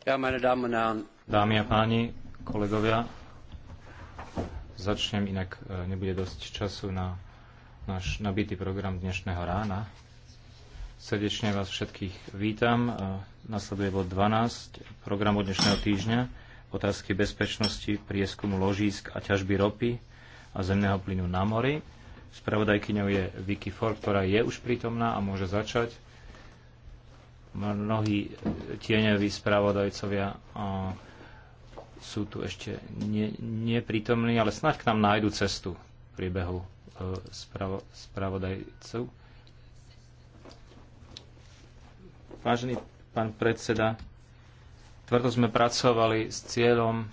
Dámy a páni, kolegovia, začnem, inak e, nebude dosť času na náš nabitý program dnešného rána. Srdečne vás všetkých vítam. E, nasleduje bod 12 programu dnešného týždňa otázky bezpečnosti, prieskumu ložísk a ťažby ropy a zemného plynu na mori. Spravodajkyňou je Vicky Ford, ktorá je už prítomná a môže začať mnohí tieňoví spravodajcovia sú tu ešte neprítomní, ale snáď k nám nájdu cestu v e, spravo, spravodajcov. Vážený pán predseda, tvrdo sme pracovali s cieľom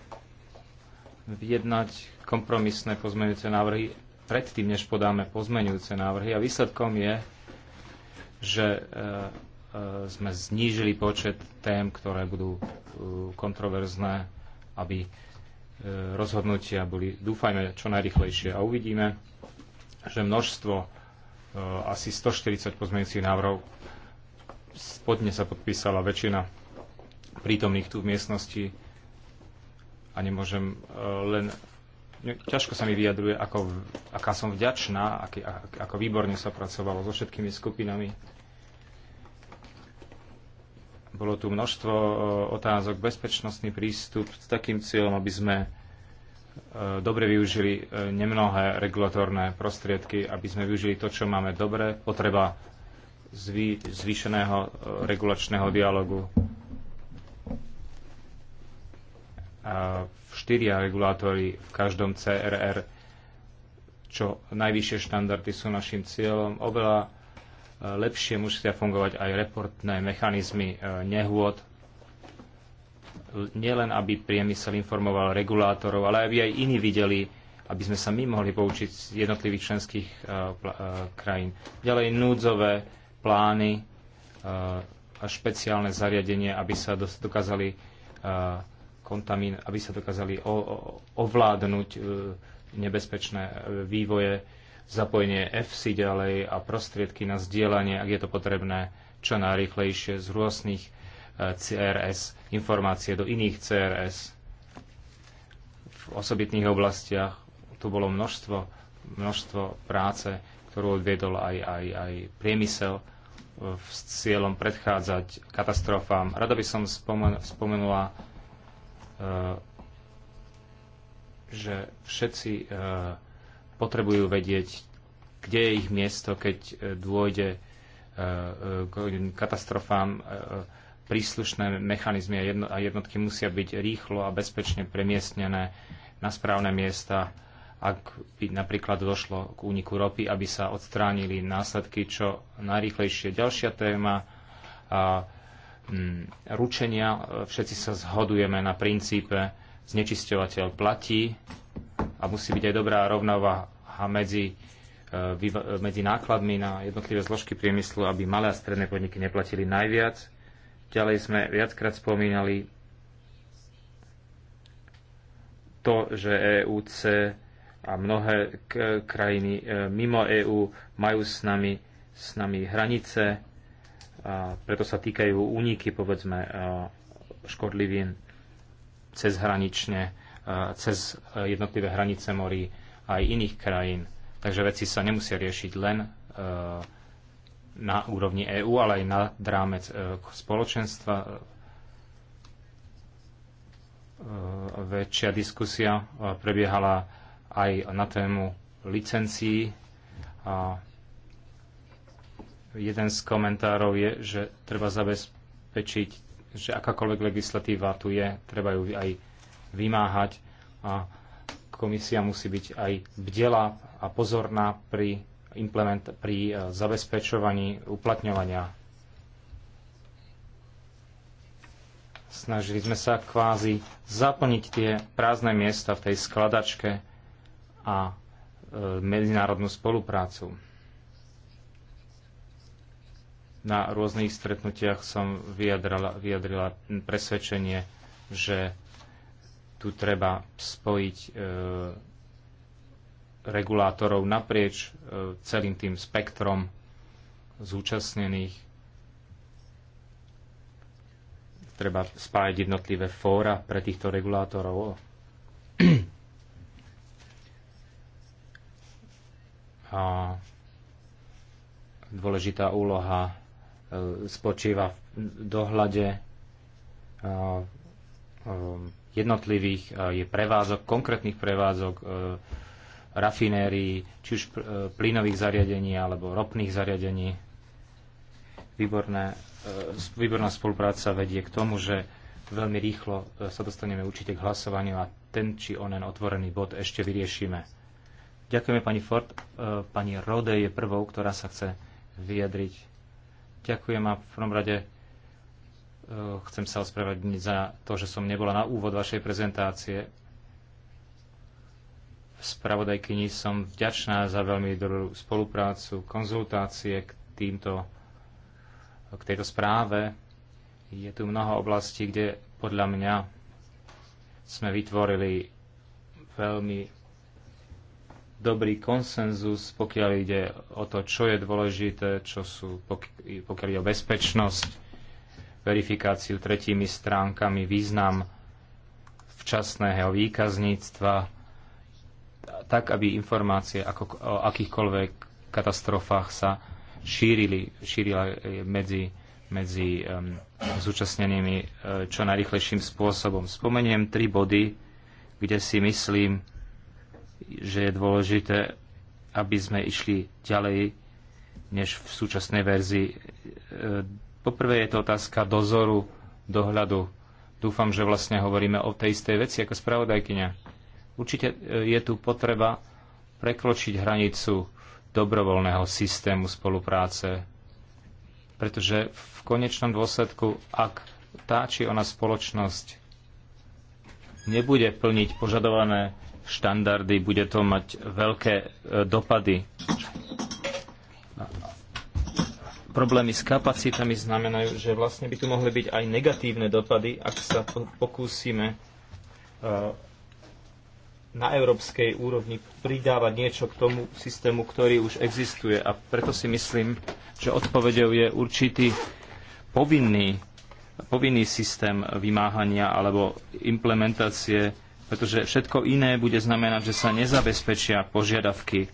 vyjednať kompromisné pozmeňujúce návrhy predtým, než podáme pozmeňujúce návrhy. A výsledkom je, že e, E, sme znížili počet tém, ktoré budú e, kontroverzné, aby e, rozhodnutia boli, dúfajme, čo najrychlejšie. A uvidíme, že množstvo asi 140 pozmeňujúcich návrhov spodne sa podpísala väčšina prítomných tu v miestnosti a nemôžem len ťažko sa mi vyjadruje, ako, aká som vďačná, ako výborne sa pracovalo so všetkými skupinami bolo tu množstvo e, otázok, bezpečnostný prístup s takým cieľom, aby sme e, dobre využili e, nemnohé regulatorné prostriedky, aby sme využili to, čo máme dobre, potreba zvý, zvýšeného regulačného dialogu. A štyria regulátory v každom CRR, čo najvyššie štandardy sú našim cieľom, oveľa lepšie musia teda fungovať aj reportné mechanizmy e, nehôd, nielen aby priemysel informoval regulátorov, ale aby aj iní videli, aby sme sa my mohli poučiť z jednotlivých členských e, e, krajín. Ďalej núdzové plány a špeciálne zariadenie, aby sa dokázali kontamín, aby sa dokázali ovládnuť nebezpečné vývoje zapojenie FC ďalej a prostriedky na zdieľanie, ak je to potrebné, čo najrychlejšie z rôznych eh, CRS informácie do iných CRS v osobitných oblastiach. Tu bolo množstvo, množstvo práce, ktorú odviedol aj, aj, aj priemysel eh, s cieľom predchádzať katastrofám. Rada by som spomen- spomenula, eh, že všetci potrebujú vedieť, kde je ich miesto, keď e, dôjde e, e, k katastrofám. Príslušné mechanizmy a jednotky musia byť rýchlo a bezpečne premiestnené na správne miesta, ak by napríklad došlo k úniku ropy, aby sa odstránili následky čo najrýchlejšie. Ďalšia téma a, m, mm, ručenia. Všetci sa zhodujeme na princípe znečisťovateľ platí a musí byť aj dobrá rovnováha medzi, e, e, medzi nákladmi na jednotlivé zložky priemyslu, aby malé a stredné podniky neplatili najviac. Ďalej sme viackrát spomínali to, že EUC a mnohé krajiny e, mimo EÚ majú s nami, s nami hranice, a preto sa týkajú úniky, povedzme, škodlivín cezhranične cez e, jednotlivé hranice morí aj iných krajín. Takže veci sa nemusia riešiť len e, na úrovni EÚ, ale aj na drámec e, spoločenstva. Väčšia diskusia prebiehala aj na tému licencií. A jeden z komentárov je, že treba zabezpečiť, že akákoľvek legislatíva tu je, treba ju aj vymáhať a komisia musí byť aj bdela a pozorná pri, implement- pri e, zabezpečovaní uplatňovania. Snažili sme sa kvázi zaplniť tie prázdne miesta v tej skladačke a e, medzinárodnú spoluprácu. Na rôznych stretnutiach som vyjadrila, vyjadrila presvedčenie, že tu treba spojiť e, regulátorov naprieč e, celým tým spektrom zúčastnených. Treba spájať jednotlivé fóra pre týchto regulátorov. A dôležitá úloha e, spočíva v dohľade, jednotlivých e, je prevázok, konkrétnych prevázok e, rafinérií, či už e, plynových zariadení alebo ropných zariadení. Výborné, výborná spolupráca vedie k tomu, že veľmi rýchlo sa dostaneme určite k hlasovaniu a ten či onen otvorený bod ešte vyriešime. Ďakujeme pani Ford. Pani Rode je prvou, ktorá sa chce vyjadriť. Ďakujem a v prvom rade Eh, chcem sa ospravedlniť za to, že som nebola na úvod vašej prezentácie. Spravodajkyni som vďačná za veľmi dobrú spoluprácu, konzultácie k týmto, k tejto správe. Je tu mnoho oblastí, kde podľa mňa sme vytvorili veľmi dobrý konsenzus, pokiaľ ide o to, čo je dôležité, čo sú, pokiaľ ide o bezpečnosť, verifikáciu tretími stránkami, význam včasného výkazníctva, tak, aby informácie ako, o akýchkoľvek katastrofách sa šírili, šírila e, medzi, medzi um, zúčastnenými um, čo najrychlejším spôsobom. Spomeniem tri body, kde si myslím, že je dôležité, aby sme išli ďalej než v súčasnej verzii e, Poprvé je to otázka dozoru, dohľadu. Dúfam, že vlastne hovoríme o tej istej veci ako spravodajkyňa. Určite e, je tu potreba prekročiť hranicu dobrovoľného systému spolupráce, pretože v konečnom dôsledku, ak tá či ona spoločnosť nebude plniť požadované štandardy, bude to mať veľké e, dopady problémy s kapacitami znamenajú, že vlastne by tu mohli byť aj negatívne dopady, ak sa pokúsime e, na európskej úrovni pridávať niečo k tomu systému, ktorý už existuje. A preto si myslím, že odpovedou je určitý povinný, povinný systém vymáhania alebo implementácie, pretože všetko iné bude znamenať, že sa nezabezpečia požiadavky,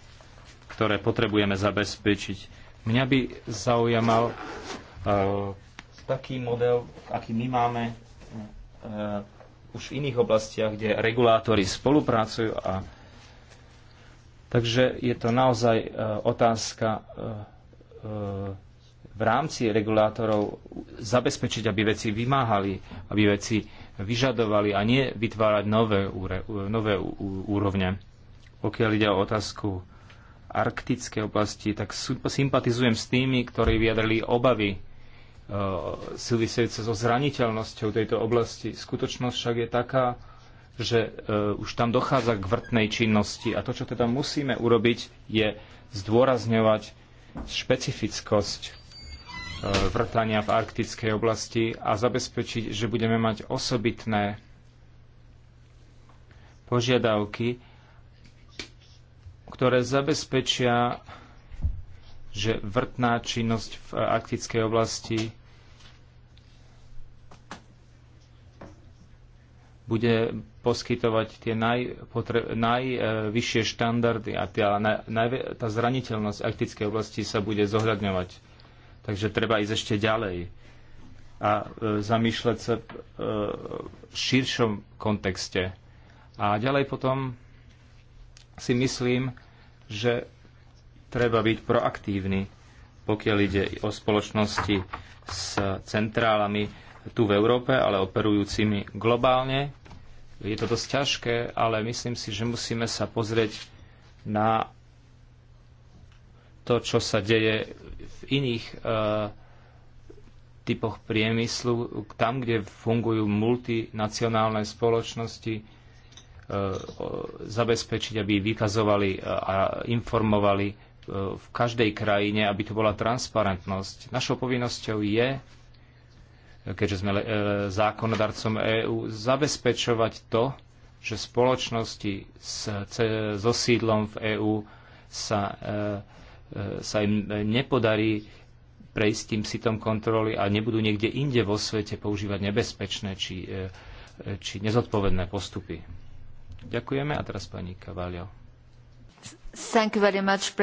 ktoré potrebujeme zabezpečiť Mňa by zaujímal uh, taký model, aký my máme uh, už v iných oblastiach, kde regulátori spolupracujú a Takže je to naozaj uh, otázka v rámci regulátorov zabezpečiť, aby veci vymáhali, aby veci vyžadovali a nie vytvárať nové, úre, nové úrovne. Pokiaľ ide o otázku arktické oblasti, tak sympatizujem s tými, ktorí vyjadrili obavy e, súvisiace so zraniteľnosťou tejto oblasti. Skutočnosť však je taká, že e, už tam dochádza k vrtnej činnosti a to, čo teda musíme urobiť, je zdôrazňovať špecifickosť e, vrtania v arktickej oblasti a zabezpečiť, že budeme mať osobitné požiadavky ktoré zabezpečia, že vrtná činnosť v arktickej oblasti bude poskytovať tie najvyššie štandardy a tá, na, na, tá zraniteľnosť arktickej oblasti sa bude zohľadňovať. Takže treba ísť ešte ďalej a e, zamýšľať sa e, v širšom kontexte. A ďalej potom si myslím, že treba byť proaktívny, pokiaľ ide o spoločnosti s centrálami tu v Európe, ale operujúcimi globálne. Je to dosť ťažké, ale myslím si, že musíme sa pozrieť na to, čo sa deje v iných e, typoch priemyslu, tam, kde fungujú multinacionálne spoločnosti, E, zabezpečiť, aby vykazovali e, a informovali e, v každej krajine, aby to bola transparentnosť. Našou povinnosťou je, keďže sme zákonodarcom EÚ, zabezpečovať to, že spoločnosti s, so sídlom v EÚ sa, sa im nepodarí prejsť tým sitom kontroly a nebudú niekde inde vo svete používať nebezpečné či, či nezodpovedné postupy. Ďakujeme a teraz pani Cavalio. Thank you very much,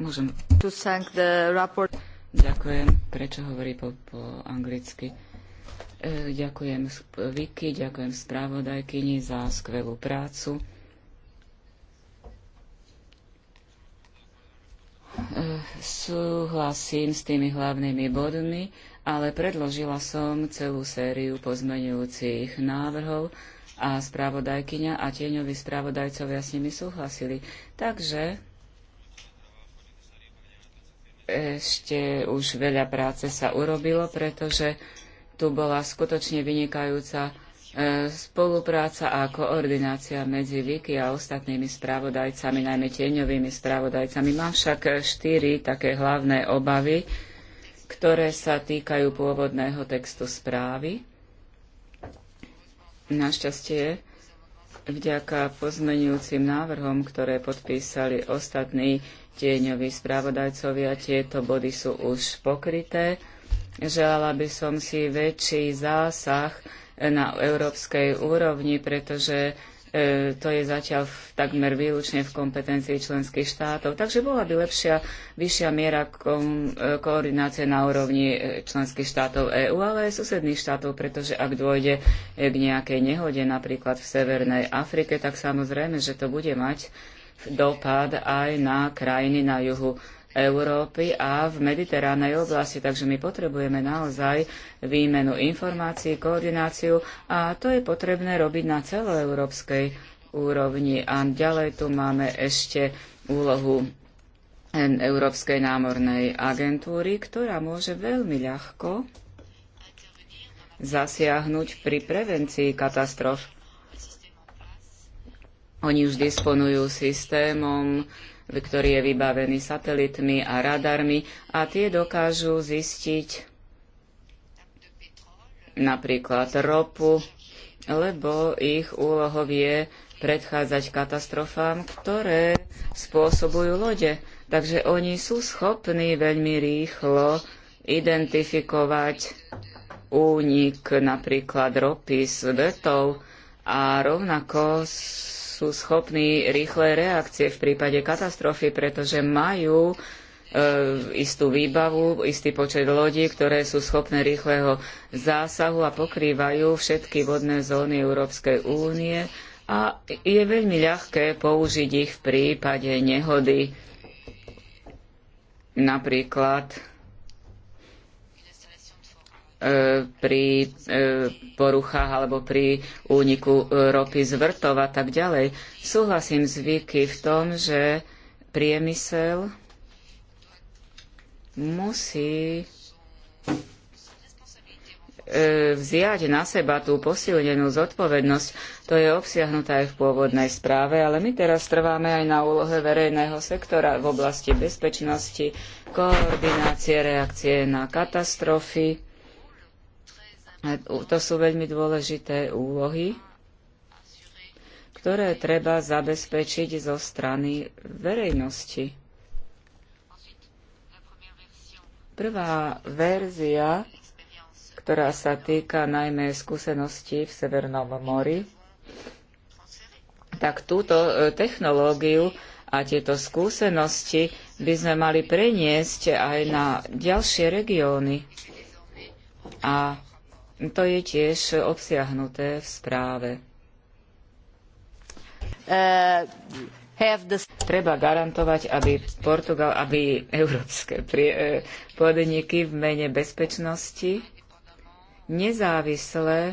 Môžem. To thank the rapport. Ďakujem. Prečo hovorí po, po anglicky? E, ďakujem Vicky, ďakujem spravodajkyni za skvelú prácu. E, súhlasím s tými hlavnými bodmi, ale predložila som celú sériu pozmenujúcich návrhov, a správodajkyňa a tieňoví správodajcovia s nimi súhlasili. Takže ešte už veľa práce sa urobilo, pretože tu bola skutočne vynikajúca e, spolupráca a koordinácia medzi Viki a ostatnými spravodajcami, najmä tieňovými spravodajcami. Mám však štyri také hlavné obavy, ktoré sa týkajú pôvodného textu správy. Našťastie, vďaka pozmenujúcim návrhom, ktoré podpísali ostatní tieňoví správodajcovia, tieto body sú už pokryté. Želala by som si väčší zásah na európskej úrovni, pretože E, to je zatiaľ v, takmer výlučne v kompetencii členských štátov. Takže bola by lepšia, vyššia miera kom, e, koordinácie na úrovni e, členských štátov EÚ, ale aj susedných štátov, pretože ak dôjde k nejakej nehode, napríklad v Severnej Afrike, tak samozrejme, že to bude mať dopad aj na krajiny na juhu Európy a v mediteránej oblasti, takže my potrebujeme naozaj výmenu informácií, koordináciu a to je potrebné robiť na celoeurópskej úrovni. A ďalej tu máme ešte úlohu Európskej námornej agentúry, ktorá môže veľmi ľahko zasiahnuť pri prevencii katastrof. Oni už disponujú systémom, ktorý je vybavený satelitmi a radarmi a tie dokážu zistiť napríklad ropu, lebo ich úlohou je predchádzať katastrofám, ktoré spôsobujú lode. Takže oni sú schopní veľmi rýchlo identifikovať únik napríklad ropy s vetou a rovnako sú schopní rýchlej reakcie v prípade katastrofy, pretože majú e, istú výbavu, istý počet lodí, ktoré sú schopné rýchleho zásahu a pokrývajú všetky vodné zóny Európskej únie a je veľmi ľahké použiť ich v prípade nehody. Napríklad E, pri e, poruchách alebo pri úniku ropy z vrtov a tak ďalej. Súhlasím s Vicky v tom, že priemysel musí e, vziať na seba tú posilnenú zodpovednosť. To je obsiahnuté aj v pôvodnej správe, ale my teraz trváme aj na úlohe verejného sektora v oblasti bezpečnosti, koordinácie reakcie na katastrofy to sú veľmi dôležité úlohy, ktoré treba zabezpečiť zo strany verejnosti. Prvá verzia, ktorá sa týka najmä skúseností v Severnom mori, tak túto e, technológiu a tieto skúsenosti by sme mali preniesť aj na ďalšie regióny. A to je tiež obsiahnuté v správe. Uh, the... Treba garantovať, aby Portugal, aby európske eh, podniky v mene bezpečnosti nezávisle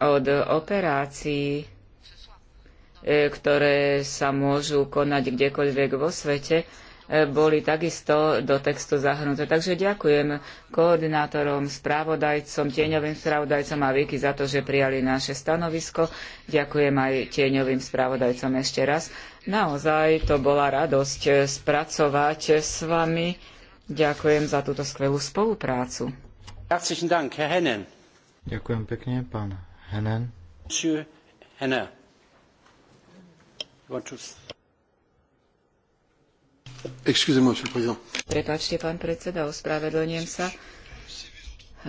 od operácií, eh, ktoré sa môžu konať kdekoľvek vo svete, boli takisto do textu zahrnuté. Takže ďakujem koordinátorom, správodajcom, tieňovým správodajcom a Viki za to, že prijali naše stanovisko. Ďakujem aj tieňovým správodajcom ešte raz. Naozaj to bola radosť spracovať s vami. Ďakujem za túto skvelú spoluprácu. Ďakujem pekne, pán Henen. Monsieur Henner. want to Prepačte, pán predseda, ospravedlňujem sa.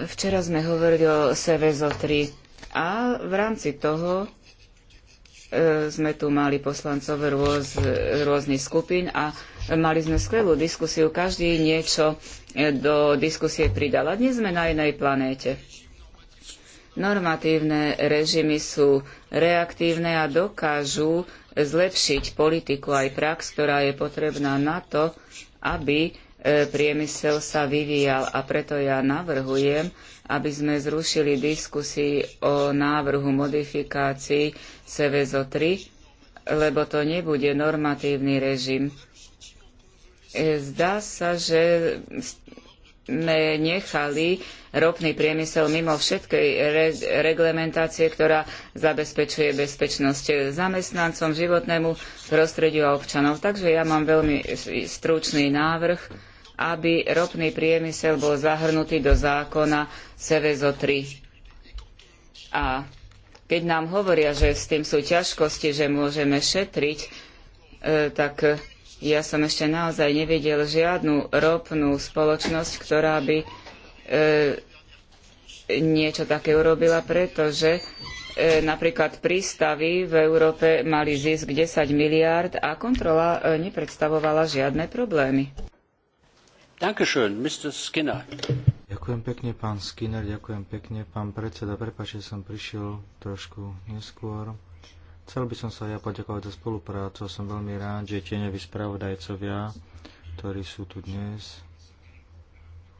Včera sme hovorili o Sevezo 3 a v rámci toho e, sme tu mali poslancov rôz, rôznych skupín a mali sme skvelú diskusiu. Každý niečo e, do diskusie pridal. A dnes sme na inej planéte. Normatívne režimy sú reaktívne a dokážu zlepšiť politiku aj prax, ktorá je potrebná na to, aby e, priemysel sa vyvíjal a preto ja navrhujem, aby sme zrušili diskusii o návrhu modifikácií CVZO 3, lebo to nebude normatívny režim. E, zdá sa, že sme nechali ropný priemysel mimo všetkej re- reglementácie, ktorá zabezpečuje bezpečnosť zamestnancom, životnému prostrediu a občanov. Takže ja mám veľmi stručný návrh, aby ropný priemysel bol zahrnutý do zákona Sevezo 3. A keď nám hovoria, že s tým sú ťažkosti, že môžeme šetriť, e, tak ja som ešte naozaj nevidel žiadnu ropnú spoločnosť, ktorá by e, niečo také urobila, pretože e, napríklad prístavy v Európe mali zisk 10 miliárd a kontrola e, nepredstavovala žiadne problémy. Ďakujem pekne, pán Skinner, ďakujem pekne, pán predseda. Prepač, že som prišiel trošku neskôr. Chcel by som sa ja poďakovať za spoluprácu. Som veľmi rád, že tieňoví spravodajcovia, ktorí sú tu dnes,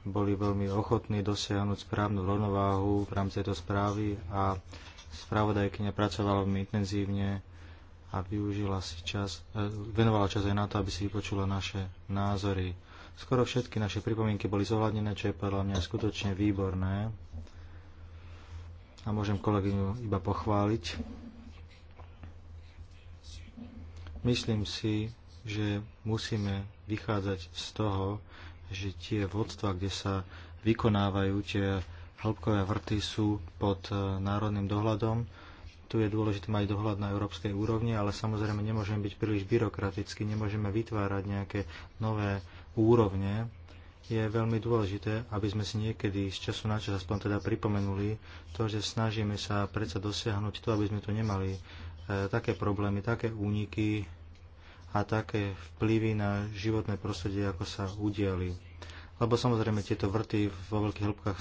boli veľmi ochotní dosiahnuť správnu rovnováhu v rámci tejto správy a spravodajkyňa pracovala veľmi intenzívne a využila si čas, e, venovala čas aj na to, aby si vypočula naše názory. Skoro všetky naše pripomienky boli zohľadnené, čo je podľa mňa skutočne výborné. A môžem kolegyňu iba pochváliť. Myslím si, že musíme vychádzať z toho, že tie vodstva, kde sa vykonávajú tie hĺbkové vrty, sú pod e, národným dohľadom. Tu je dôležité mať dohľad na európskej úrovni, ale samozrejme nemôžeme byť príliš byrokraticky, nemôžeme vytvárať nejaké nové úrovne. Je veľmi dôležité, aby sme si niekedy z času na čas aspoň teda pripomenuli to, že snažíme sa predsa dosiahnuť to, aby sme tu nemali E, také problémy, také úniky a také vplyvy na životné prostredie, ako sa udiali. Lebo samozrejme tieto vrty vo veľkých hĺbkach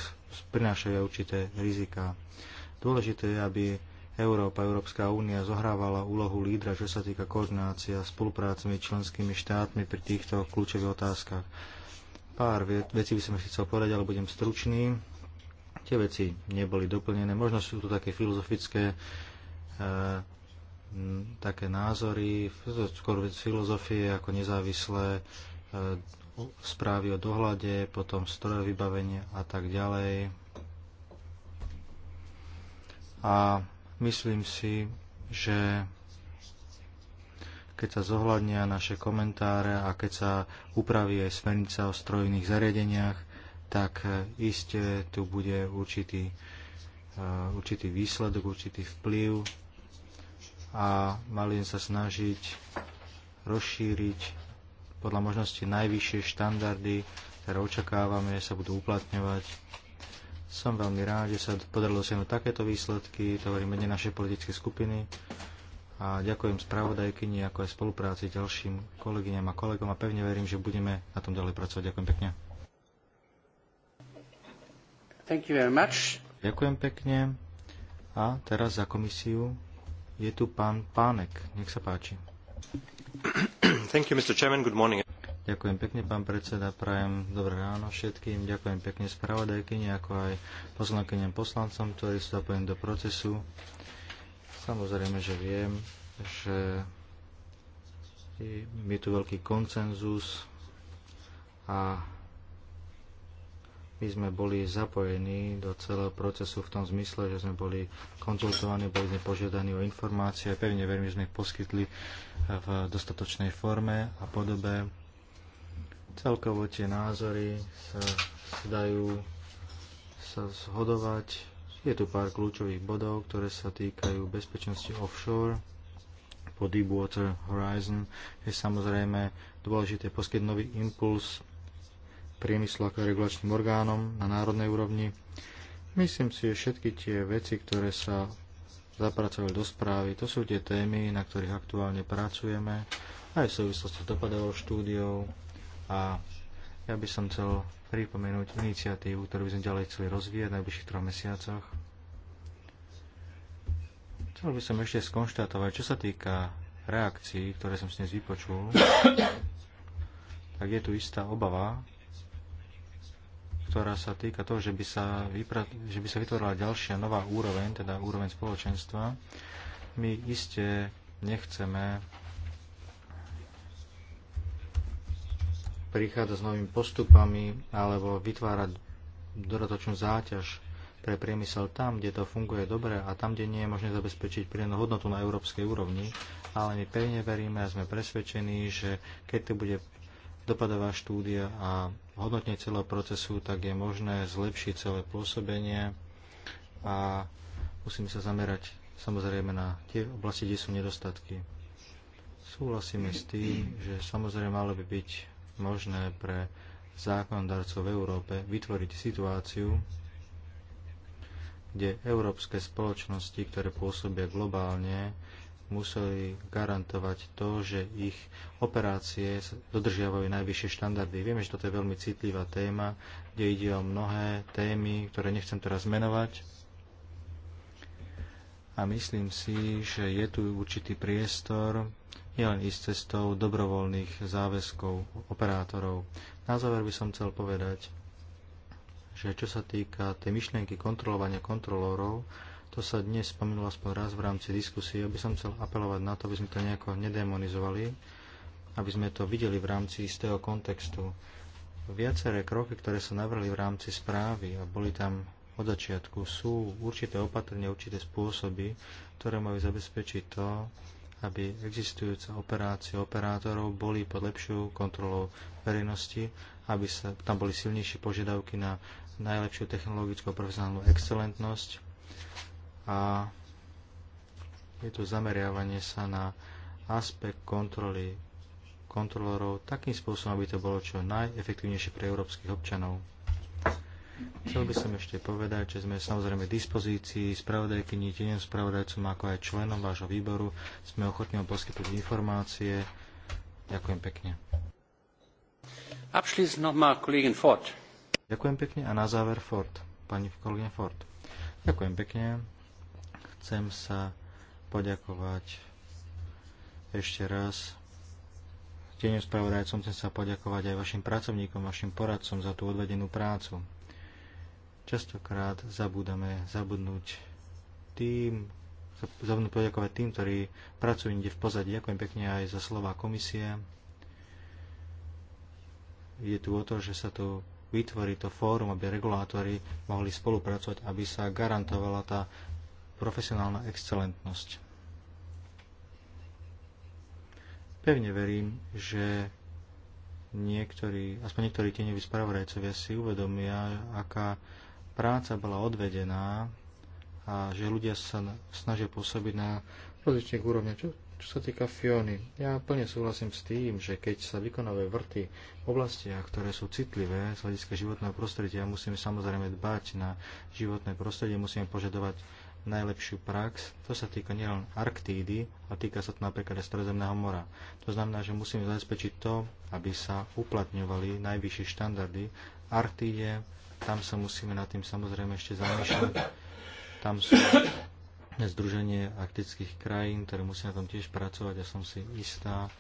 prinášajú určité rizika. Dôležité je, aby Európa, Európska únia zohrávala úlohu lídra, čo sa týka koordinácia a spolupráce medzi členskými štátmi pri týchto kľúčových otázkach. Pár vecí by som chcel povedať, ale budem stručný. Tie veci neboli doplnené. Možno sú tu také filozofické e, také názory, skôr filozofie ako nezávislé e, správy o dohľade, potom strojové vybavenie a tak ďalej. A myslím si, že keď sa zohľadnia naše komentáre a keď sa upraví aj smernica o strojných zariadeniach, tak e, iste tu bude určitý, e, určitý výsledok, určitý vplyv a mali sa snažiť rozšíriť podľa možnosti najvyššie štandardy, ktoré očakávame, sa budú uplatňovať. Som veľmi rád, že sa podarilo dosiahnuť takéto výsledky, to hovorím mene našej politické skupiny a ďakujem spravodajkyni ako aj spolupráci ďalším kolegyňam a kolegom a pevne verím, že budeme na tom ďalej pracovať. Ďakujem pekne. Thank you very much. Ďakujem pekne. A teraz za komisiu je tu pán Pánek. Nech sa páči. Thank you, Mr. Chairman. Good morning. Ďakujem pekne, pán predseda. Prajem dobré ráno všetkým. Ďakujem pekne spravodajkyni, ako aj poslankyňam poslancom, ktorí sú zapojení do procesu. Samozrejme, že viem, že je tu veľký koncenzus a my sme boli zapojení do celého procesu v tom zmysle, že sme boli konzultovaní, boli sme požiadaní o informácie a pevne verím, že sme ich poskytli v dostatočnej forme a podobe. Celkovo tie názory sa dajú sa zhodovať. Je tu pár kľúčových bodov, ktoré sa týkajú bezpečnosti offshore po Deepwater Horizon. Je samozrejme dôležité poskytnúť nový impuls priemyslu ako regulačným orgánom na národnej úrovni. Myslím si, že všetky tie veci, ktoré sa zapracovali do správy, to sú tie témy, na ktorých aktuálne pracujeme, aj v súvislosti s dopadovou štúdiou a ja by som chcel pripomenúť iniciatívu, ktorú by sme ďalej chceli rozvíjať v najbližších troch mesiacoch. Chcel by som ešte skonštatovať, čo sa týka reakcií, ktoré som si dnes vypočul, tak je tu istá obava, ktorá sa týka toho, že by sa, vypra- že by sa vytvorila ďalšia nová úroveň, teda úroveň spoločenstva. My iste nechceme prichádzať s novými postupami alebo vytvárať dodatočnú záťaž pre priemysel tam, kde to funguje dobre a tam, kde nie je možné zabezpečiť prídenú hodnotu na európskej úrovni, ale my pevne veríme a sme presvedčení, že keď to bude dopadová štúdia a hodnotenie celého procesu, tak je možné zlepšiť celé pôsobenie a musíme sa zamerať samozrejme na tie oblasti, kde sú nedostatky. Súhlasíme s tým, že samozrejme malo by byť možné pre zákonodarcov v Európe vytvoriť situáciu, kde európske spoločnosti, ktoré pôsobia globálne, museli garantovať to, že ich operácie dodržiavajú najvyššie štandardy. Vieme, že toto je veľmi citlivá téma, kde ide o mnohé témy, ktoré nechcem teraz menovať. A myslím si, že je tu určitý priestor nielen ísť cestou dobrovoľných záväzkov operátorov. Na záver by som chcel povedať, že čo sa týka tej myšlienky kontrolovania kontrolórov, to sa dnes spomenulo aspoň raz v rámci diskusie. Ja by som chcel apelovať na to, aby sme to nejako nedemonizovali, aby sme to videli v rámci istého kontextu. Viaceré kroky, ktoré sa navrhli v rámci správy a boli tam od začiatku, sú určité opatrenia, určité spôsoby, ktoré majú zabezpečiť to, aby existujúce operácie operátorov boli pod lepšou kontrolou verejnosti, aby sa, tam boli silnejšie požiadavky na najlepšiu technologickú a profesionálnu excelentnosť, a je tu zameriavanie sa na aspekt kontroly kontrolorov takým spôsobom, aby to bolo čo najefektívnejšie pre európskych občanov. Chcel by som ešte povedať, že sme samozrejme v dispozícii spravodajkyni, tieňom spravodajcom, ako aj členom vášho výboru. Sme ochotní vám poskytnúť informácie. Ďakujem pekne. Ďakujem pekne a na záver Ford. Pani kolegyne Ford. Ďakujem pekne. Chcem sa poďakovať ešte raz tieňu spravodajcom chcem sa poďakovať aj vašim pracovníkom, vašim poradcom za tú odvedenú prácu. Častokrát zabúdame zabudnúť tým, zabudnú poďakovať tým, ktorí pracujú inde v pozadí. Ďakujem pekne aj za slova komisie. Je tu o to, že sa tu vytvorí to fórum, aby regulátori mohli spolupracovať, aby sa garantovala tá profesionálna excelentnosť. Pevne verím, že niektorí, aspoň niektorí tieňoví spravodajcovia si uvedomia, aká práca bola odvedená a že ľudia sa snažia pôsobiť na rozličných úrovniach, čo, čo sa týka Fiony. Ja plne súhlasím s tým, že keď sa vykonávajú vrty v oblastiach, ktoré sú citlivé z hľadiska životného prostredia, musíme samozrejme dbať na životné prostredie, musíme požadovať najlepšiu prax. To sa týka nielen Arktídy, a týka sa to napríklad aj Stredozemného mora. To znamená, že musíme zabezpečiť to, aby sa uplatňovali najvyššie štandardy. Arktíde, tam sa musíme nad tým samozrejme ešte zamýšľať. Tam sú Združenie arktických krajín, ktoré musia na tom tiež pracovať a ja som si istá,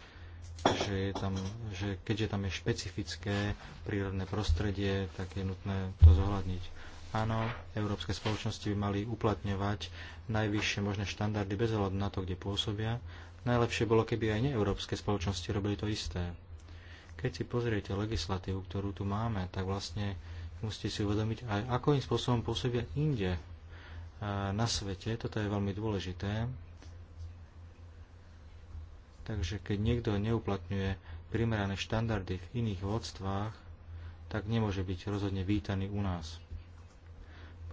že, je tam, že keďže tam je špecifické prírodné prostredie, tak je nutné to zohľadniť. Áno, európske spoločnosti by mali uplatňovať najvyššie možné štandardy bez hľadu na to, kde pôsobia. Najlepšie bolo, keby aj neeurópske spoločnosti robili to isté. Keď si pozriete legislatívu, ktorú tu máme, tak vlastne musíte si uvedomiť aj, akým spôsobom pôsobia inde e, na svete. Toto je veľmi dôležité. Takže keď niekto neuplatňuje primerané štandardy v iných vodstvách, tak nemôže byť rozhodne vítaný u nás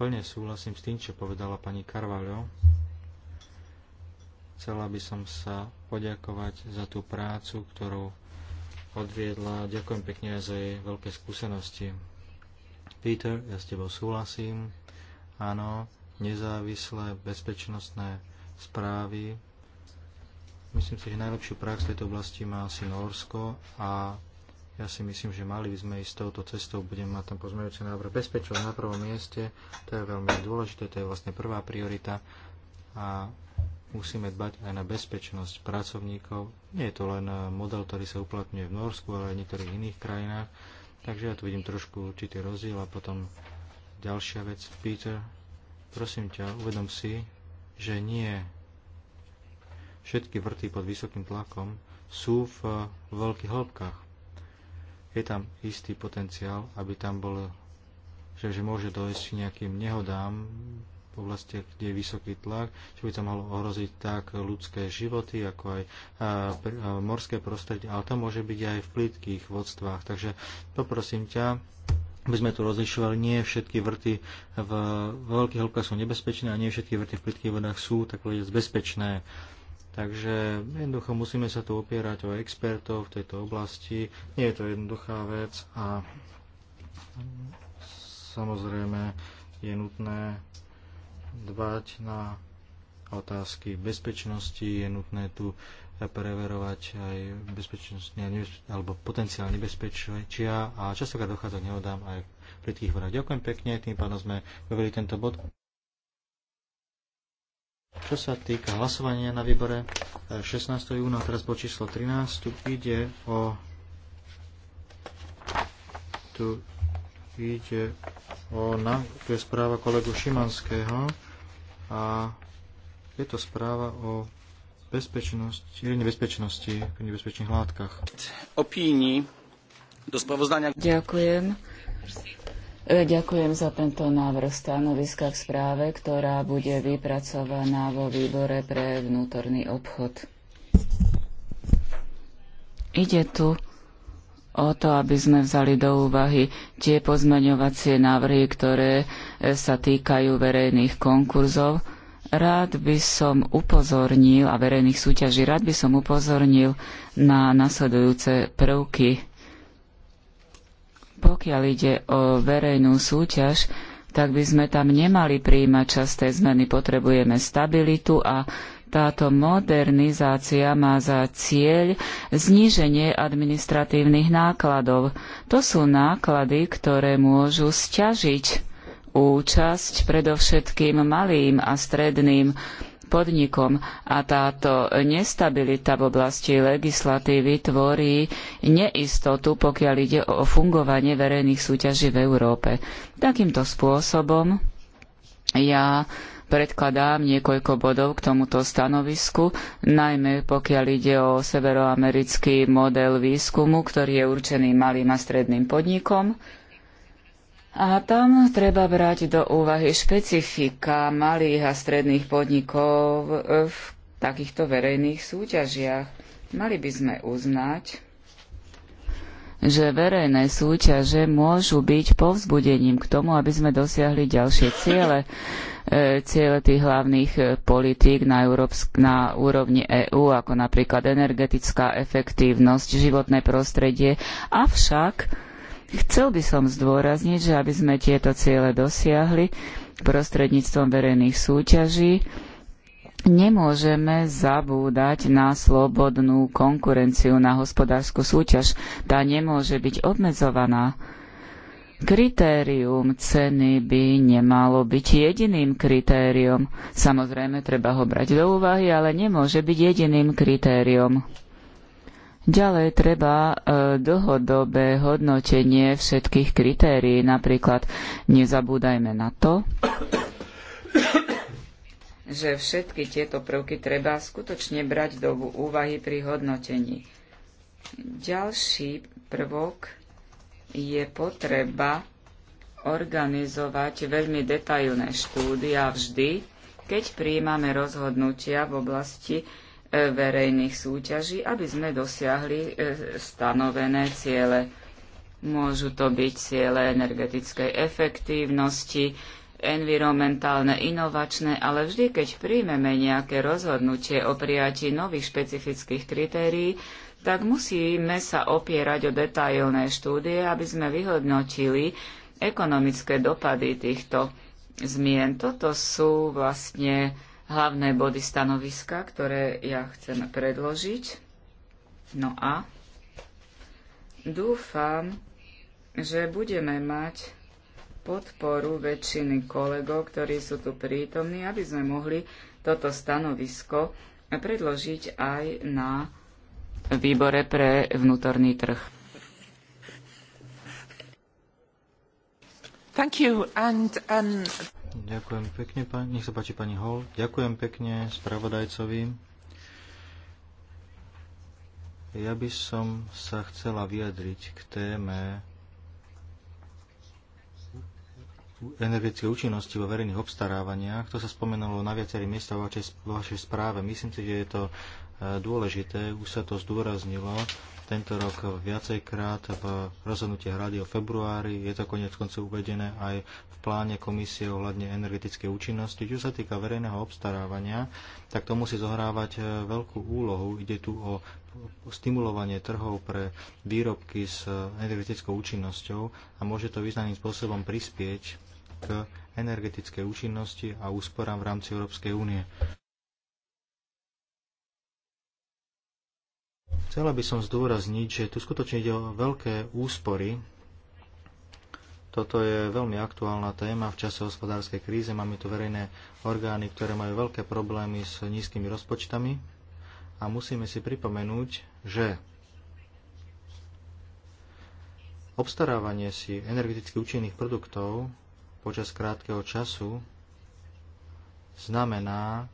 plne súhlasím s tým, čo povedala pani Carvalho. Chcela by som sa poďakovať za tú prácu, ktorú odviedla. Ďakujem pekne za jej veľké skúsenosti. Peter, ja s tebou súhlasím. Áno, nezávislé bezpečnostné správy. Myslím si, že najlepšiu prax v tejto oblasti má asi Norsko a ja si myslím, že mali by sme ísť touto cestou, budem mať tam pozmeňujúci návrh. Bezpečnosť na prvom mieste, to je veľmi dôležité, to je vlastne prvá priorita a musíme dbať aj na bezpečnosť pracovníkov. Nie je to len eh, model, ktorý sa uplatňuje v Norsku, ale aj v niektorých iných krajinách. Takže ja tu vidím trošku určitý rozdiel a potom ďalšia vec. Peter, prosím ťa, uvedom si, že nie všetky vrty pod vysokým tlakom sú v eh, veľkých hĺbkach je tam istý potenciál, aby tam bol, že, že môže dojsť k nejakým nehodám v oblastiach, kde je vysoký tlak, že by to mohlo ohroziť tak ľudské životy, ako aj a, a, morské prostredie, ale to môže byť aj v plitkých vodstvách. Takže poprosím ťa, aby sme tu rozlišovali, nie všetky vrty v, v veľkých hĺbkach sú nebezpečné a nie všetky vrty v plitkých vodách sú tak povedať bezpečné. Takže jednoducho musíme sa tu opierať o expertov v tejto oblasti. Nie je to jednoduchá vec a samozrejme je nutné dbať na otázky bezpečnosti, je nutné tu preverovať aj bezpečnostne alebo potenciálne nebezpečia a častokrát dochádza nehodám aj pri tých vrách. Ďakujem pekne, tým pádom sme vyveli tento bod. Čo sa týka hlasovania na výbore 16. E, júna, teraz po číslo 13, tu ide o tu ide o na, tu je správa kolegu Šimanského a je to správa o bezpečnosti, nebezpečnosti v nebezpečných látkach. Opíni do spravozdania. Ďakujem. Ďakujem za tento návrh stanoviska v správe, ktorá bude vypracovaná vo výbore pre vnútorný obchod. Ide tu o to, aby sme vzali do úvahy tie pozmeňovacie návrhy, ktoré e, sa týkajú verejných konkurzov. Rád by som upozornil, a verejných súťaží, rád by som upozornil na nasledujúce prvky. Pokiaľ ide o verejnú súťaž, tak by sme tam nemali príjmať časté zmeny. Potrebujeme stabilitu a táto modernizácia má za cieľ zníženie administratívnych nákladov. To sú náklady, ktoré môžu sťažiť účasť predovšetkým malým a stredným podnikom a táto nestabilita v oblasti legislatívy tvorí neistotu, pokiaľ ide o fungovanie verejných súťaží v Európe. Takýmto spôsobom ja predkladám niekoľko bodov k tomuto stanovisku, najmä pokiaľ ide o severoamerický model výskumu, ktorý je určený malým a stredným podnikom a tam treba brať do úvahy špecifika malých a stredných podnikov v takýchto verejných súťažiach. Mali by sme uznať, že verejné súťaže môžu byť povzbudením k tomu, aby sme dosiahli ďalšie ciele, e, ciele tých hlavných e, politík na, Európsk, na úrovni EÚ, ako napríklad energetická efektívnosť, životné prostredie. Avšak Chcel by som zdôrazniť, že aby sme tieto ciele dosiahli prostredníctvom verejných súťaží, Nemôžeme zabúdať na slobodnú konkurenciu, na hospodárskú súťaž. Tá nemôže byť obmedzovaná. Kritérium ceny by nemalo byť jediným kritériom. Samozrejme, treba ho brať do úvahy, ale nemôže byť jediným kritériom. Ďalej treba e, dlhodobé hodnotenie všetkých kritérií. Napríklad nezabúdajme na to, že všetky tieto prvky treba skutočne brať do úvahy pri hodnotení. Ďalší prvok je potreba organizovať veľmi detailné štúdia vždy, keď príjmame rozhodnutia v oblasti verejných súťaží, aby sme dosiahli e, stanovené ciele. Môžu to byť ciele energetickej efektívnosti, environmentálne, inovačné, ale vždy, keď príjmeme nejaké rozhodnutie o prijatí nových špecifických kritérií, tak musíme sa opierať o detailné štúdie, aby sme vyhodnotili ekonomické dopady týchto zmien. Toto sú vlastne hlavné body stanoviska, ktoré ja chcem predložiť. No a dúfam, že budeme mať podporu väčšiny kolegov, ktorí sú tu prítomní, aby sme mohli toto stanovisko predložiť aj na výbore pre vnútorný trh. Thank you and, um... Ďakujem pekne, pani, nech sa páči pani Hol. Ďakujem pekne spravodajcovi. Ja by som sa chcela vyjadriť k téme energetické účinnosti vo verejných obstarávaniach. To sa spomenulo na viacerých miestach vo vašej, vašej správe. Myslím si, že je to e, dôležité. Už sa to zdôraznilo tento rok viacejkrát v rozhodnutí hrady o februári. Je to konec koncov uvedené aj v pláne komisie ohľadne energetickej účinnosti. Čo sa týka verejného obstarávania, tak to musí zohrávať e, veľkú úlohu. Ide tu o stimulovanie trhov pre výrobky s e, energetickou účinnosťou a môže to významným spôsobom prispieť k energetickej účinnosti a úsporám v rámci Európskej únie. Chcela by som zdôrazniť, že tu skutočne ide o veľké úspory. Toto je veľmi aktuálna téma v čase hospodárskej kríze. Máme tu verejné orgány, ktoré majú veľké problémy s nízkymi rozpočtami a musíme si pripomenúť, že obstarávanie si energeticky účinných produktov počas krátkeho času znamená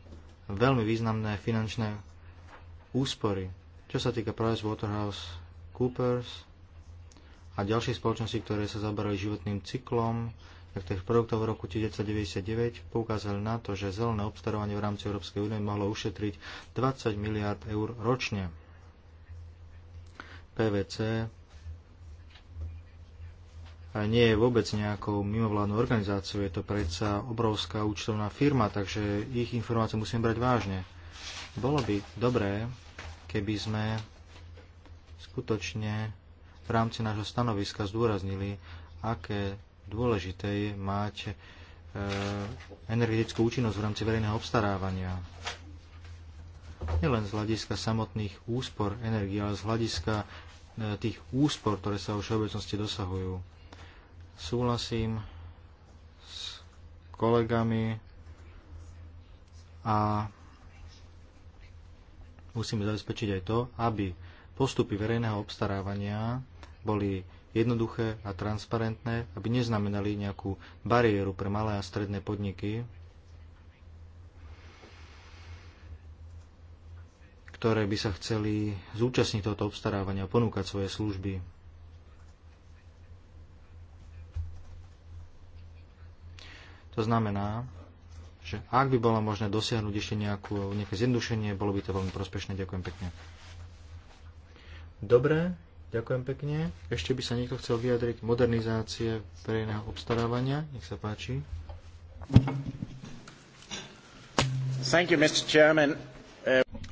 veľmi významné finančné úspory. Čo sa týka Waterhouse Coopers a ďalších spoločností, ktoré sa zaberali životným cyklom, tak tých produktov v roku 1999 poukázali na to, že zelené obstarovanie v rámci Európskej únie mohlo ušetriť 20 miliard eur ročne. PVC nie je vôbec nejakou mimovládnou organizáciou, je to predsa obrovská účtovná firma, takže ich informácie musíme brať vážne. Bolo by dobré, keby sme skutočne v rámci nášho stanoviska zdôraznili, aké dôležité je mať e, energetickú účinnosť v rámci verejného obstarávania. Nielen z hľadiska samotných úspor energie, ale z hľadiska e, tých úspor, ktoré sa vo všeobecnosti dosahujú. Súhlasím s kolegami a musíme zabezpečiť aj to, aby postupy verejného obstarávania boli jednoduché a transparentné, aby neznamenali nejakú bariéru pre malé a stredné podniky, ktoré by sa chceli zúčastniť tohoto obstarávania a ponúkať svoje služby. To znamená, že ak by bolo možné dosiahnuť ešte nejakú, nejaké zjednodušenie, bolo by to veľmi prospešné. Ďakujem pekne. Dobre, ďakujem pekne. Ešte by sa niekto chcel vyjadriť modernizácie verejného obstarávania. Nech sa páči. Thank you, Mr. Chairman.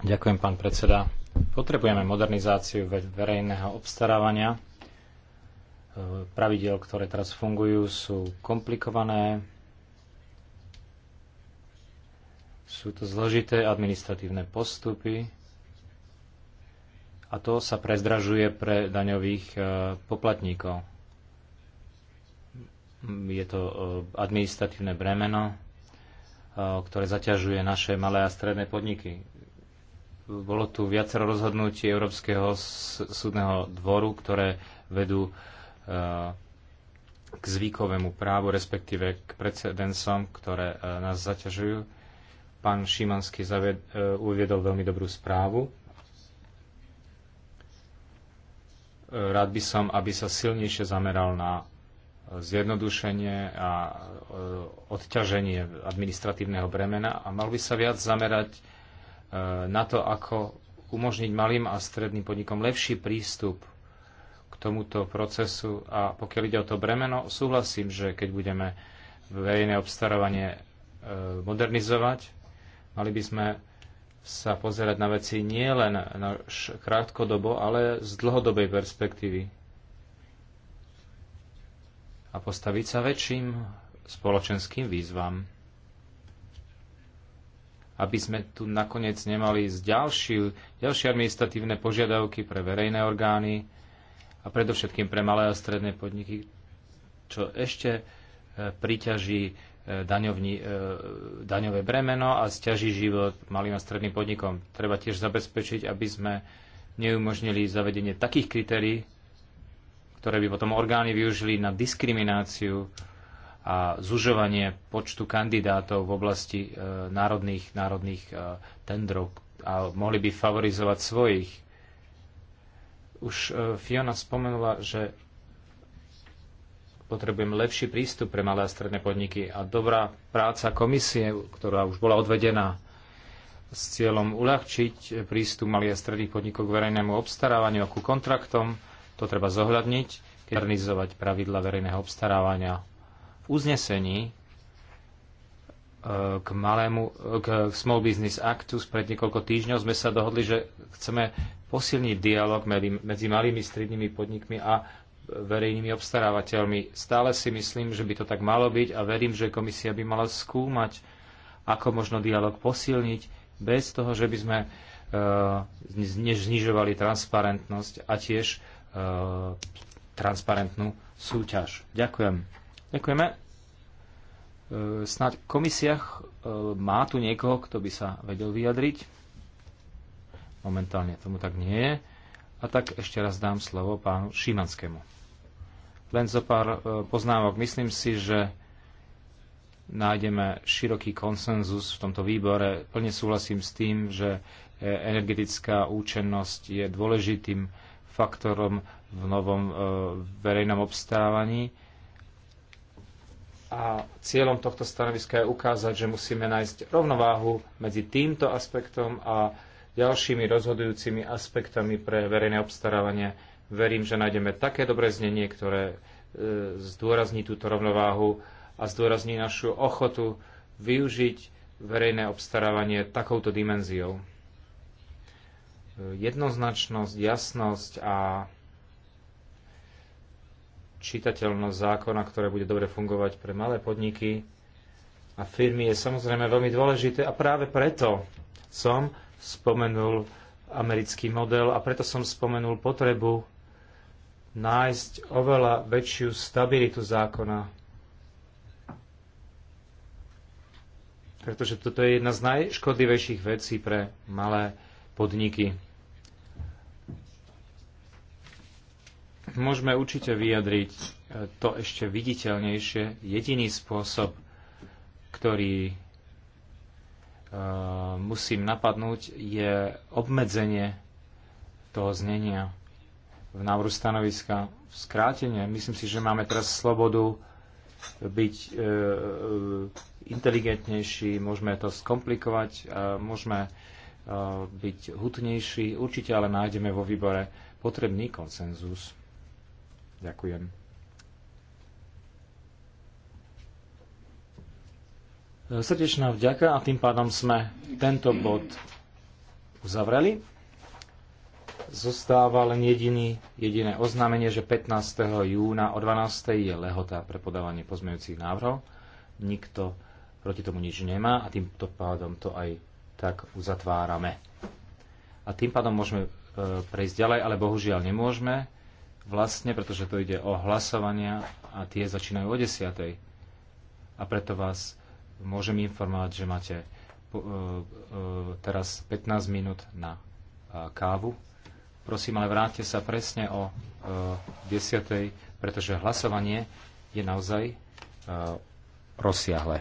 Ďakujem, pán predseda. Potrebujeme modernizáciu verejného obstarávania. E, pravidel, ktoré teraz fungujú, sú komplikované, Sú to zložité administratívne postupy a to sa prezdražuje pre daňových e, poplatníkov. Je to e, administratívne bremeno, e, ktoré zaťažuje naše malé a stredné podniky bolo tu viacero rozhodnutí Európskeho súdneho dvoru, ktoré vedú k zvykovému právu, respektíve k precedensom, ktoré nás zaťažujú. Pán Šimanský zaved, e, uviedol veľmi dobrú správu. E, rád by som, aby sa silnejšie zameral na zjednodušenie a e, odťaženie administratívneho bremena a mal by sa viac zamerať na to, ako umožniť malým a stredným podnikom lepší prístup k tomuto procesu. A pokiaľ ide o to bremeno, súhlasím, že keď budeme verejné obstarávanie modernizovať, Mali by sme sa pozerať na veci nie len na krátkodobo, ale z dlhodobej perspektívy. A postaviť sa väčším spoločenským výzvam. Aby sme tu nakoniec nemali ďalší, ďalšie administratívne požiadavky pre verejné orgány a predovšetkým pre malé a stredné podniky, čo ešte e, priťaží daňovní, e, daňové bremeno a stiaží život malým a stredným podnikom. Treba tiež zabezpečiť, aby sme neumožnili zavedenie takých kritérií, ktoré by potom orgány využili na diskrimináciu a zužovanie počtu kandidátov v oblasti e, národných, národných e, tendrov a mohli by favorizovať svojich. Už e, Fiona spomenula, že Potrebujem lepší prístup pre malé a stredné podniky a dobrá práca komisie, ktorá už bola odvedená s cieľom uľahčiť prístup malých a stredných podnikov k verejnému obstarávaniu a ku kontraktom. To treba zohľadniť, keď organizovať pravidla verejného obstarávania. V uznesení e, k malému, e, k Small Business Actu spred niekoľko týždňov sme sa dohodli, že chceme posilniť dialog medzi malými strednými podnikmi a verejnými obstarávateľmi. Stále si myslím, že by to tak malo byť a verím, že komisia by mala skúmať, ako možno dialog posilniť bez toho, že by sme uh, znižovali transparentnosť a tiež uh, transparentnú súťaž. Ďakujem. Ďakujeme. Uh, snáď v komisiách uh, má tu niekoho, kto by sa vedel vyjadriť. Momentálne tomu tak nie je. A tak ešte raz dám slovo pánu Šimanskému. Len zo pár e, poznámok. Myslím si, že nájdeme široký konsenzus v tomto výbore. Plne súhlasím s tým, že e, energetická účennosť je dôležitým faktorom v novom e, verejnom obstávaní. A cieľom tohto stanoviska je ukázať, že musíme nájsť rovnováhu medzi týmto aspektom a ďalšími rozhodujúcimi aspektami pre verejné obstarávanie Verím, že nájdeme také dobré znenie, ktoré e, zdôrazní túto rovnováhu a zdôrazní našu ochotu využiť verejné obstarávanie takouto dimenziou. E, jednoznačnosť, jasnosť a čitateľnosť zákona, ktoré bude dobre fungovať pre malé podniky a firmy, je samozrejme veľmi dôležité a práve preto som spomenul americký model a preto som spomenul potrebu nájsť oveľa väčšiu stabilitu zákona. Pretože toto je jedna z najškodlivejších vecí pre malé podniky. Môžeme určite vyjadriť e, to ešte viditeľnejšie. Jediný spôsob, ktorý e, musím napadnúť, je obmedzenie toho znenia v návrhu stanoviska skrátenie. Myslím si, že máme teraz slobodu byť e, e, inteligentnejší, môžeme to skomplikovať, e, môžeme e, byť hutnejší. Určite ale nájdeme vo výbore potrebný konsenzus. Ďakujem. E, srdečná vďaka a tým pádom sme tento bod uzavreli zostáva len jediný, jediné oznámenie, že 15. júna o 12. je lehota pre podávanie pozmejúcich návrhov. Nikto proti tomu nič nemá a týmto pádom to aj tak uzatvárame. A tým pádom môžeme e, prejsť ďalej, ale bohužiaľ nemôžeme, vlastne, pretože to ide o hlasovania a tie začínajú o 10. A preto vás môžem informovať, že máte e, e, teraz 15 minút na kávu Prosím, ale vráťte sa presne o 10. E, pretože hlasovanie je naozaj e, rozsiahle.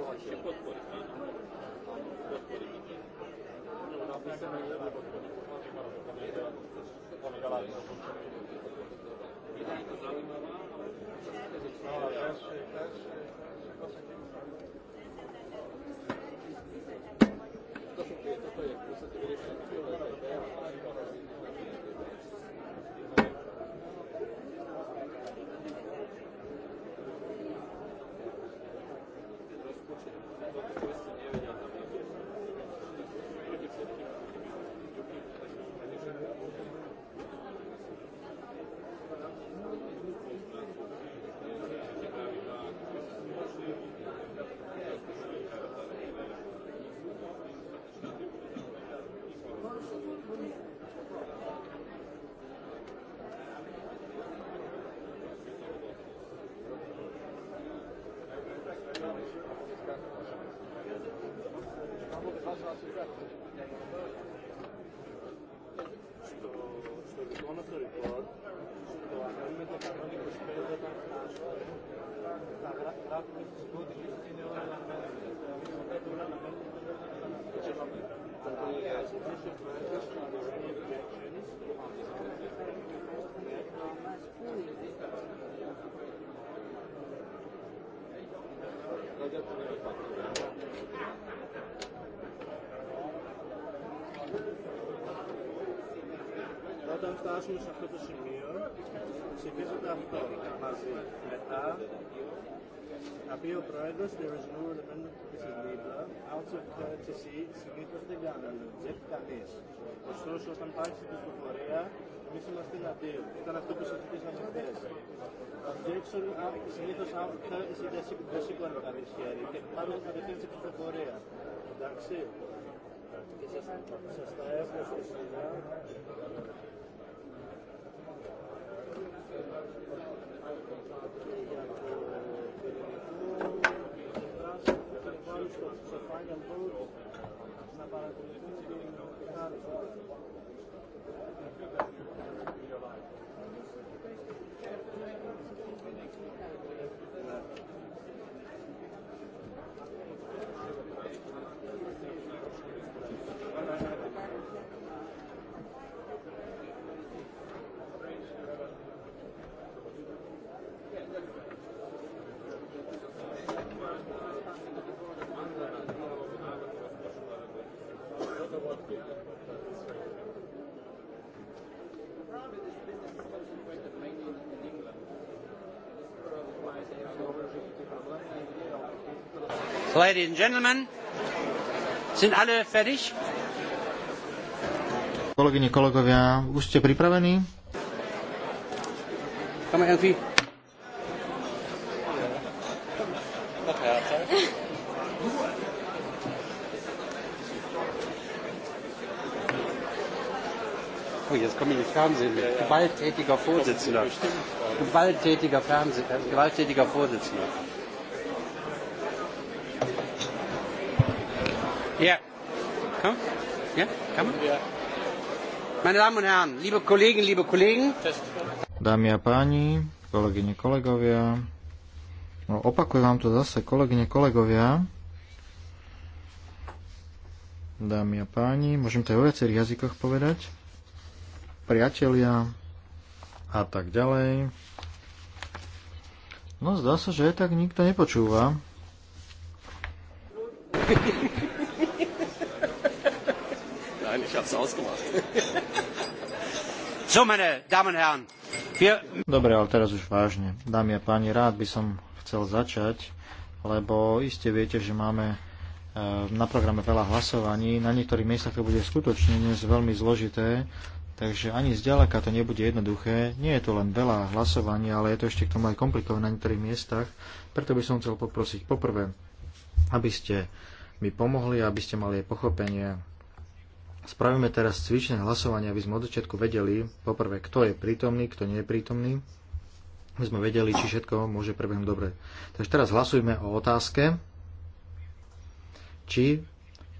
ще подходит. Подходит. Zajímavá. φτάσουν σε αυτό το σημείο, ψηφίζονται αυτό μαζί. Μετά, θα πει ο πρόεδρος, there is no amendment to Mrs. Libra, out of courtesy, συνήθως δεν κάνανε, δεν κανείς. Ωστόσο, όταν πάει στην πληροφορία, εμείς είμαστε εναντίον. Ήταν αυτό που συζητήσαμε χθες. Objection, συνήθως out of courtesy, δεν σήκωνε κανείς χέρι και πάμε κατευθείαν στην πληροφορία. Εντάξει. Και σας τα έχω στο σημείο. Final vote, una para el conjunto, ladies and gentlemen. Sind alle fertig? Kolegyne, kolegovia, už ste pripravení? Kann man Oh, jetzt komme ich ins Fernsehen mit. Gewalttätiger Vorsitzender. Gewalttätiger, Fernseh, äh, gewalttätiger Vorsitzender. Ja. Komm. Ja, kann man? Meine Damen und Herren, liebe Kollegen, liebe Kollegen. Dámy a páni, kolegyne, kolegovia. No, opakujem vám to zase, kolegyne, kolegovia. Dámy a páni, môžem to aj o viacerých jazykoch povedať. Priatelia a tak ďalej. No zdá sa, že aj tak nikto nepočúva. Ich hab's ausgemacht. So, meine Damen und Herren. Wir... Dobre, ale teraz už vážne. Dámy a páni, rád by som chcel začať, lebo iste viete, že máme eh, na programe veľa hlasovaní. Na niektorých miestach to bude skutočne dnes veľmi zložité, takže ani zďaleka to nebude jednoduché. Nie je to len veľa hlasovaní, ale je to ešte k tomu aj komplikované na niektorých miestach. Preto by som chcel poprosiť poprvé, aby ste mi pomohli, aby ste mali aj pochopenie Spravíme teraz cvičné hlasovanie, aby sme od začiatku vedeli, poprvé, kto je prítomný, kto nie je prítomný, aby sme vedeli, či všetko môže prebehnúť dobre. Takže teraz hlasujme o otázke, či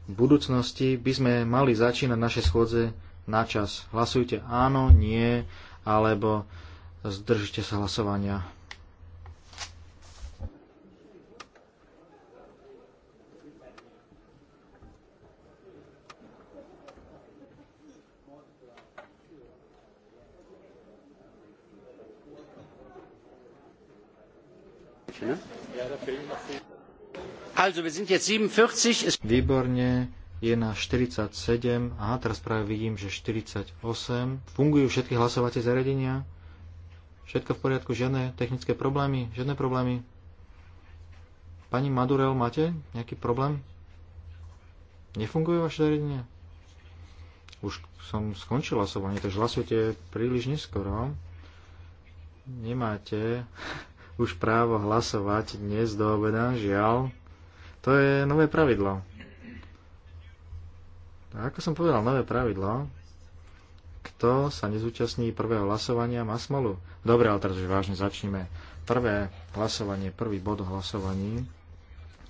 v budúcnosti by sme mali začínať naše schôdze na čas. Hlasujte áno, nie, alebo zdržte sa hlasovania. Výborne, je na 47. Aha, teraz práve vidím, že 48. Fungujú všetky hlasovacie zariadenia? Všetko v poriadku? Žiadne technické problémy? Žiadne problémy? Pani Madurel, máte nejaký problém? Nefungujú vaše zariadenia? Už som skončil hlasovanie, takže hlasujete príliš neskoro. Nemáte už právo hlasovať dnes do obeda, žiaľ. To je nové pravidlo. A ako som povedal, nové pravidlo, kto sa nezúčastní prvého hlasovania, má smolu. Dobre, ale teraz už vážne začneme. Prvé hlasovanie, prvý bod hlasovaní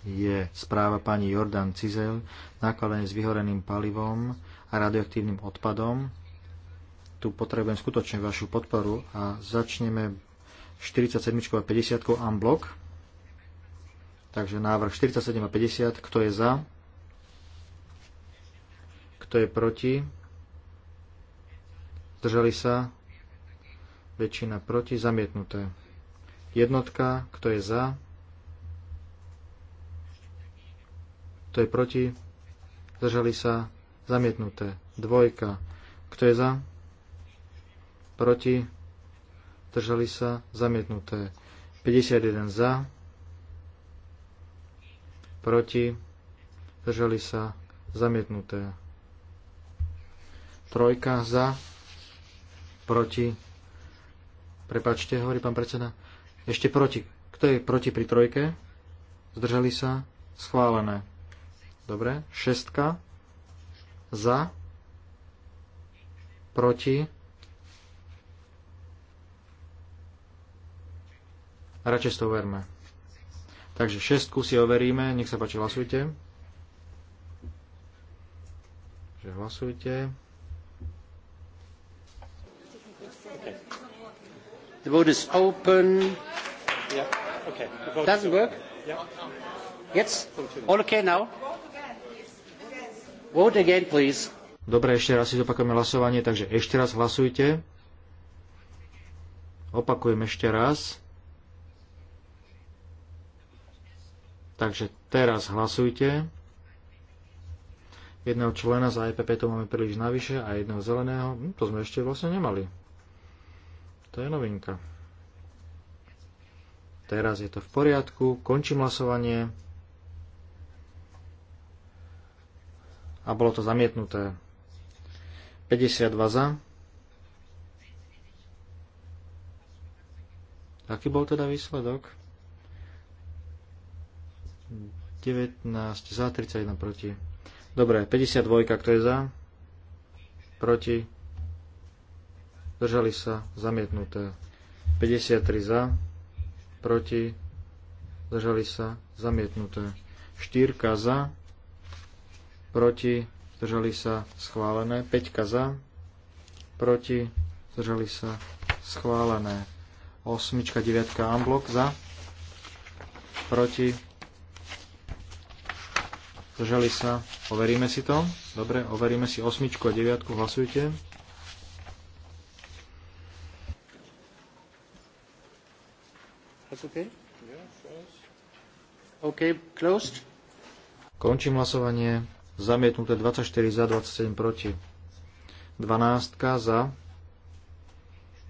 je správa pani Jordan Cizel, nakladanie s vyhoreným palivom a radioaktívnym odpadom. Tu potrebujem skutočne vašu podporu a začneme 47 a 50 unblock. Takže návrh 47 a 50, kto je za? Kto je proti? Zdržali sa? Väčšina proti, zamietnuté. Jednotka, kto je za? Kto je proti? Zdržali sa? Zamietnuté. Dvojka. Kto je za? Proti? zdržali sa, zamietnuté. 51 za, proti, zdržali sa, zamietnuté. Trojka za, proti, prepačte, hovorí pán predseda, ešte proti. Kto je proti pri trojke? Zdržali sa, schválené. Dobre, šestka, za, proti, Radšej s to verme. Takže šestku si overíme, nech sa páči, hlasujte. Že hlasujte. The vote is open. Yeah. Okay. The vote Doesn't work? Yeah. Yes? All okay now? Vote again, please. Dobre, ešte raz si zopakujeme hlasovanie, takže ešte raz hlasujte. Opakujem ešte raz. Takže teraz hlasujte. Jedného člena za EPP to máme príliš navyše a jedného zeleného, hm, to sme ešte vlastne nemali. To je novinka. Teraz je to v poriadku, končím hlasovanie. A bolo to zamietnuté. 52 za. Aký bol teda výsledok? 19 za, 31 proti. Dobre, 52, kto je za? Proti. Držali sa, zamietnuté. 53 za, proti. Držali sa, zamietnuté. 4 za, proti. Držali sa, schválené. 5 za, proti. Držali sa, schválené. 8, 9 amblok za, proti Zdržali sa? Overíme si to. Dobre, overíme si osmičku a deviatku. Hlasujte. OK, closed. Končím hlasovanie. Zamietnuté 24 za, 27 proti. 12 za,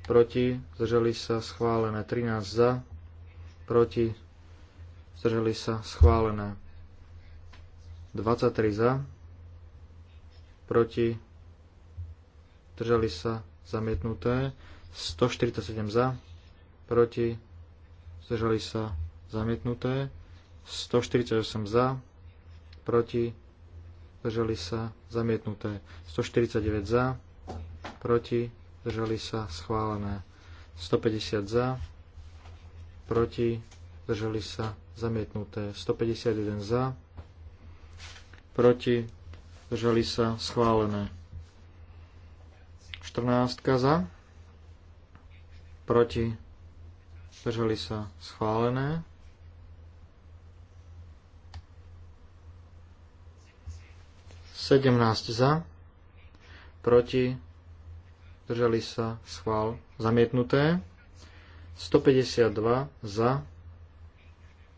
proti, zdržali sa schválené. 13 za, proti, zdržali sa schválené. 23 za, proti, držali sa, zamietnuté, 147 za, proti, zdržali sa, zamietnuté, 148 za, proti, zdržali sa, zamietnuté, 149 za, proti, zdržali sa, schválené, 150 za, proti, zdržali sa, zamietnuté, 151 za, proti, zdržali sa, schválené. 14 za, proti, zdržali sa, schválené. 17 za, proti, zdržali sa, schvál, zamietnuté. 152 za,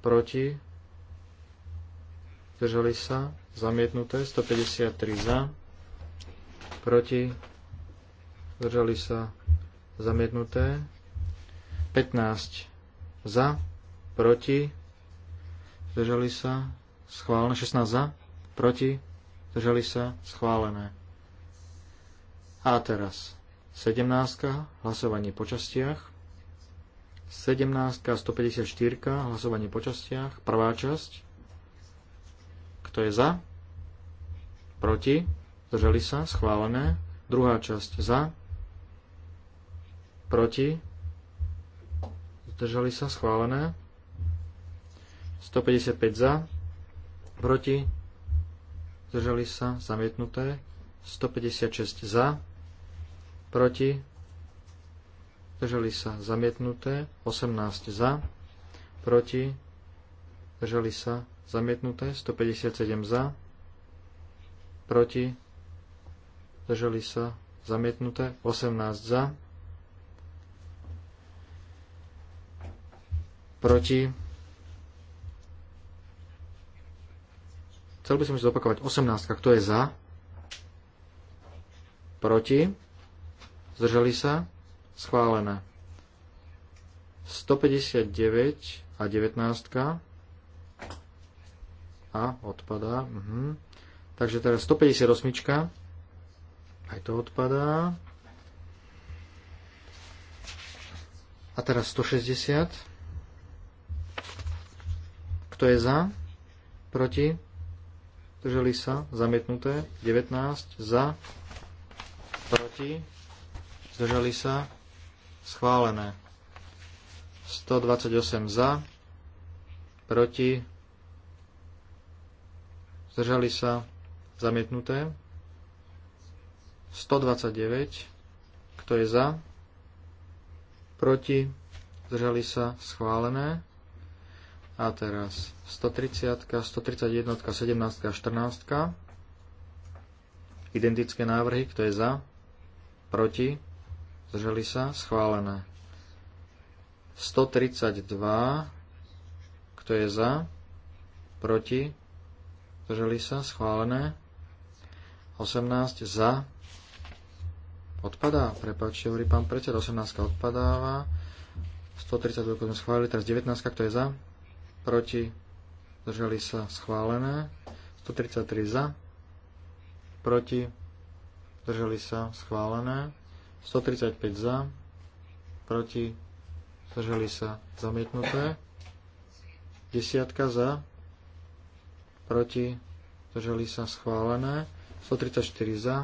proti, zdržali sa, Zamietnuté. 153 za. Proti. Zdržali sa. Zamietnuté. 15 za. Proti. Zdržali sa. Schválené. 16 za. Proti. Zdržali sa. Schválené. A teraz 17. Hlasovanie po častiach. 17. 154. Hlasovanie po častiach. Prvá časť kto je za? Proti? Zdržali sa? Schválené. Druhá časť za? Proti? Zdržali sa? Schválené. 155 za? Proti? Zdržali sa? Zamietnuté. 156 za? Proti? Zdržali sa? Zamietnuté. 18 za? Proti? Zdržali sa? zamietnuté, 157 za, proti, zdržali sa, zamietnuté, 18 za, proti, chcel by som si zopakovať, 18, kto je za, proti, zdržali sa, schválené. 159 a 19 a odpadá. Uh-huh. Takže teraz 158. Aj to odpadá. A teraz 160. Kto je za? Proti? Drželi sa? Zamietnuté. 19. Za? Proti? Zdržali sa? Schválené. 128 za, proti zdržali sa, zamietnuté. 129, kto je za, proti, zdržali sa, schválené. A teraz 130, 131, 17, 14. Identické návrhy, kto je za, proti, zdržali sa, schválené. 132, kto je za, proti, Zdrželi sa, schválené. 18 za, odpadá, prepáčte, hovorí pán predseda, 18 odpadáva, 132 sme schválili, teraz 19, kto je za, proti, Zdrželi sa, schválené, 133 za, proti, Zdrželi sa, schválené, 135 za, proti, Zdrželi sa, zamietnuté, desiatka za, proti, zdržali sa schválené, 134 za,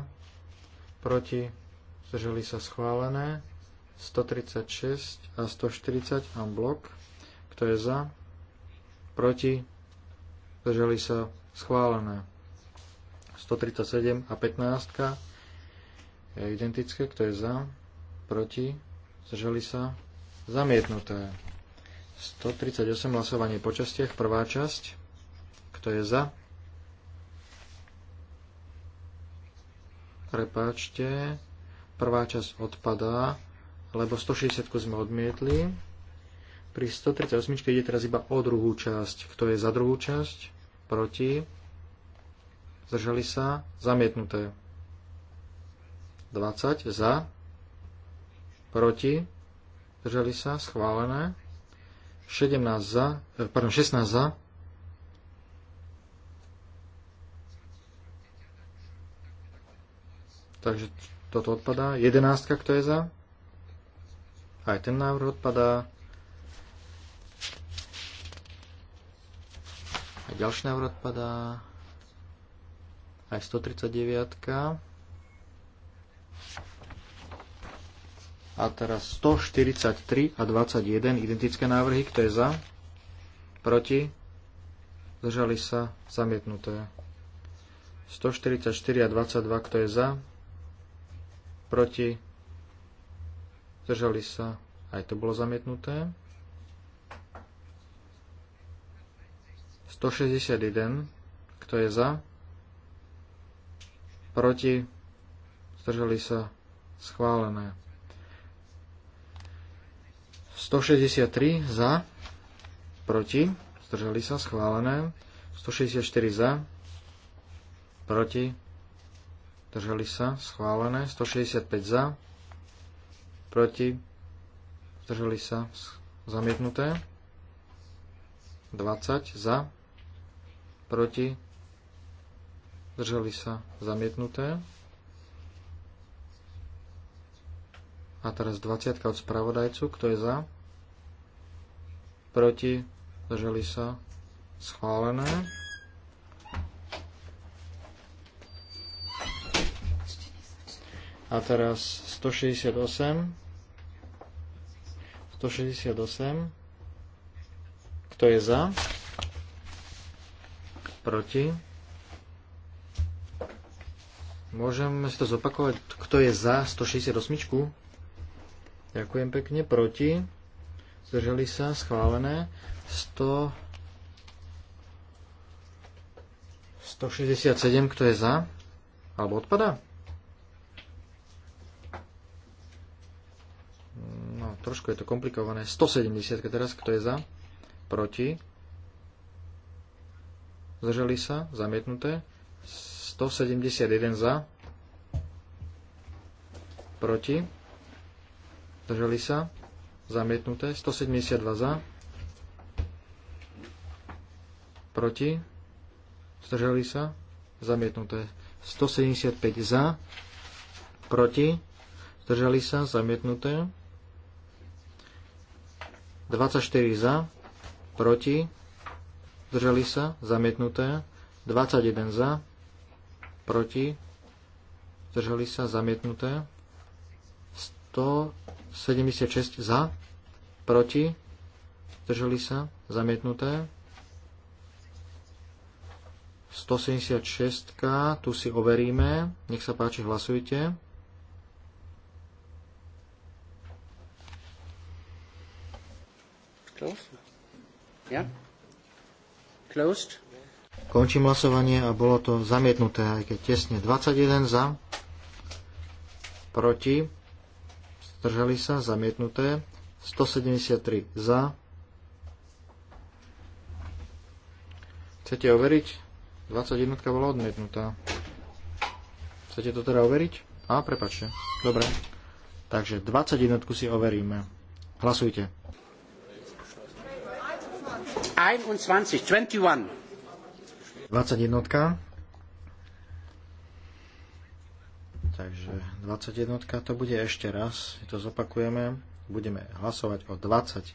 proti, zdržali sa schválené, 136 a 140 en blok, kto je za, proti, zdržali sa schválené, 137 a 15 je identické, kto je za, proti, zdržali sa, zamietnuté. 138 hlasovanie po častiach, prvá časť, kto je za? Prepáčte. Prvá časť odpadá, lebo 160 sme odmietli. Pri 138 ide teraz iba o druhú časť. Kto je za druhú časť? Proti? Zdržali sa? Zamietnuté. 20 za? Proti? Zdržali sa? Schválené. 17 za, eh, pardon, 16 za, Takže toto odpadá. Jedenáctka, kto je za? Aj ten návrh odpadá. A ďalší návrh odpadá. Aj 139. A teraz 143 a 21 identické návrhy. Kto je za? Proti? Zdržali sa? Zamietnuté. 144 a 22. Kto je za? proti, zdržali sa, aj to bolo zamietnuté. 161, kto je za, proti, zdržali sa, schválené. 163 za, proti, zdržali sa, schválené. 164 za, proti, Zdržali sa? Schválené. 165 za. Proti? Zdržali sa? Zamietnuté. 20 za. Proti? Zdržali sa? Zamietnuté. A teraz 20 od spravodajcu. Kto je za? Proti? Zdržali sa? Schválené. A teraz 168. 168. Kto je za? Proti? Môžeme si to zopakovať. Kto je za 168? Ďakujem pekne. Proti? Zdržali sa? Schválené. 100... 167, kto je za? Alebo odpada? trošku je to komplikované. 170 teraz, kto je za? Proti. Zdržali sa, zamietnuté. 171 za. Proti. Zdržali sa, zamietnuté. 172 za. Proti. Zdržali sa, zamietnuté. 175 za. Proti. Zdržali sa, zamietnuté. 24 za, proti, zdržali sa, zamietnuté. 21 za, proti, zdržali sa, zamietnuté. 176 za, proti, zdržali sa, zamietnuté. 176, tu si overíme, nech sa páči, hlasujte. Yeah? Closed? Končím hlasovanie a bolo to zamietnuté, aj keď tesne. 21 za, proti, zdržali sa, zamietnuté. 173 za. Chcete overiť? 21 bola odmietnutá. Chcete to teda overiť? A, prepačte. Dobre. Takže 21 si overíme. Hlasujte. 21. 21. 21. Takže 21 to bude ešte raz, to zopakujeme. Budeme hlasovať o 21.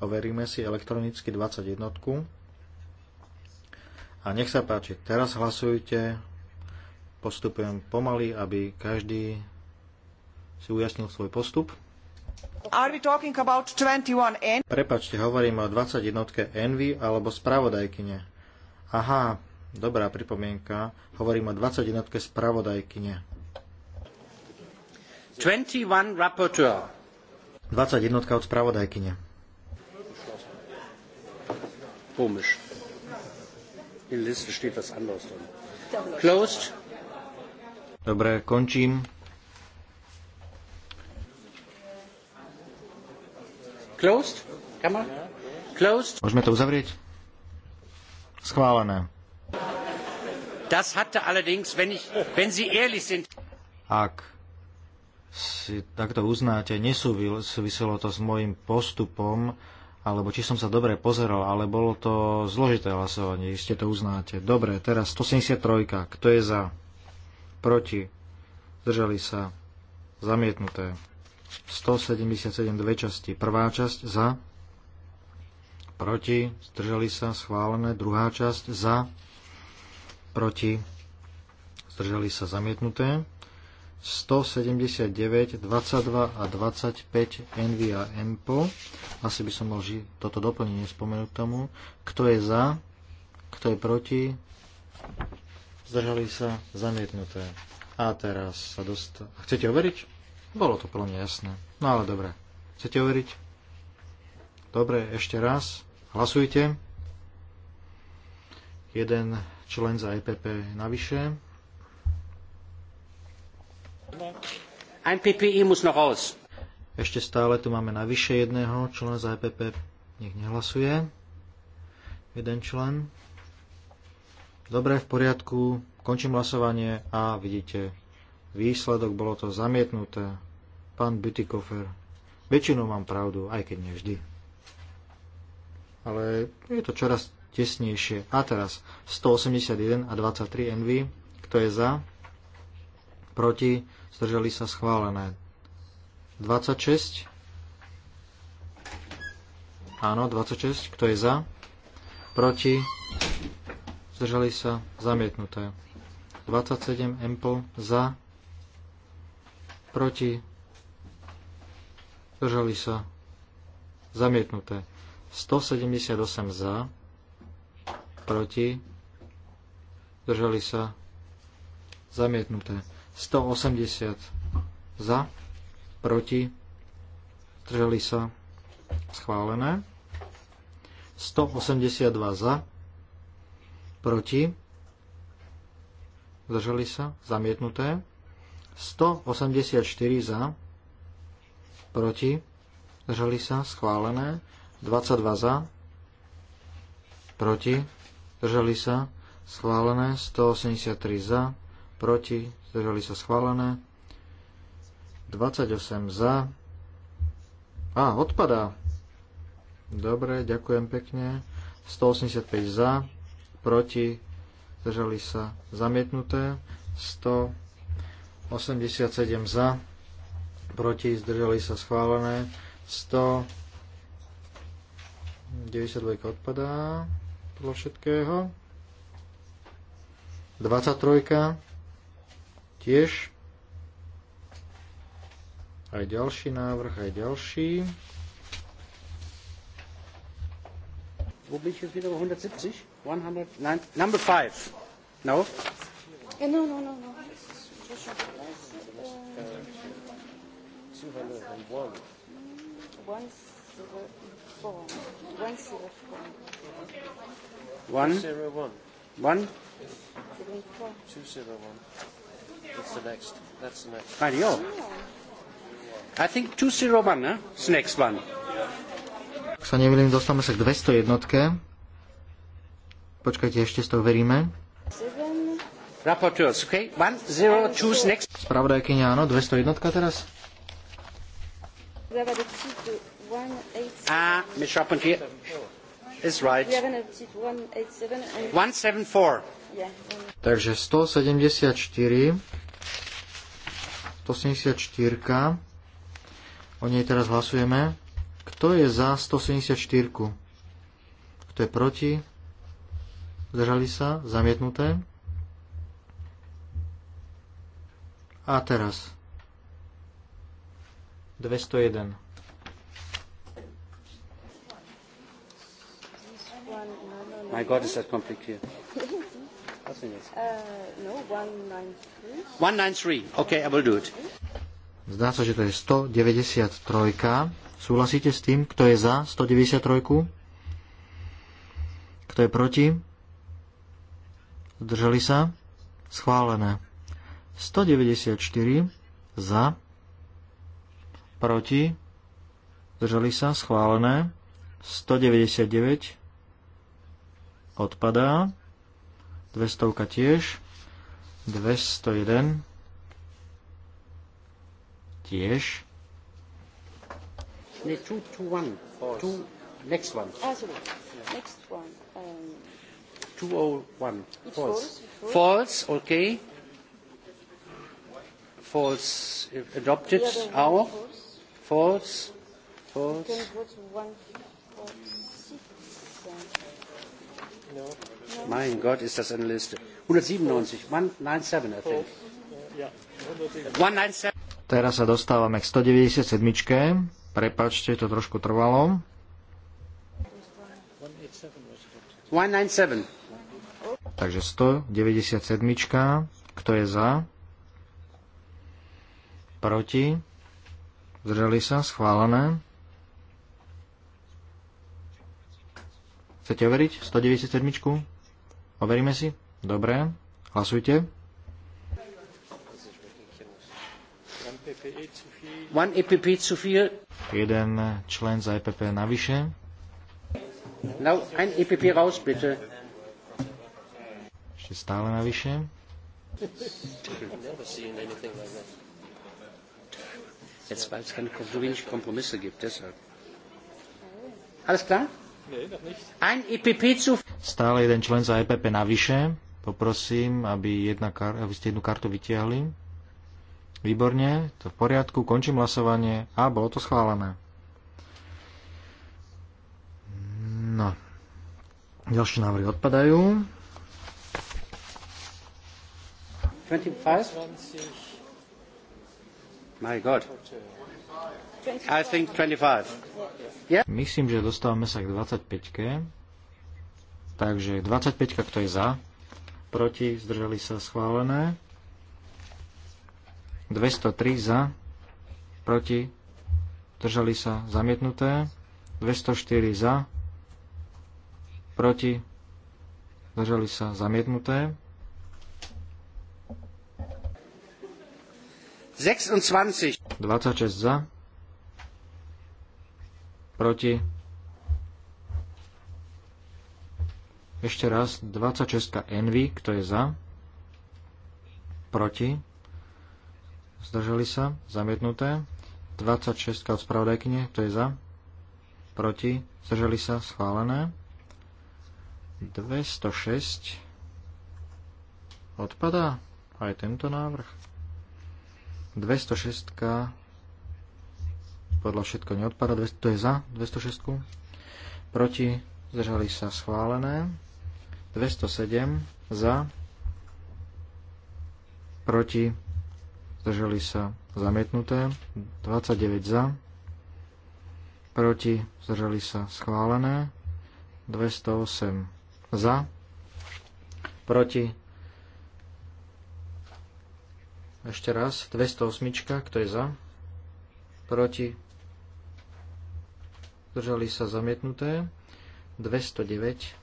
Overíme si elektronicky 21. A nech sa páči, teraz hlasujte. Postupujem pomaly, aby každý si ujasnil svoj postup. Prepačte, hovoríme o 21 Envy alebo spravodajkyne. Aha, dobrá pripomienka. Hovorím o 21 spravodajkyne. 21 rapporteur. 21 od spravodajkyne. Komisch. In Liste steht was anderes drin. Closed. Dobre, končím. Closed? Closed. Môžeme to uzavrieť? Schválené. Das hatte allerdings, wenn, ich, wenn Sie ehrlich sind... Ak si takto uznáte, nesúviselo to s môjim postupom, alebo či som sa dobre pozeral, ale bolo to zložité hlasovanie, iste to uznáte. Dobre, teraz 173, kto je za, proti, zdržali sa, zamietnuté. 177 dve časti. Prvá časť za, proti, zdržali sa, schválené. Druhá časť za, proti, zdržali sa, zamietnuté. 179, 22 a 25 NV a MPO. Asi by som mal toto doplnenie spomenúť tomu. Kto je za, kto je proti, zdržali sa, zamietnuté. A teraz sa dostá... Chcete overiť? Bolo to plne jasné. No ale dobre. Chcete overiť? Dobre, ešte raz. Hlasujte. Jeden člen za EPP navyše. Ein PPI muss noch Ešte stále tu máme navyše jedného člena za EPP. Nech nehlasuje. Jeden člen. Dobre, v poriadku. Končím hlasovanie a vidíte, Výsledok bolo to zamietnuté. Pán Bütikofer. Väčšinou mám pravdu, aj keď nevždy. Ale je to čoraz tesnejšie. A teraz 181 a 23 NV. Kto je za? Proti? Zdržali sa schválené. 26. Áno, 26. Kto je za? Proti? Zdržali sa? Zamietnuté. 27 MPO za, proti, zdržali sa, zamietnuté. 178 za, proti, zdržali sa, zamietnuté. 180 za, proti, zdržali sa, schválené. 182 za, proti, zdržali sa, zamietnuté. 184 za, proti, zdržali sa, schválené, 22 za, proti, zdržali sa, schválené, 183 za, proti, zdržali sa, schválené, 28 za, a odpadá, dobre, ďakujem pekne, 185 za, proti, zdržali sa, zamietnuté, 100 87 za, proti, zdržali sa schválené, 100, 92 odpadá podľa všetkého, 23 tiež, aj ďalší návrh, aj ďalší. Wo bin ich jetzt wieder 170? 100, nein, number 5. No? no? No, no, no, no. 201. 104. 101. 1? 201. That's the next. That's the next. Mario. I think 201, huh? It's the next one. Ak sa nemýlim, dostávame sa k 200 jednotke. Počkajte, ešte s tou veríme. 7, Rapporteurs, okay? One, zero, choose next. áno, 201 teraz. Ah, Rapporteur is right. 174. Takže 174. 174. O nej teraz hlasujeme. Kto je za 174? Kto je proti? Zdržali sa? Zamietnuté? A teraz. 201. My God, is that complicated? Uh, no, Zdá sa, že to je 193. Súhlasíte s tým, kto je za 193? Kto je proti? Zdržali sa? Schválené. 194 za, proti, zdržali sa, schválené. 199 odpadá, 200 tiež, 201 tiež. Ne, two, two, one. Two, next one. Ah, Next one. Um, 201. False. False, False false uh, adopted our false false no. No? mein Gott ist das eine Liste 197 197 I think Teraz sa dostávame k 197. Prepačte, to trošku trvalo. 197. Takže 197. Kto je za? proti, Zdrželi sa, schválené. Chcete overiť 197? Overíme si? Dobre, hlasujte. E Jeden člen za EPP navyše. No, ein EPP raus, bitte. Ešte stále navyše. Jetzt, weil es keine, so wenig Kompromisse gibt, deshalb. Alles klar? Ein EPP zu... Stále jeden člen za EPP navyše. Poprosím, aby, jedna, kar- aby ste jednu kartu vytiahli. Výborne, to v poriadku, končím hlasovanie. A, bolo to schválené. No. Ďalšie návrhy odpadajú. 25. My God. I think 25. Yeah. Myslím, že dostávame sa k 25-ke. Takže 25, kto je za? Proti, zdržali sa schválené. 203 za, proti, zdržali sa zamietnuté. 204 za, proti, zdržali sa zamietnuté. 26. 26 za. Proti. Ešte raz 26 Envy, kto je za? Proti. Zdržali sa, zamietnuté. 26 od spravodajkyne, kto je za? Proti. Zdržali sa, schválené. 206 odpadá aj tento návrh. 206 podľa všetko neodpada, to je za 206, proti zdržali sa schválené, 207 za, proti zdržali sa zamietnuté, 29 za, proti zdržali sa schválené, 208 za, proti ešte raz, 208, kto je za? Proti? Držali sa zamietnuté. 209.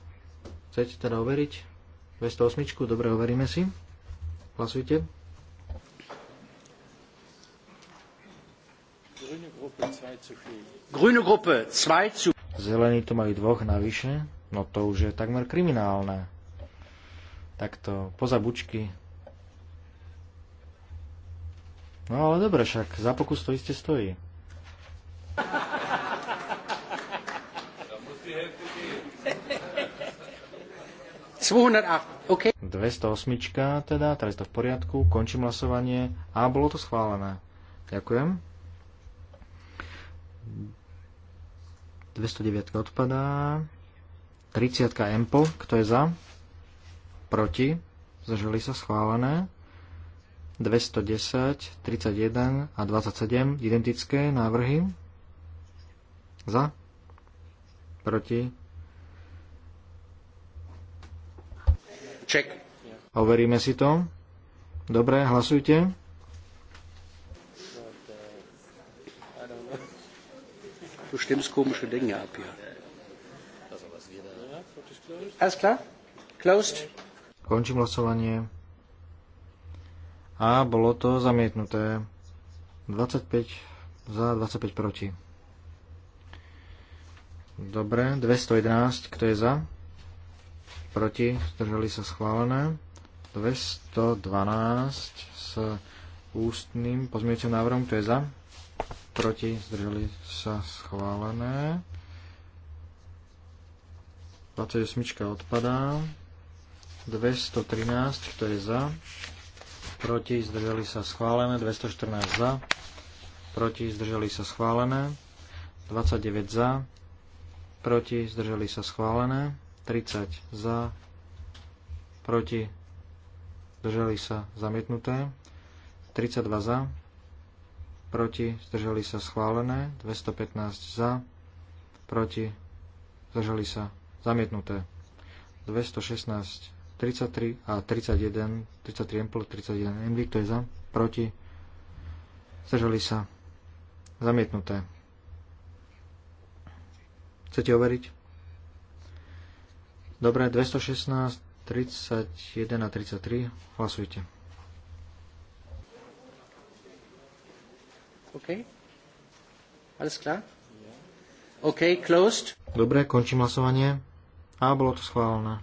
Chcete teda overiť? 208, dobre, overíme si. Hlasujte. Grüne Gruppe 2 zu... Zelení tu majú dvoch navyše, no to už je takmer kriminálne. Takto, poza bučky, No ale dobre, však za pokus to iste stojí. Okay. 208, teda, teraz je to v poriadku, končím hlasovanie a bolo to schválené. Ďakujem. 209 odpadá. 30 MPO, kto je za? Proti? Zažili sa schválené. 210, 31 a 27 identické návrhy. Za, proti. Ček. Overíme si to. Dobre, hlasujte. Du stimmst komische Dinge ab hier. Alles klar? Closed. Končím hlasovanie a bolo to zamietnuté 25 za, 25 proti. Dobre, 211, kto je za? Proti, zdržali sa schválené. 212 s ústnym pozmieňujúcim návrhom, kto je za? Proti, zdržali sa schválené. 28 odpadá. 213, kto je za? proti, zdržali sa schválené, 214 za, proti, zdržali sa schválené, 29 za, proti, zdržali sa schválené, 30 za, proti, zdržali sa zamietnuté, 32 za, proti, zdržali sa schválené, 215 za, proti, zdržali sa zamietnuté, 216 33 a 31, 33 Ample, 31 kto je za, proti, zdržali sa, zamietnuté. Chcete overiť? Dobre, 216, 31 a 33, hlasujte. OK. Alles klar? OK, closed. Dobre, končím hlasovanie. A bolo to schválené.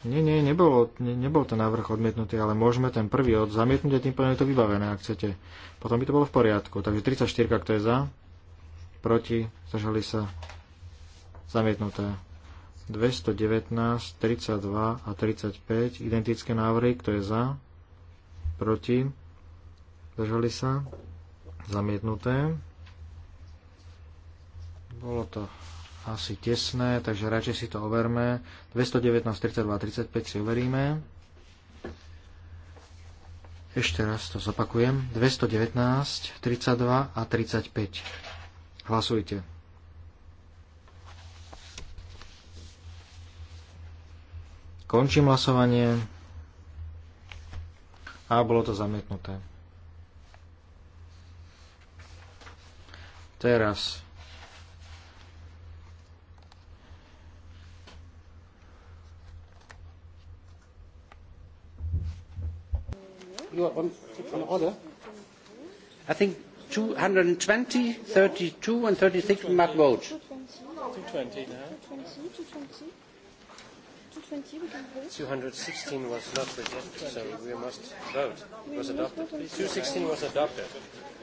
Nie, nie, nebolo, ne, nebol ten návrh odmietnutý, ale môžeme ten prvý od zamietnutia, tým pádom je to vybavené, ak chcete. Potom by to bolo v poriadku. Takže 34, kto je za, proti, zažali sa, zamietnuté. 219, 32 a 35, identické návrhy, kto je za, proti, zažali sa, zamietnuté. Bolo to asi tesné, takže radšej si to overme. 219, 32, 35 si overíme. Ešte raz to zopakujem. 219, 32 a 35. Hlasujte. Končím hlasovanie. A bolo to zamietnuté. Teraz you are on, on order. I think 220, 32 and 36 we must vote. 220 now. 216 was not rejected, so we must vote. It was adopted. 216 was adopted,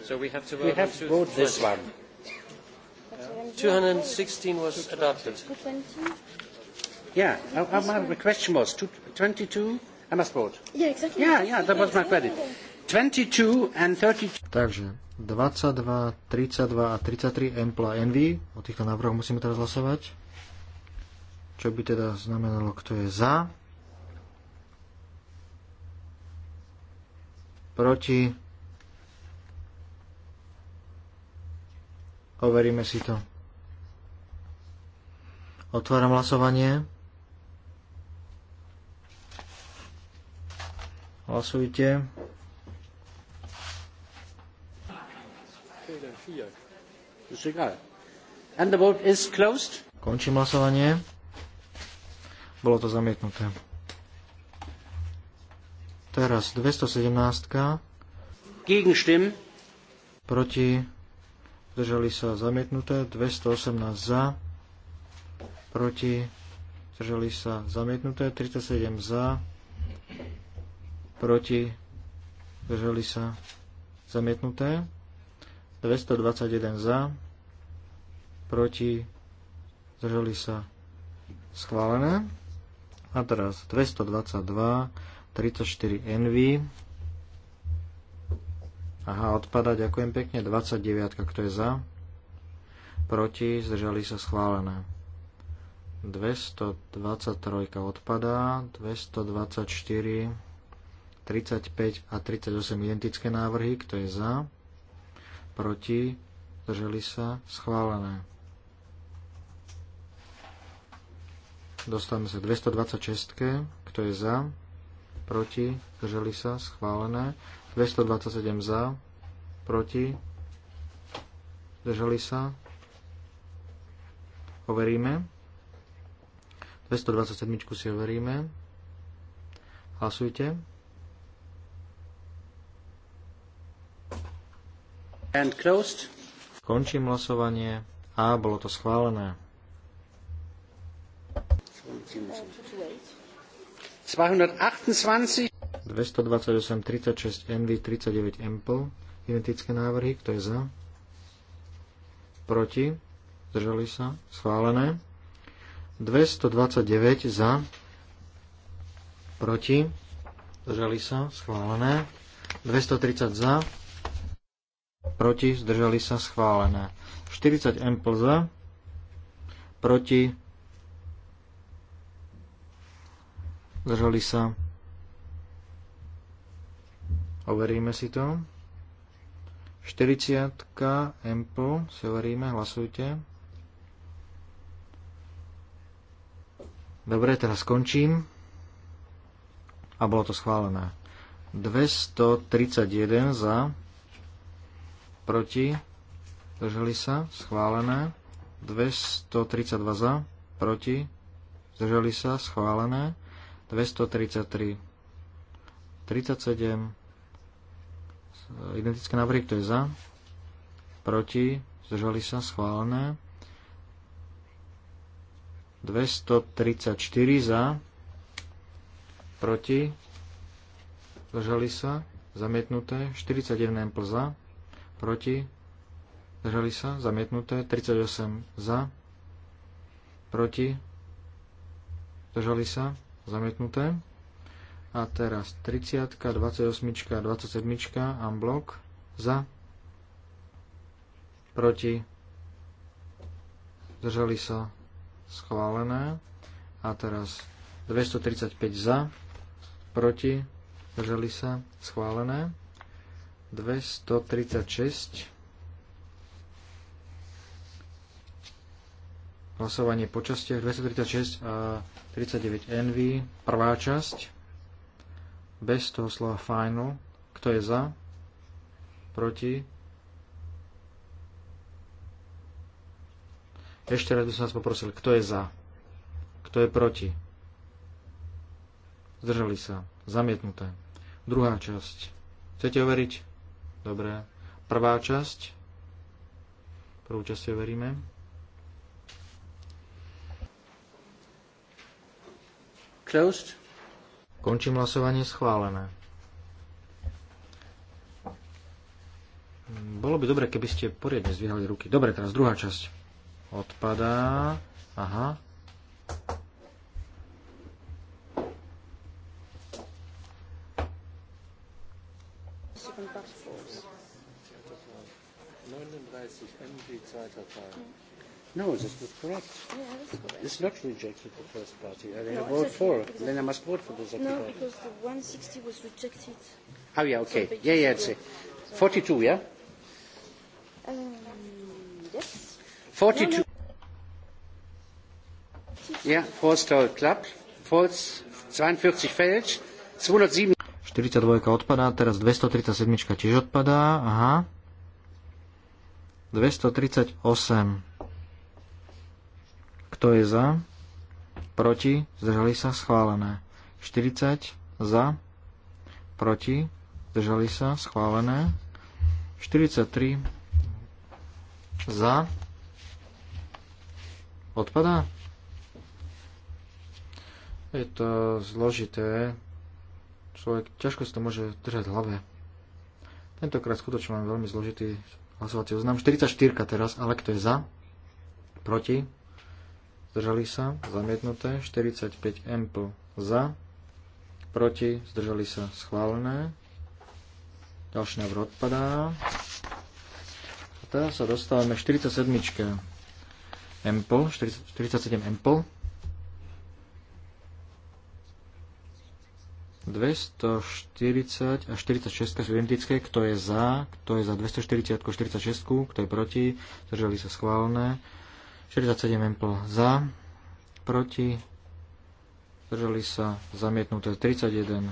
so we have to vote. We have to vote this one. Yeah. 216 was adopted. Yeah, our, uh, our, uh, my question was 22. Emma Sport. Yeah, exactly. Yeah, yeah, that was my credit. 22 and 32. Takže 22, 32 a 33 Empla NV. O týchto návrhoch musíme teraz hlasovať. Čo by teda znamenalo, kto je za. Proti. Overíme si to. Otváram hlasovanie. Hlasujte. Končím hlasovanie. Bolo to zamietnuté. Teraz 217. Proti. Zdržali sa zamietnuté. 218 za. Proti. Zdržali sa zamietnuté. 37 za proti, drželi sa, zamietnuté. 221 za, proti, drželi sa, schválené. A teraz 222, 34 NV. Aha, odpada, ďakujem pekne. 29, kto je za? Proti, zdržali sa schválené. 223 odpadá, 224 35 a 38 identické návrhy, kto je za, proti, drželi sa, schválené. Dostávame sa 226, kto je za, proti, drželi sa, schválené. 227 za, proti, zdržali sa, overíme. 227 si overíme. Hlasujte. Končím hlasovanie. A, bolo to schválené. 228, 36 NV, 39 Ample. Identické návrhy. Kto je za? Proti? Zdržali sa? Schválené. 229 za. Proti? Zdržali sa? Schválené. 230 za proti, zdržali sa schválené. 40 ampl za, proti, zdržali sa. Overíme si to. 40 mpl si overíme, hlasujte. Dobre, teraz skončím. A bolo to schválené. 231 za, proti, zdržali sa, schválené. 232 za, proti, zdržali sa, schválené. 233, 37, identické návrhy, kto je za, proti, zdržali sa, schválené. 234 za, proti, zdržali sa, zamietnuté, 41 plza, za, proti, zdržali sa, zamietnuté, 38 za, proti, zdržali sa, zamietnuté. A teraz 30, 28, 27, unblock, za, proti, zdržali sa, schválené. A teraz 235 za, proti, zdržali sa, schválené. 236. Hlasovanie po častiach 236 a 39 Envy. Prvá časť. Bez toho slova final. Kto je za? Proti? Ešte raz by som vás poprosil, kto je za? Kto je proti? Zdržali sa. Zamietnuté. Druhá časť. Chcete overiť? Dobre. Prvá časť. Prvú časť si veríme. Closed. Končím hlasovanie schválené. Bolo by dobre, keby ste poriadne zvíhali ruky. Dobre, teraz druhá časť. Odpadá. Aha. recital five. No, this not correct. Yeah, that's correct. This is not rejected, the first party. I no, vote for. it. Then I must vote for the second no, party. No, because the 160 was rejected. Oh, yeah, okay. So yeah, yeah, it's it. 42, yeah? Um, yes. 42. No, no. Yeah, false Club. klappt. 42 fällt. 207. 42 odpadá, teraz 237 tiež odpadá, aha. 238. Kto je za? Proti? Zdržali sa? Schválené. 40. Za? Proti? Zdržali sa? Schválené. 43. Za? Odpadá? Je to zložité. Človek ťažko si to môže držať v hlave. Tentokrát skutočne mám veľmi zložitý hlasovací oznam. 44 teraz, ale kto je za? Proti? Zdržali sa? Zamietnuté. 45 MP za. Proti? Zdržali sa? Schválené. Ďalší návrh odpadá. A teraz sa dostávame 47. MPL, 47 MPL. 240 a 46 sú identické. Kto je za? Kto je za 240 a 46? Kto je proti? Zdržali sa schválené. 47 empl za. Proti. Zdržali sa zamietnuté 31.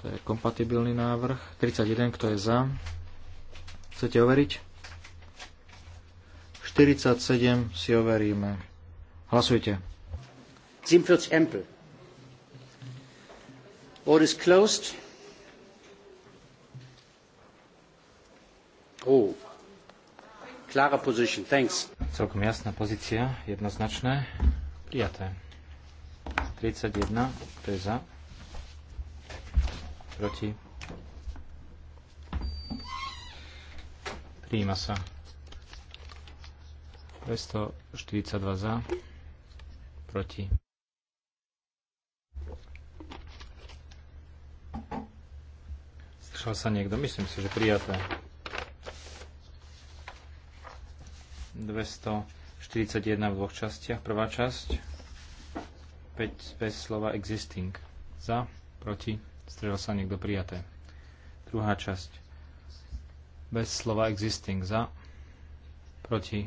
To je kompatibilný návrh. 31, kto je za? Chcete overiť? 47 si overíme. Hlasujte. 47 empl. Vote is closed. Oh. Clara position. Thanks. Celkom jasná pozícia, jednoznačné. Prijaté. 31, to je za. Proti. Prijíma sa. 242 za. Proti. Zdržal sa niekto? Myslím si, že prijaté. 241 v dvoch častiach. Prvá časť. 5 bez slova existing. Za, proti, zdržal sa niekto prijaté. Druhá časť. Bez slova existing. Za, proti,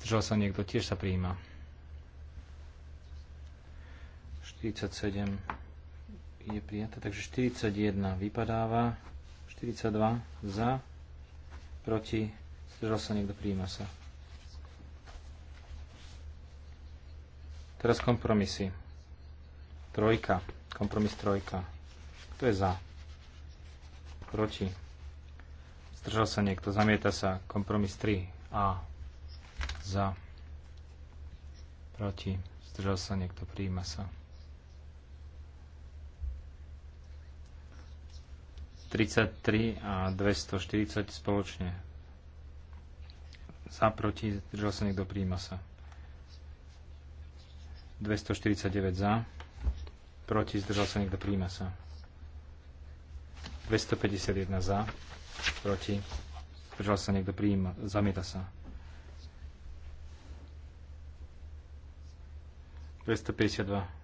zdržal sa niekto, tiež sa prijíma. 47 je prijaté, takže 41 vypadáva, 42 za, proti, zdržal sa niekto, prijíma sa. Teraz kompromisy. Trojka, kompromis trojka. Kto je za? Proti. Zdržal sa niekto, zamieta sa, kompromis 3 a za. Proti. Zdržal sa niekto, prijíma sa. 33 a 240 spoločne. Za, proti, zdržal sa niekto, príjima sa. 249 za, proti, zdržal sa niekto, príjima sa. 251 za, proti, zdržal sa niekto, príjima, zamieta sa. 252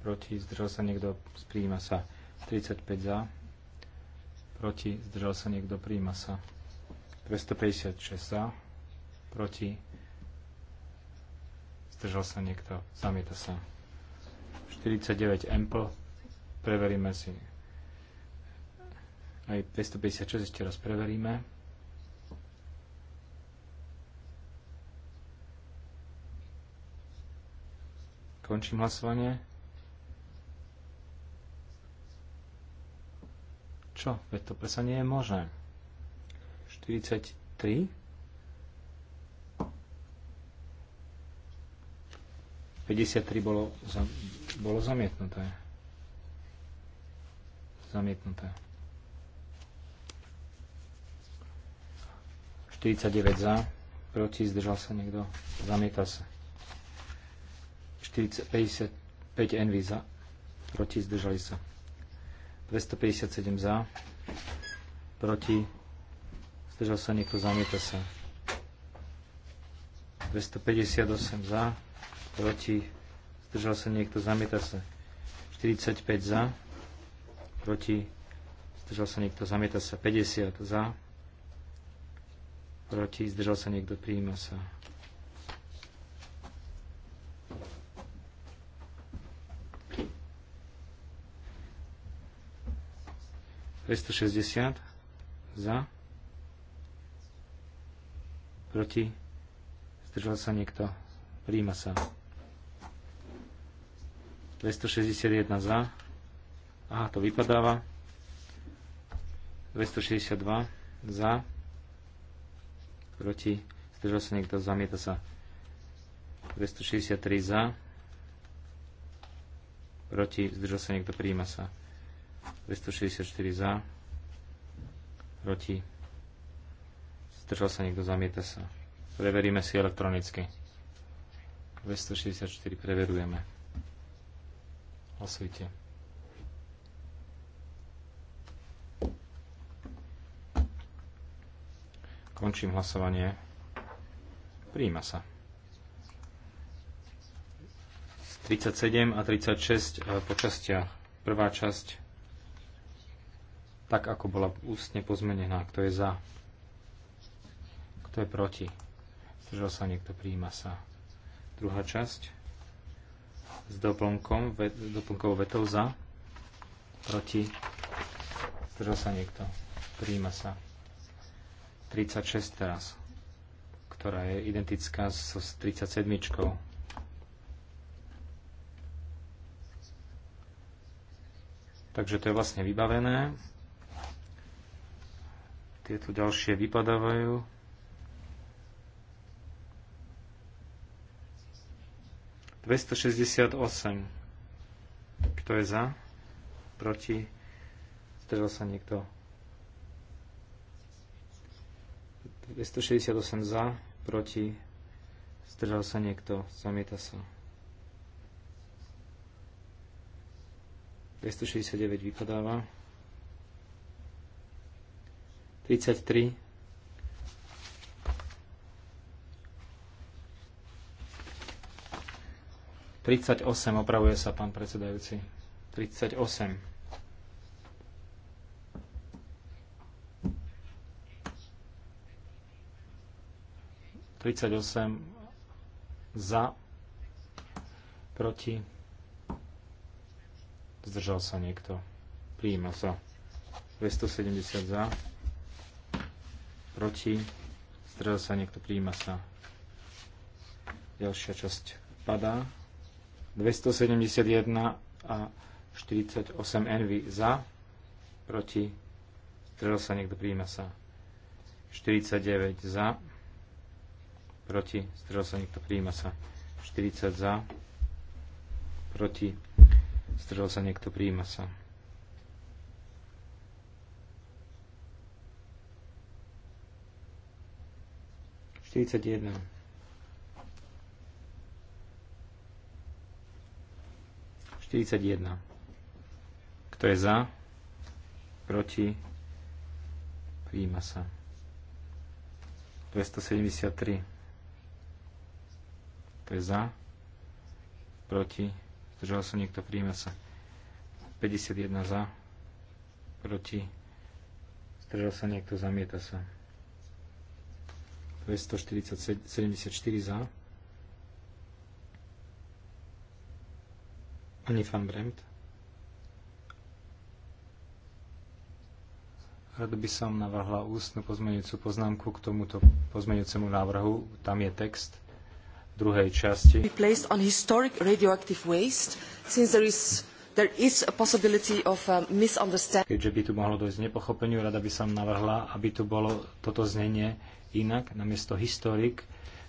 proti, zdržal sa niekto, príjma sa. 35 za, proti, zdržal sa niekto, príjma sa. 256 za, proti, zdržal sa niekto, zamieta sa. 49 ample, preveríme si. Aj 256 ešte raz preveríme. Končím hlasovanie. Čo? Veď to presa nie je možné. 43? 53 bolo, za, bolo zamietnuté. Zamietnuté. 49 za, proti, zdržal sa niekto, zamieta sa. 40, 55 envy za, proti, zdržali sa. 257 za, proti, zdržal sa niekto, zamieta sa. 258 za, proti, zdržal sa niekto, zamieta sa. 45 za, proti, zdržal sa niekto, zamieta sa. 50 za, proti, zdržal sa niekto, prijíma sa. 260 za, proti, zdržal sa niekto, príjma sa. 261 za, aha, to vypadáva. 262 za, proti, zdržal sa niekto, zamieta sa. 263 za, proti, zdržal sa niekto, príjma sa. 264 za. Proti. Zdržal sa niekto, zamieta sa. Preveríme si elektronicky. 264 preverujeme. Hlasujte. Končím hlasovanie. Príjima sa. 37 a 36 e, počastia. Prvá časť tak ako bola ústne pozmenená. Kto je za? Kto je proti? Zdržal sa niekto, prijíma sa. Druhá časť s doplnkom, ve, doplnkovou vetou za, proti, zdržal sa niekto, prijíma sa. 36 teraz, ktorá je identická so 37. -čkou. Takže to je vlastne vybavené. Tieto ďalšie vypadávajú. Dvesto Kto je za? Proti? Zdržal sa niekto? 268 za, proti, zdržal sa niekto, zamieta sa. 269 vypadáva. 33. osem, opravuje sa pán predsedajúci. Tridsať osem za, proti, zdržal sa niekto. Prijíma sa. sedemdesiat za proti, strel sa niekto, prijíma sa. Ďalšia časť padá. 271 a 48 envy za, proti, strel sa niekto, prijíma sa. 49 za, proti, strel sa niekto, prijíma sa. 40 za, proti, strel sa niekto, prijíma sa. 41. Kto je za? Proti? Príjima sa. 273. Kto je za? Proti? Zdržal sa niekto? Príjima sa. 51 za? Proti? Zdržal sa niekto? Zamieta sa. 274 za. Ani fan Bremt. Rád by som navrhla ústnu pozmeňujúcu poznámku k tomuto pozmeňujúcemu návrhu. Tam je text druhej časti. Be placed on historic radioactive waste, since there is there is a possibility of uh, misunderstanding. Keďže by tu mohlo dojsť nepochopeniu, rada by som navrhla, aby tu bolo toto znenie inak, namiesto historik,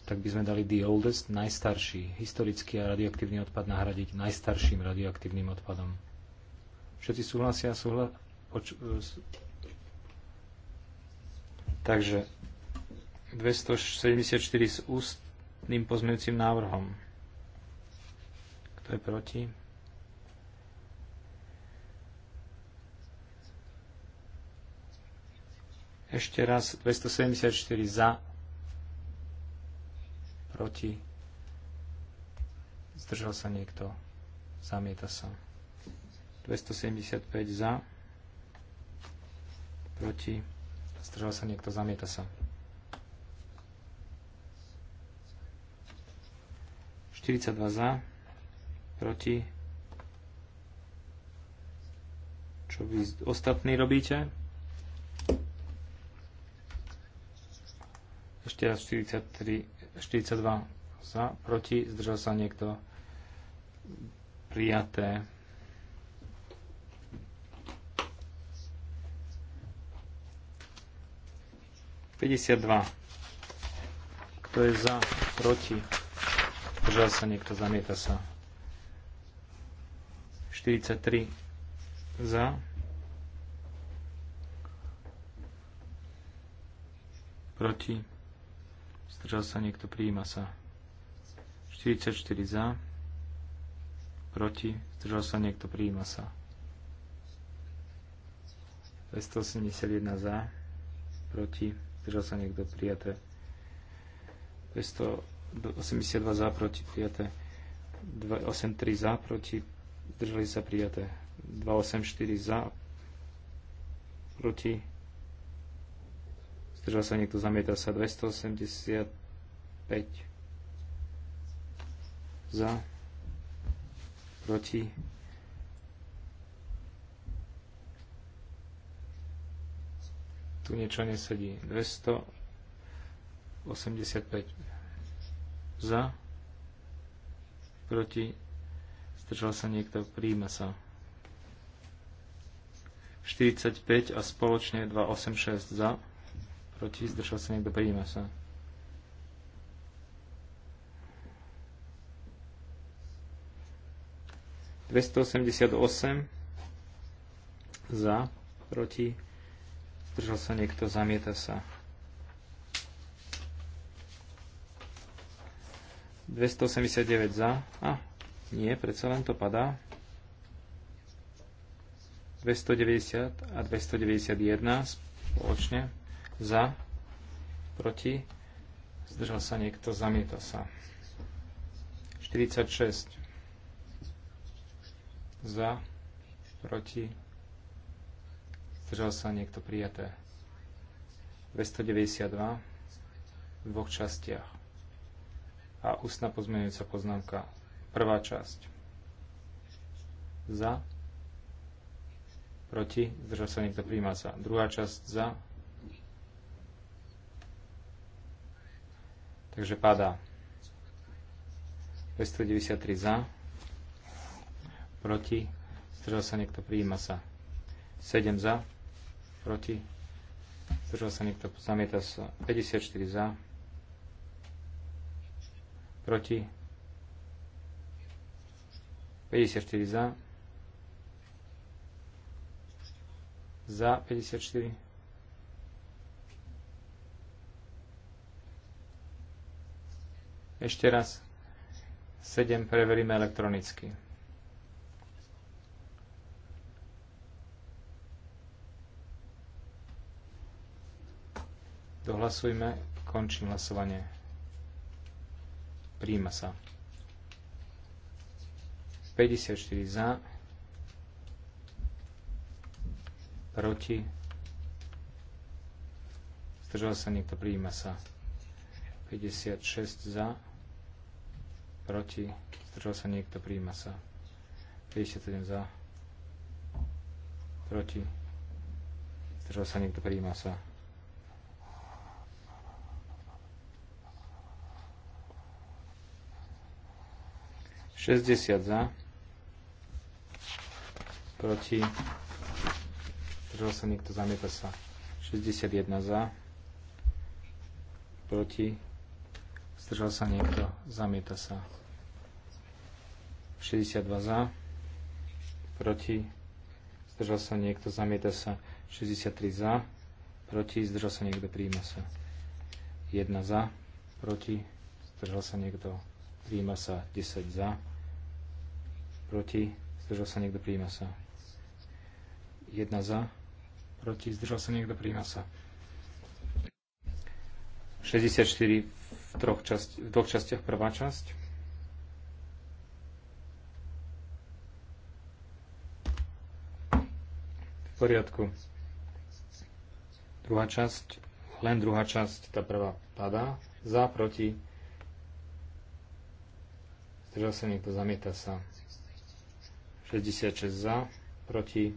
tak by sme dali the oldest, najstarší. Historický a radioaktívny odpad nahradiť najstarším radioaktívnym odpadom. Všetci súhlasia? Súhla... Poč... Takže 274 s ústnym pozmeňujúcim návrhom. Kto je proti? Ešte raz 274 za, proti, zdržal sa niekto, zamieta sa. 275 za, proti, zdržal sa niekto, zamieta sa. 42 za, proti, čo vy ostatní robíte? Teraz 43, 42 za, proti, zdržal sa niekto. Prijaté. Kto je za, proti, zdržal sa niekto, zamieta sa. 43 za, proti, Zdržal sa niekto, prijíma sa. 44 za. Proti. Zdržal sa niekto, prijíma sa. 281 za. Proti. Zdržal sa niekto, prijaté. 282 za, proti, prijaté. 283 za, proti, zdržali sa prijaté. 284 za, proti, Zdržal sa niekto, zamietal sa 285 za, proti. Tu niečo nesedí. 285 za, proti. Zdržal sa niekto, príjme sa. 45 a spoločne 286 za proti, zdržal sa niekto, prijíma sa. za, proti, zdržal sa niekto, zamieta sa. 289 za. A, nie, predsa len to padá. 290 a 291 spoločne za, proti, zdržal sa niekto, zamieta sa. 46 za, proti, zdržal sa niekto, prijaté. 292 v dvoch častiach. A ústna pozmeňujúca poznámka. Prvá časť. Za, proti, zdržal sa niekto, príjma sa. Druhá časť za, Takže padá. 293 za. Proti. Zdržal sa niekto, prijíma sa. 7 za. Proti. Zdržal sa niekto, zamieta sa. 54 za. Proti. 54 za. Za 54. Ešte raz 7 preveríme elektronicky. Dohlasujme, končím hlasovanie. Príjma sa. 54 za, proti, zdržal sa niekto, príjma sa. 56 za, proti, zdržal sa niekto, príjma sa. 57 za, proti, zdržal sa niekto, príjma sa. Šesťdesiat za, proti, zdržal sa niekto, zamieta sa. 61 za, proti, zdržal sa niekto, zamieta sa. 62 za, proti, zdržal sa niekto, zamieta sa 63 za, proti, zdržal sa niekto, príjma sa 1 za, proti, zdržal sa niekto, príjma sa 10 za, proti, zdržal sa niekto, príjma sa 1 za, proti, zdržal sa niekto, príjma sa 64 v, troch časti, v dvoch častiach prvá časť, poriadku. Druhá časť, len druhá časť, tá prvá padá. Za, proti. Zdržal sa niekto, zamieta sa. 66 za, proti.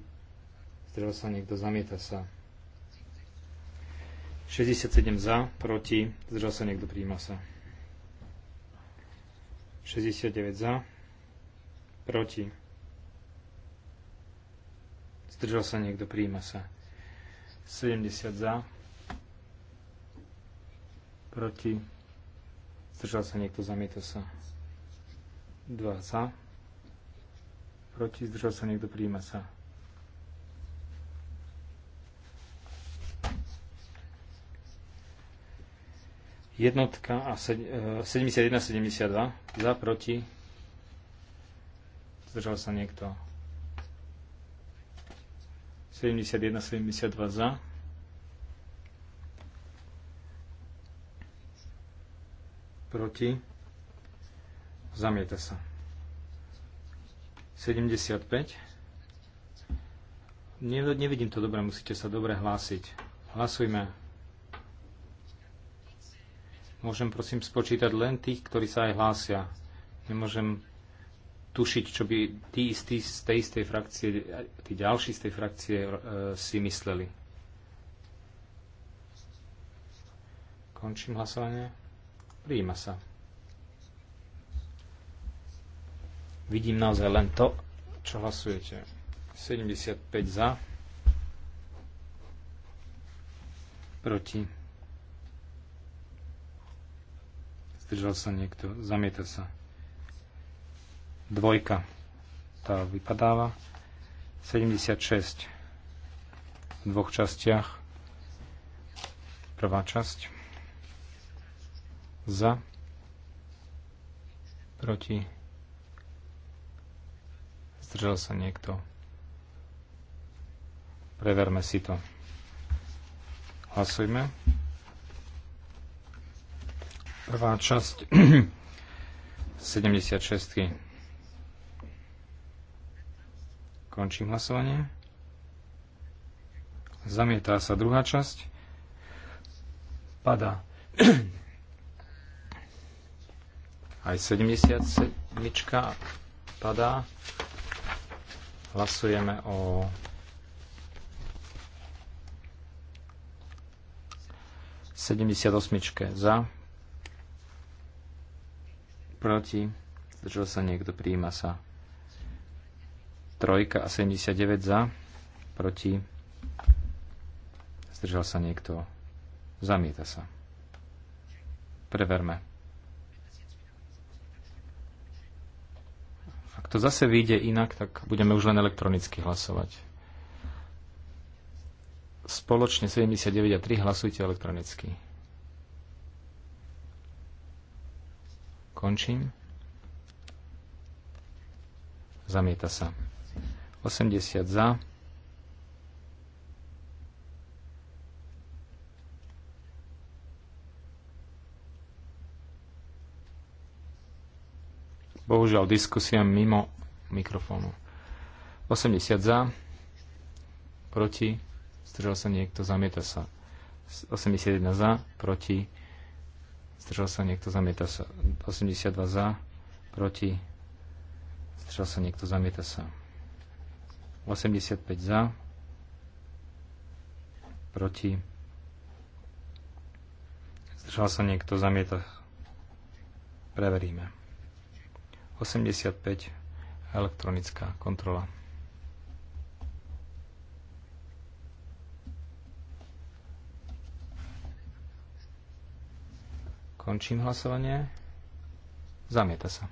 Zdržal sa niekto, zamieta sa. 67 za, proti. Zdržal sa niekto, príjma sa. 69 za, proti Zdržal sa niekto, príjima sa. 70 za. Proti. Zdržal sa niekto, zamieta sa. 2 za. Proti. Zdržal sa niekto, príjima sa. Jednotka a 71-72 e, za, proti. Zdržal sa niekto. 71, 72 za. Proti. Zamieta sa. 75. nevidím to dobre, musíte sa dobre hlásiť. Hlasujme. Môžem prosím spočítať len tých, ktorí sa aj hlásia. Nemôžem tušiť, čo by tí istí z tej istej frakcie, tí ďalší z tej frakcie e, si mysleli. Končím hlasovanie. Príjima sa. Vidím naozaj len to, čo hlasujete. 75 za. Proti. Zdržal sa niekto. Zamieta sa. Dvojka. Tá vypadáva. 76 v dvoch častiach. Prvá časť. Za. Proti. Zdržal sa niekto. Preverme si to. Hlasujme. Prvá časť 76. Končím hlasovanie. Zamietá sa druhá časť. Padá. Aj 77 padá. Hlasujeme o sedemdesiatosmičke za, proti, zdržal sa niekto, prijíma sa. Trojka a 79 za, proti, zdržal sa niekto, zamieta sa. Preverme. Ak to zase vyjde inak, tak budeme už len elektronicky hlasovať. Spoločne 79 a 3 hlasujte elektronicky. Končím. Zamieta sa. 80 za. Bohužiaľ, diskusia mimo mikrofónu. 80 za, proti, zdržal sa niekto, zamieta sa. 81 za, proti, zdržal sa niekto, zamieta sa. 82 za, proti, zdržal sa niekto, zamieta sa. 85 za, proti, zdržal sa niekto, zamieta, preveríme. 85 elektronická kontrola. Končím hlasovanie. Zamieta sa.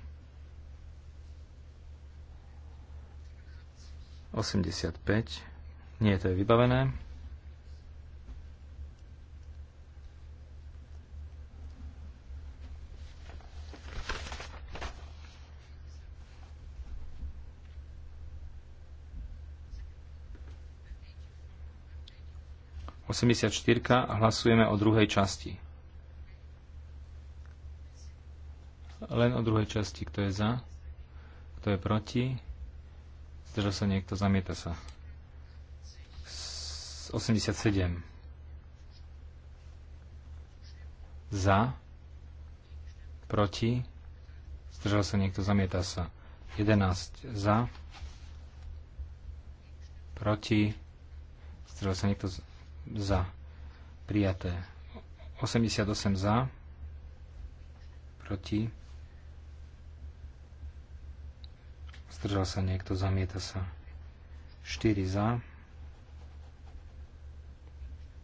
85. Nie, to je vybavené. Osemdesiat štyrka a hlasujeme o druhej časti. Len o druhej časti, kto je za, kto je proti. Zdržal sa niekto, zamieta sa. 87. Za. Proti. Zdržal sa niekto, zamieta sa. 11. Za. Proti. Zdržal sa niekto za. Prijaté. 88 za. Proti zdržal sa niekto, zamieta sa. 4 za,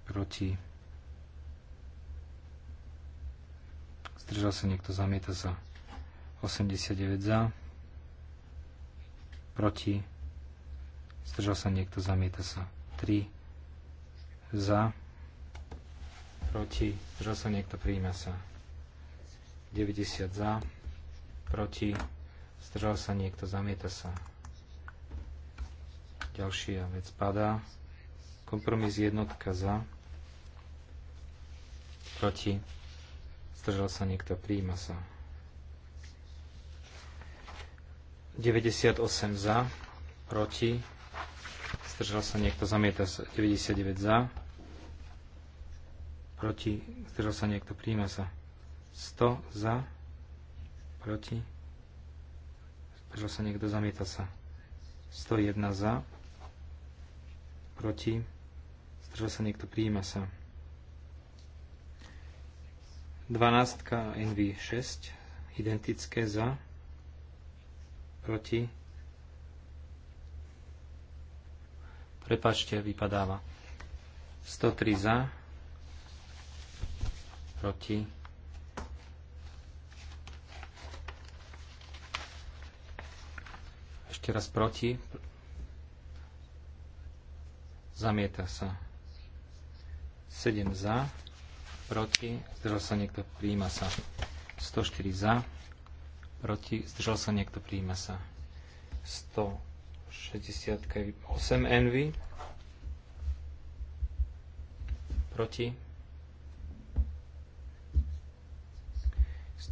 proti, zdržal sa niekto, zamieta sa. 89 za, proti, zdržal sa niekto, zamieta sa. 3 za, proti, zdržal sa niekto, prijíma sa. 90 za, proti, Zdržal sa niekto, zamieta sa. Ďalšia vec padá. Kompromis jednotka za. Proti. Zdržal sa niekto, príjima sa. 98 za. Proti. Zdržal sa niekto, zamieta sa. 99 za. Proti. Zdržal sa niekto, príjima sa. 100 za. Proti Zdržal sa niekto? Zamieta sa. 101 za. Proti. Zdržal sa niekto? Prijíma sa. 12 NV6. Identické za. Proti. Prepačte, vypadáva. 103 za. Proti Teraz proti. Zamieta sa. 7 za. Proti. Zdržal sa niekto. Príjima sa. 104 za. Proti. Zdržal sa niekto. Príjima sa. 168 envy. Proti.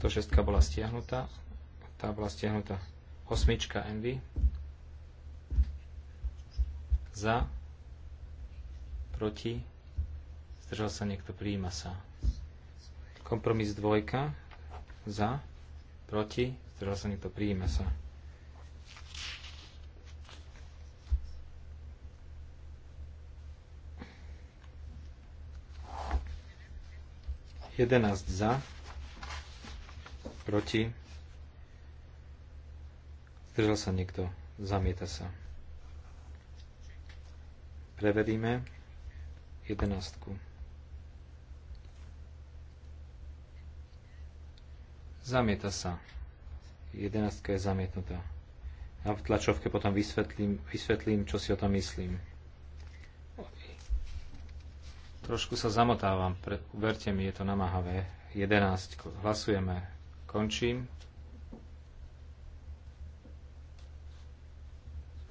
106 bola stiahnutá. Tá bola stiahnutá. Osmička envy. Za. Proti. Zdržal sa niekto. Prijíma sa. Kompromis dvojka. Za. Proti. Zdržal sa niekto. Prijíma sa. Jedenáct za. Proti. Zdržal sa niekto. Zamieta sa. Preveríme jedenáctku. Zamieta sa. Jedenáctka je zamietnutá. Ja v tlačovke potom vysvetlím, vysvetlím, čo si o tom myslím. Trošku sa zamotávam, pre, verte mi, je to namáhavé. 11, hlasujeme, končím.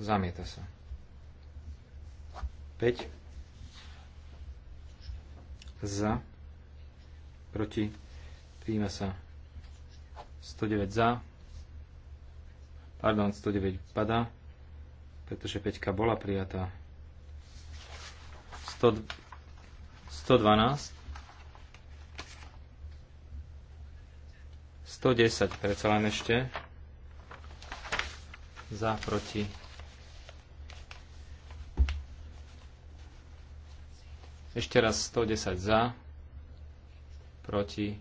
Zamieta sa. 5 za, proti, príjme sa 109 za, pardon, 109 padá, pretože 5 bola prijatá. 100, 112 110 predsa len ešte za proti Ešte raz 110 za, proti.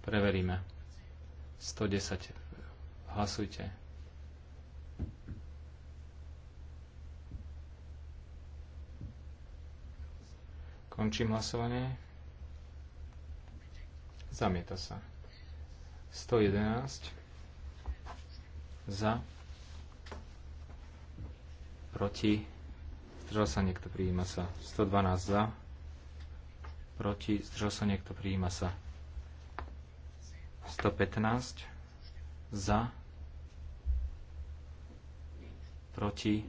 Preveríme. 110. Hlasujte. Končím hlasovanie. Zamieta sa. 111 za proti, zdržal sa niekto, prijíma sa. 112 za, proti, zdržal sa niekto, prijíma sa. 115 za, proti,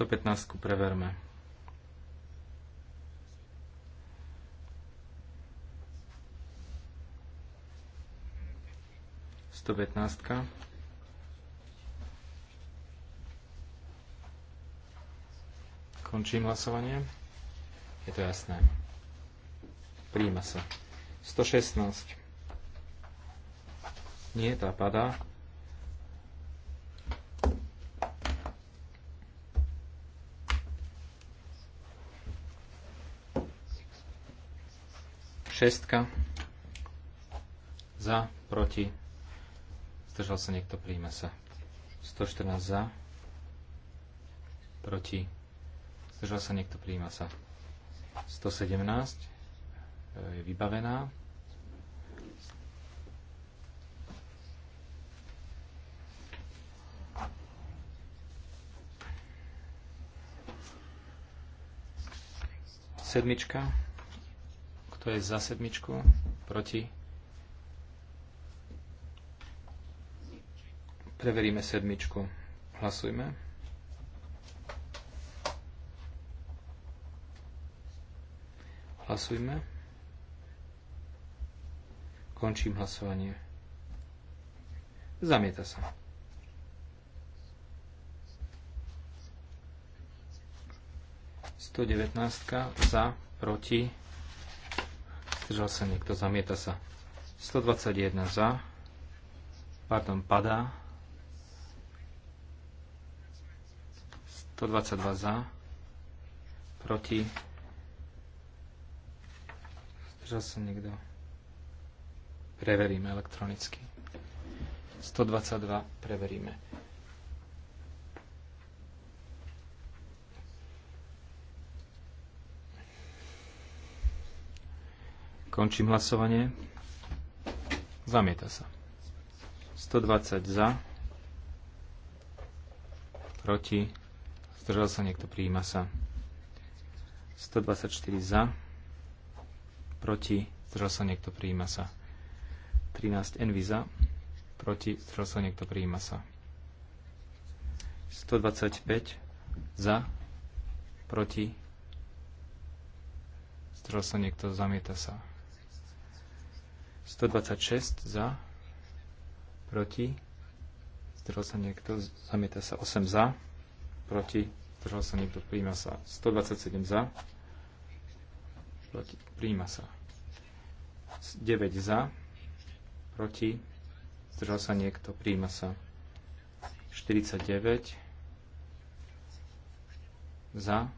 Sto preverme. 115. Končím hlasovanie. Je to jasné. Príjima sa. 116. Nie, tá padá. Šestka. Za, proti, Zdržal sa niekto? Príjme sa. 114 za. Proti. Zdržal sa niekto? Príjme sa. 117 e, je vybavená. Sedmička. Kto je za sedmičku? Proti? Preveríme sedmičku. Hlasujme. Hlasujme. Končím hlasovanie. Zamieta sa. Sto za, proti. Zdržal sa niekto, zamieta sa. 121 za. Pardon, padá. 122 za, proti, zdržal sa niekto, preveríme elektronicky. 122 preveríme. Končím hlasovanie. Zamieta sa. 120 za, proti, zdržal sa niekto, prijíma sa. 124 za, proti, zdržal sa niekto, prijíma sa. 13 envy za, proti, zdržal sa niekto, prijíma sa. 125 za, proti, zdržal sa niekto, zamieta sa. 126 za, proti, zdržal sa niekto, zamieta sa 8 za, proti, Zdržal sa niekto? Príjma sa. 127 za. Proti. Príjma sa. 9 za. Proti. Zdržal sa niekto? Príjma sa. 49 za.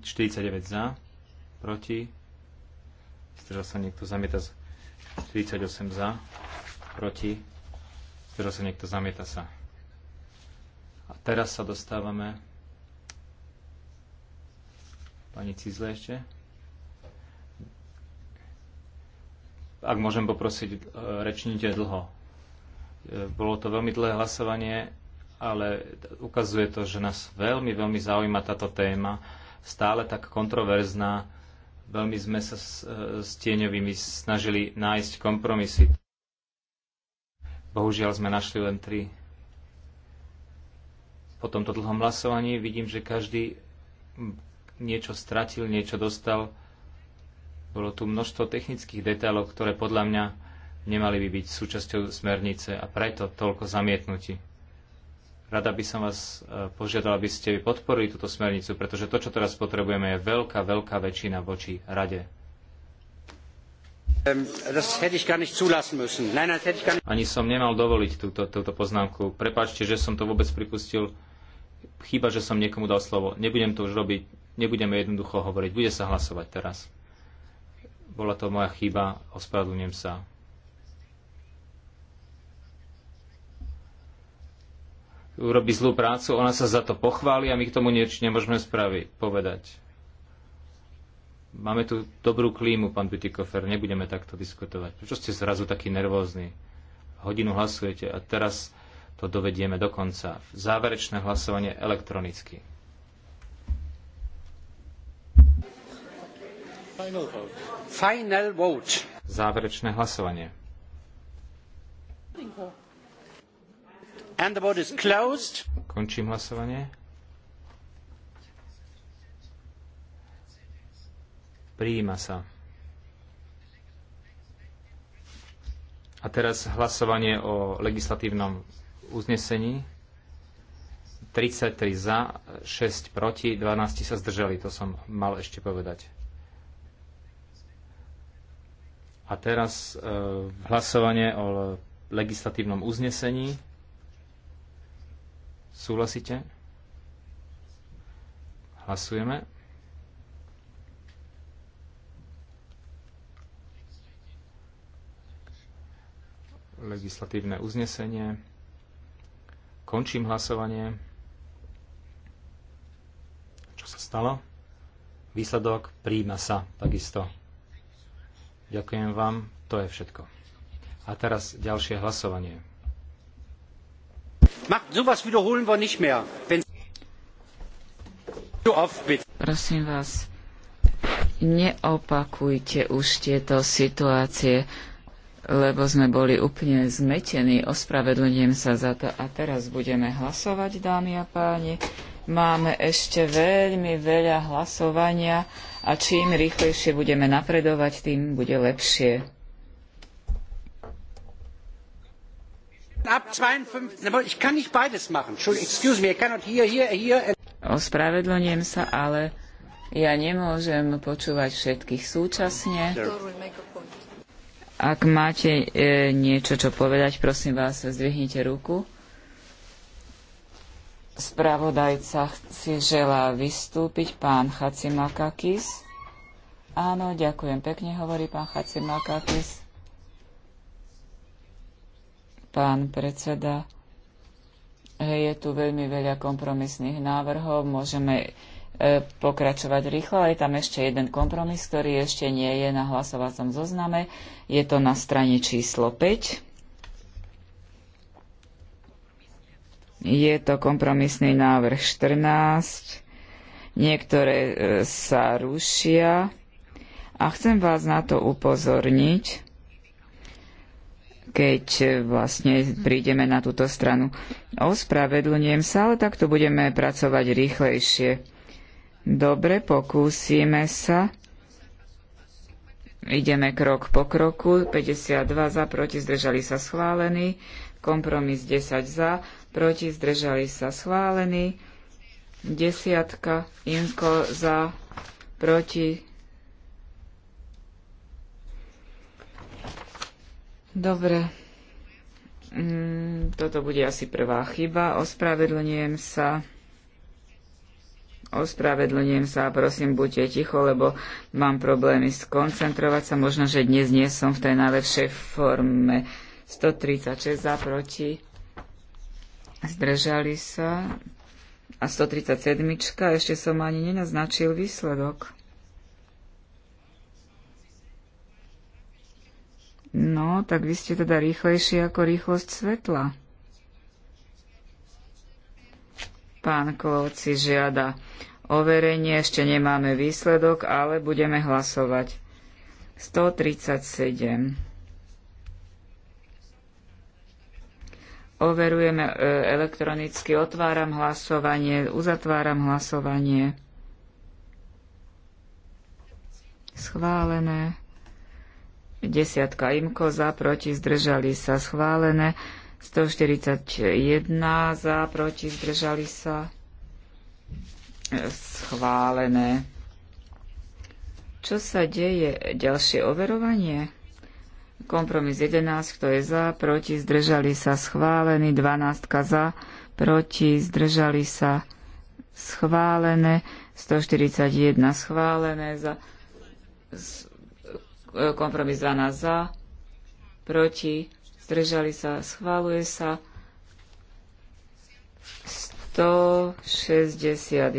Štyridsaťdeväť za, proti, zdržal sa niekto, zamieta 48 za, proti, ktorého sa niekto, zamieta sa. A teraz sa dostávame pani Cizle ešte. Ak môžem poprosiť, e, rečnite dlho. E, bolo to veľmi dlhé hlasovanie, ale ukazuje to, že nás veľmi, veľmi zaujíma táto téma, stále tak kontroverzná. Veľmi sme sa s, e, s tieňovými snažili nájsť kompromisy. Bohužiaľ sme našli len tri. Po tomto dlhom hlasovaní vidím, že každý niečo stratil, niečo dostal. Bolo tu množstvo technických detailov, ktoré podľa mňa nemali by byť súčasťou smernice a preto toľko zamietnutí. Rada by som vás e, požiadala, aby ste podporili túto smernicu, pretože to, čo teraz potrebujeme, je veľká, veľká väčšina voči rade. Ähm, Ani som nemal dovoliť túto, túto poznámku. Prepačte, že som to vôbec pripustil. Chyba, že som niekomu dal slovo. Nebudem to už robiť. Nebudeme jednoducho hovoriť. Bude sa hlasovať teraz. Bola to moja chyba. Ospravedlňujem sa. Urobí zlú prácu, ona sa za to pochváli a my k tomu niečo nemôžeme spraviť, povedať. Máme tu dobrú klímu, pán Bütikofer, nebudeme takto diskutovať. Prečo ste zrazu taký nervózni? Hodinu hlasujete a teraz to dovedieme do konca. Záverečné hlasovanie elektronicky. Final vote. the vote. Záverečné hlasovanie. Končím hlasovanie. Prijíma sa. A teraz hlasovanie o legislatívnom uznesení. 33 za, 6 proti, 12 sa zdržali. To som mal ešte povedať. A teraz e, hlasovanie o legislatívnom uznesení. Súhlasíte? Hlasujeme. legislatívne uznesenie. Končím hlasovanie. Čo sa stalo? Výsledok príjma sa takisto. Ďakujem vám, to je všetko. A teraz ďalšie hlasovanie. Prosím vás, neopakujte už tieto situácie lebo sme boli úplne zmetení. Ospravedlňujem sa za to. A teraz budeme hlasovať, dámy a páni. Máme ešte veľmi veľa hlasovania a čím rýchlejšie budeme napredovať, tým bude lepšie. Ospravedlňujem sa, ale ja nemôžem počúvať všetkých súčasne. Ak máte e, niečo, čo povedať, prosím vás, zdvihnite ruku. Spravodajca si želá vystúpiť pán Chacimakakis. Áno, ďakujem pekne, hovorí pán Chacimakakis. Pán predseda, je tu veľmi veľa kompromisných návrhov, môžeme E, pokračovať rýchlo, ale je tam ešte jeden kompromis, ktorý ešte nie je na hlasovacom zozname. Je to na strane číslo 5. Je to kompromisný návrh 14. Niektoré e, sa rušia. A chcem vás na to upozorniť, keď e, vlastne prídeme na túto stranu. Ospravedlňujem sa, ale takto budeme pracovať rýchlejšie. Dobre, pokúsime sa. Ideme krok po kroku. 52 za, proti, zdržali sa schválení. Kompromis 10 za, proti, zdržali sa schválení. Desiatka, Inko za, proti. Dobre. Mm, toto bude asi prvá chyba. Ospravedlňujem sa. Ospravedlňujem sa a prosím, buďte ticho, lebo mám problémy skoncentrovať sa. Možno, že dnes nie som v tej najlepšej forme. 136 za proti. Zdržali sa. A 137. Ešte som ani nenaznačil výsledok. No, tak vy ste teda rýchlejší ako rýchlosť svetla. Pán Klóci žiada overenie, ešte nemáme výsledok, ale budeme hlasovať. 137. Overujeme e, elektronicky, otváram hlasovanie, uzatváram hlasovanie. Schválené. Desiatka imko za, proti, zdržali sa, schválené. 141 za, proti, zdržali sa. Schválené. Čo sa deje? Ďalšie overovanie? Kompromis 11, kto je za, proti, zdržali sa, schválený. 12 za, proti, zdržali sa, schválené. 141 schválené za, kompromis 12 za, proti, zdržali sa, schváluje sa. 161,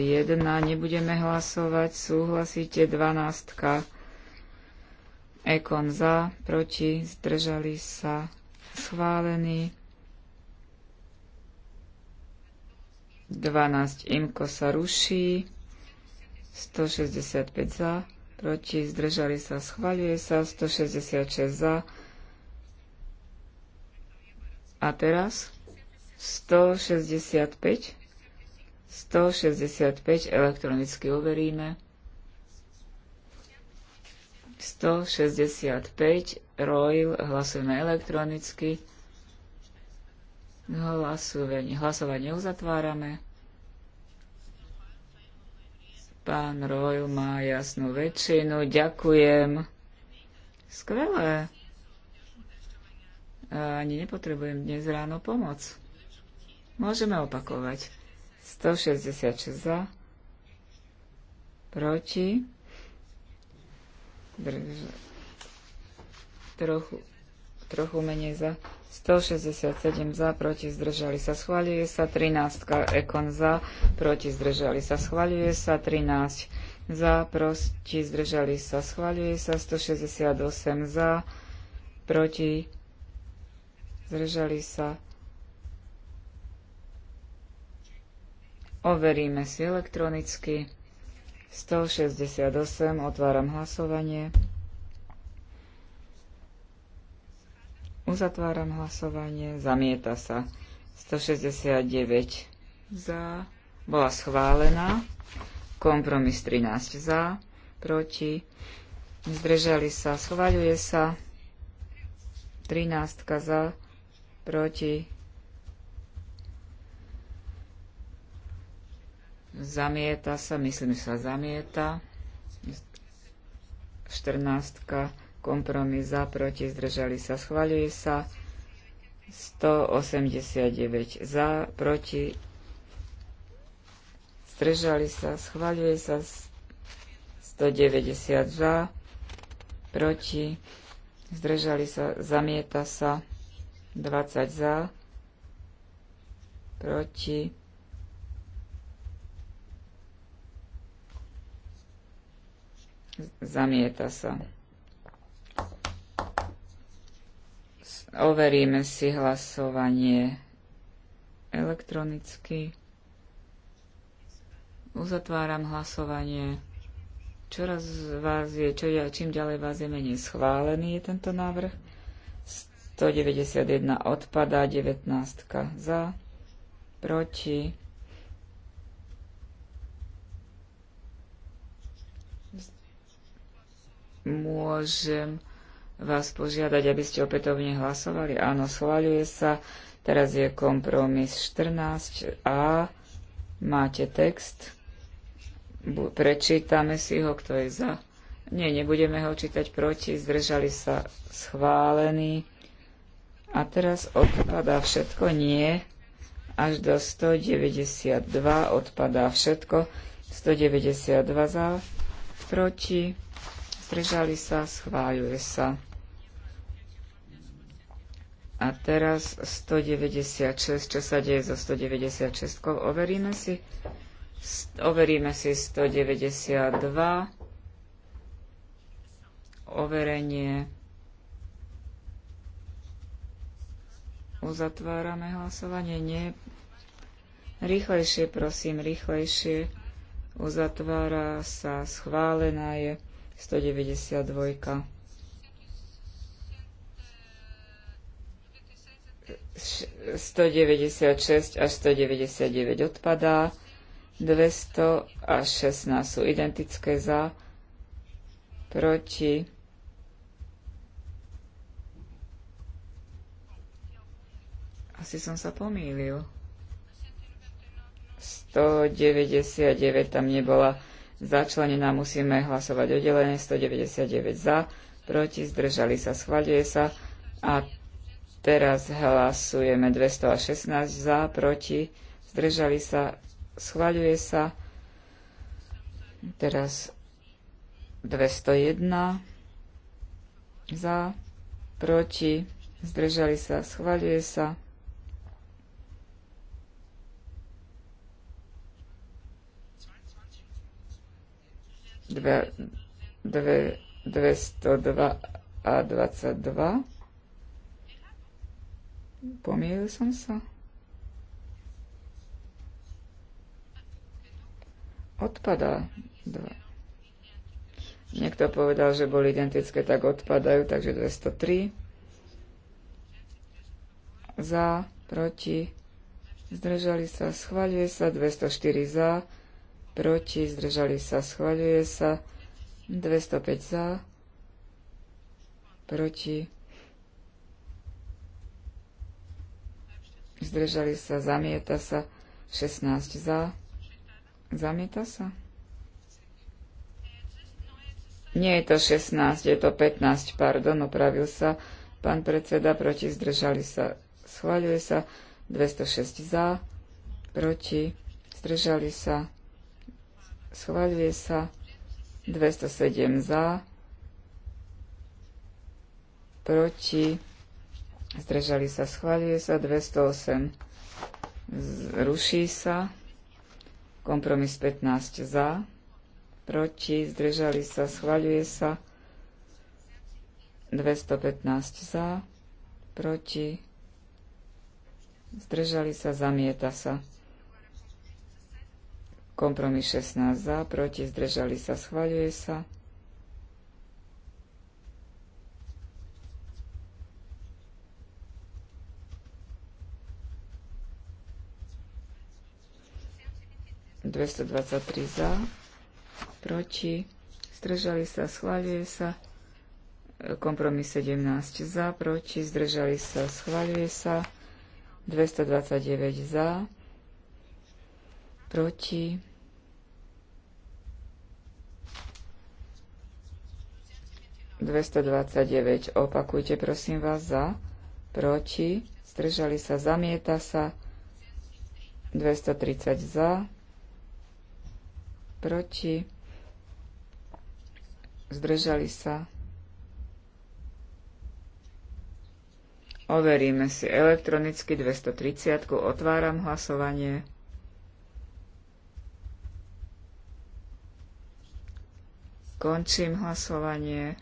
nebudeme hlasovať, súhlasíte, 12. Ekon za, proti, zdržali sa, schválený. 12, Imko sa ruší, 165 za, proti, zdržali sa, schváľuje sa, 166 za, a teraz 165. 165 elektronicky overíme. 165 Royal hlasujeme elektronicky. Hlasovanie, hlasovanie uzatvárame. Pán Royal má jasnú väčšinu. Ďakujem. Skvelé ani nepotrebujem dnes ráno pomoc. Môžeme opakovať. 166 za, proti, drž, trochu, trochu menej za, 167 za, proti, zdržali sa, schváľuje sa, 13 ekon za, proti, zdržali sa, schváľuje sa, 13 za, proti, zdržali sa, schváľuje sa, 168 za, proti, zdržali sa. Overíme si elektronicky. 168, otváram hlasovanie. Uzatváram hlasovanie, zamieta sa. 169 za, bola schválená. Kompromis 13 za, proti. Zdržali sa, schváľuje sa. 13 za, proti, zamieta sa, myslím, že sa zamieta, 14, kompromis za, proti, zdržali sa, schváľuje sa, 189 za, proti, zdržali sa, schváľuje sa, 190 za, proti, zdržali sa, zamieta sa, 20 za, proti, zamieta sa. Overíme si hlasovanie elektronicky. Uzatváram hlasovanie. Čoraz vás je, čo ja, čím ďalej vás je menej schválený je tento návrh. 191 odpadá, 19 za, proti. Môžem vás požiadať, aby ste opätovne hlasovali. Áno, schváľuje sa. Teraz je kompromis 14 a máte text. Prečítame si ho, kto je za. Nie, nebudeme ho čítať proti. Zdržali sa schválený. A teraz odpadá všetko? Nie. Až do 192 odpadá všetko. 192 za, proti, zdržali sa, schváľuje sa. A teraz 196, čo sa deje so 196, overíme si. Overíme si 192. Overenie Uzatvárame hlasovanie. Nie. Rýchlejšie, prosím, rýchlejšie. Uzatvára sa. Schválená je 192. 196 až 199 odpadá, 200 až 16 sú identické za, proti Asi som sa pomýlil. 199 tam nebola začlenená. Musíme hlasovať oddelenie. 199 za, proti, zdržali sa, schvaľuje sa. A teraz hlasujeme 216 za, proti, zdržali sa, schvaľuje sa. Teraz 201 za, proti, zdržali sa, schvaľuje sa. 2, 202 a 22. Pomýlil som sa. Odpadá. Niekto povedal, že boli identické, tak odpadajú, takže 203. Za, proti, zdržali sa, schváľuje sa, 204 za, proti, zdržali sa, schvaľuje sa, 205 za, proti, zdržali sa, zamieta sa, 16 za, zamieta sa. Nie je to 16, je to 15, pardon, opravil sa pán predseda, proti zdržali sa, schváľuje sa, 206 za, proti, zdržali sa, schváľuje sa 207 za, proti, zdržali sa, schváľuje sa 208, ruší sa, kompromis 15 za, proti, zdržali sa, schváľuje sa 215 za, proti, zdržali sa, zamieta sa. Kompromis 16 za, proti, zdržali sa, schvaľuje sa. Dvesto dvadsaťtri za, proti, zdržali sa, schvaľuje sa. Kompromis 17 za, proti, zdržali sa, schvaľuje sa. 229 za, proti. ...229. Opakujte, prosím vás, za, proti, zdržali sa, zamieta sa, 230 za, proti, zdržali sa. Overíme si elektronicky 230. Otváram hlasovanie. Končím hlasovanie.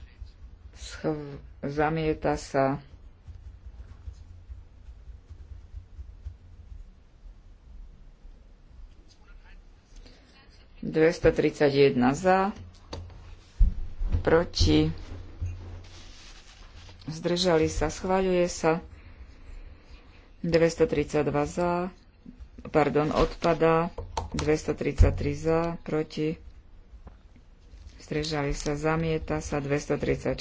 Schv- zamieta sa. Dvesta tridsať jedna za, proti, zdržali sa, schváľuje sa, 232 za, pardon, odpada, 233 za, proti, zdržali sa, zamieta sa 234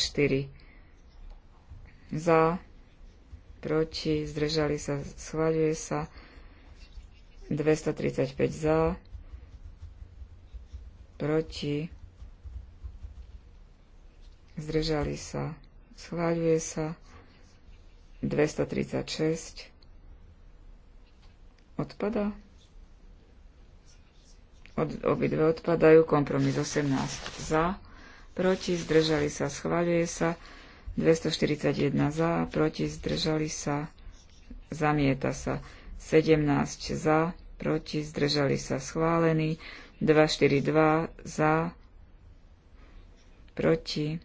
za, proti, zdržali sa, schváľuje sa 235 za, proti, zdržali sa, schváľuje sa 236, odpada od, obidve odpadajú. Kompromis 18 za. Proti zdržali sa. schváľuje sa. 241 za. Proti zdržali sa. Zamieta sa. 17 za. Proti zdržali sa. Schválený. 242 za. Proti.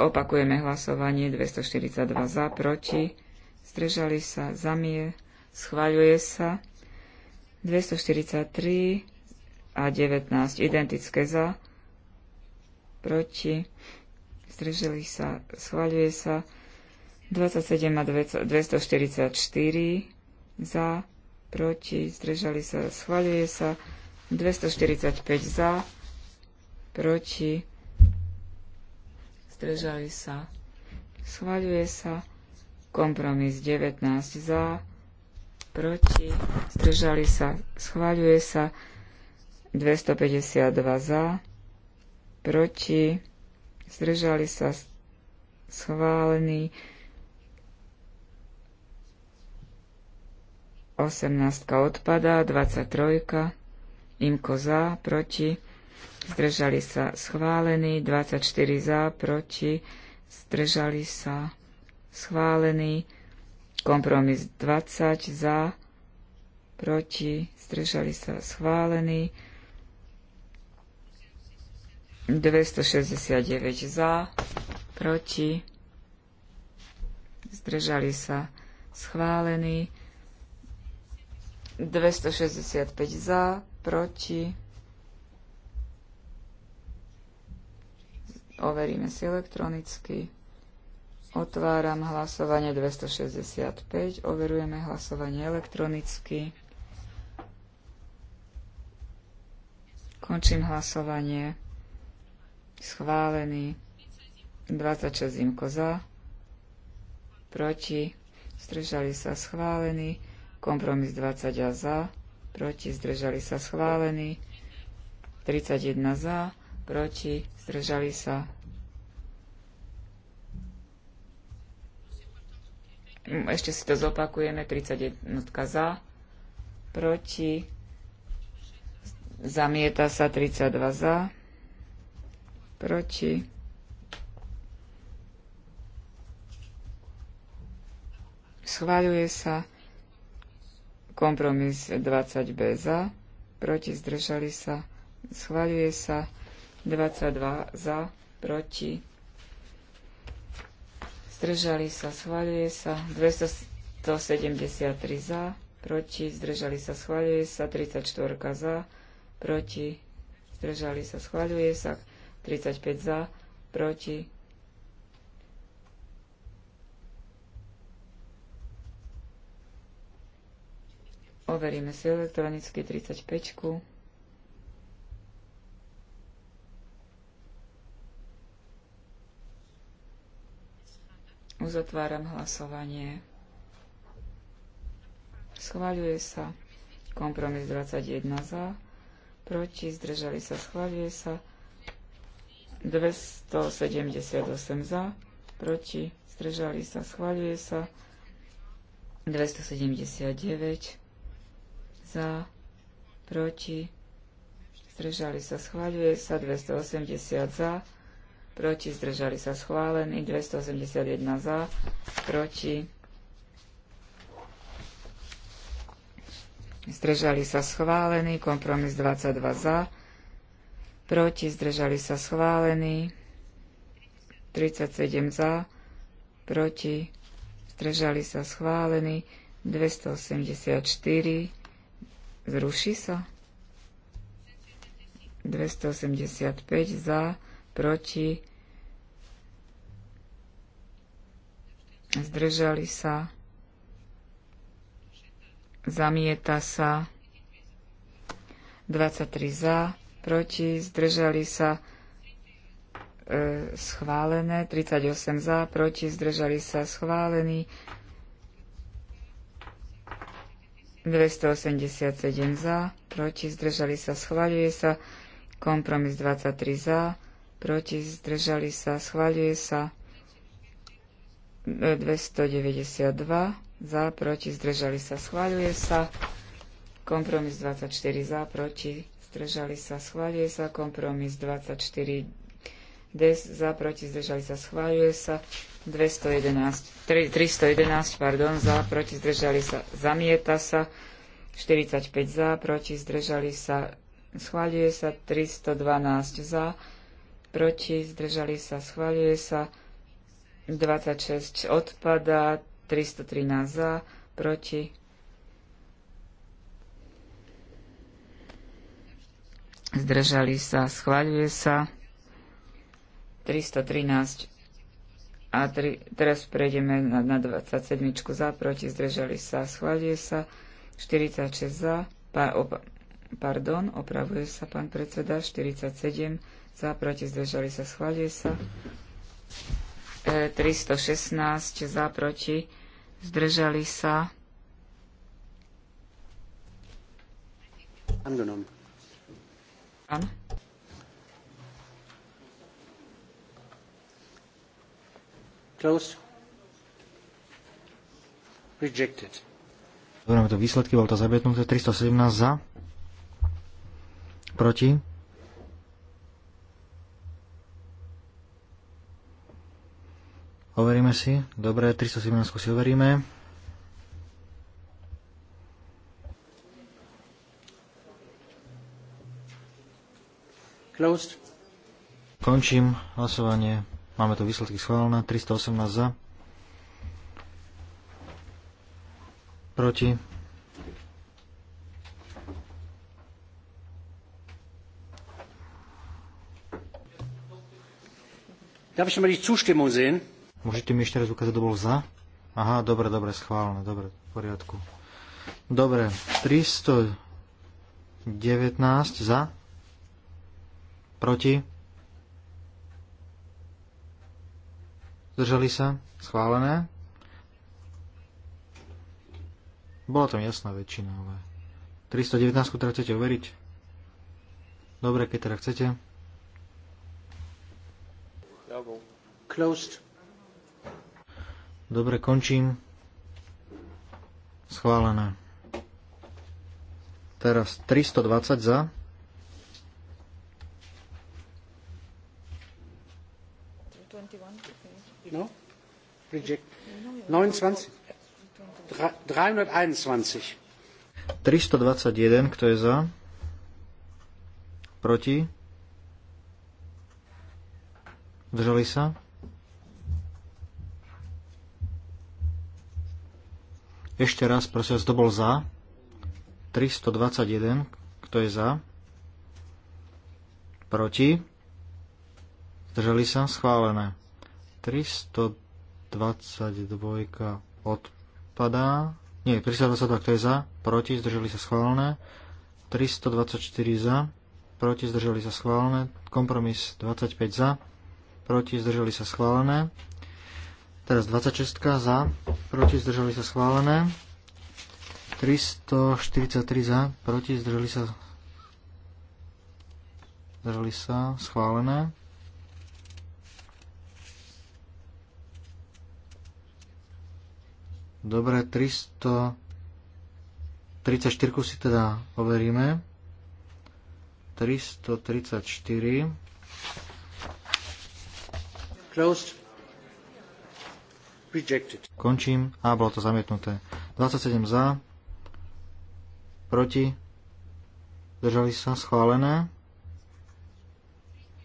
Opakujeme hlasovanie 242 za, proti, zdržali sa, zamie, schvaľuje sa 243 a 19 identické za, proti, zdrželi sa, schváľuje sa 27 a 244 za, proti, zdržali sa, schváľuje sa 245 za, proti, zdržali sa, schváľuje sa kompromis 19 za, proti, zdržali sa, schváľuje sa 252 za, proti, zdržali sa, schválený 18 odpadá, 23, imko za, proti, zdržali sa, schválený 24 za, proti, zdržali sa, schválený Kompromis 20 za, proti, zdržali sa schválený. 269 za, proti, zdržali sa schválený. 265 za, proti. Overíme si elektronicky. Otváram hlasovanie 265. Overujeme hlasovanie elektronicky. Končím hlasovanie. Schválený. 26 zimko za. Proti. Zdržali sa schválený. Kompromis 20 a za. Proti. Zdržali sa schválený. 31 za. Proti. Zdržali sa Mm, ešte si to zopakujeme. 31 za, proti, zamieta sa 32 za, proti. Schváľuje sa kompromis 20B za, proti zdržali sa, schváľuje sa 22 za, proti zdržali sa, schváľuje sa, 273 za, proti, zdržali sa, schváľuje sa, 34 za, proti, zdržali sa, schváľuje sa, 35 za, proti. Overíme si elektronicky 35. -ku. Uzatváram hlasovanie. Schváľuje sa. Kompromis 21 za. Proti. Zdržali sa. Schváľuje sa. 278 za. Proti. Zdržali sa. Schváľuje sa. 279 za. Proti. Zdržali sa. Schváľuje sa. 280 za proti, zdržali sa schválení, 281 za, proti, zdržali sa schválení, kompromis 22 za, proti, zdržali sa schválení, 37 za, proti, zdržali sa schválení, 284, zruší sa, 285 za, proti, zdržali sa, zamieta sa, 23 za, proti, zdržali sa, e, schválené, 38 za, proti, zdržali sa, schválený, 287 za, proti, zdržali sa, schváľuje sa, kompromis 23 za, proti, zdržali sa, schváľuje sa 292, e, za, proti, zdržali sa, schváľuje sa, kompromis 24, za, proti, zdržali sa, schváľuje sa, kompromis 24, des, za, proti, zdržali sa, schváľuje sa, 211, 3, 311, pardon, za, proti, zdržali sa, zamieta sa, 45 za, proti, zdržali sa, schváľuje sa, 312 za, proti, zdržali sa, schváľuje sa. 26 odpada, 313 za, proti. Zdržali sa, schváľuje sa. 313 a tri, teraz prejdeme na, na 27 za, proti, zdržali sa, schváľuje sa. 46 za, pa, opa, pardon, opravuje sa pán predseda, 47 za, proti, zdržali sa, schvaľuje sa. 316 e, za, proti, zdržali sa. Angenom. An? Closed. Rejected. Zoberieme to výsledky, bol to zabietnuté 317 za, proti Overíme si. Dobre, 317 si overíme. Closed. Končím hlasovanie. Máme tu výsledky schválené. 318 za. Proti. Darf ich mal die Zustimmung sehen? Môžete mi ešte raz ukázať, to bol za? Aha, dobre, dobre, schválne, dobre, v poriadku. Dobre, 319 za, proti, zdržali sa, schválené. Bola tam jasná väčšina, ale 319, ktorá chcete uveriť? Dobre, keď teda chcete. Closed. Dobre, končím. Schválené. Teraz 320 za. No? Reject. 29. 321. 321, kto je za? Proti? Zdržali sa? Ešte raz, prosím vás, to bol za. 321, kto je za? Proti? Zdržali sa? Schválené. 322 odpadá. Nie, 322, kto je za? Proti? Zdržali sa? Schválené. 324 za. Proti? Zdržali sa? Schválené. Kompromis 25 za. Proti? Zdržali sa? Schválené. Teraz 26 za, proti zdržali sa schválené. 343 za, proti zdržali sa zdržali sa schválené. Dobre, 334 si teda overíme. 334. Closed. Rejected. Končím. A bolo to zamietnuté. 27 za. Proti. Držali sa. Schválené.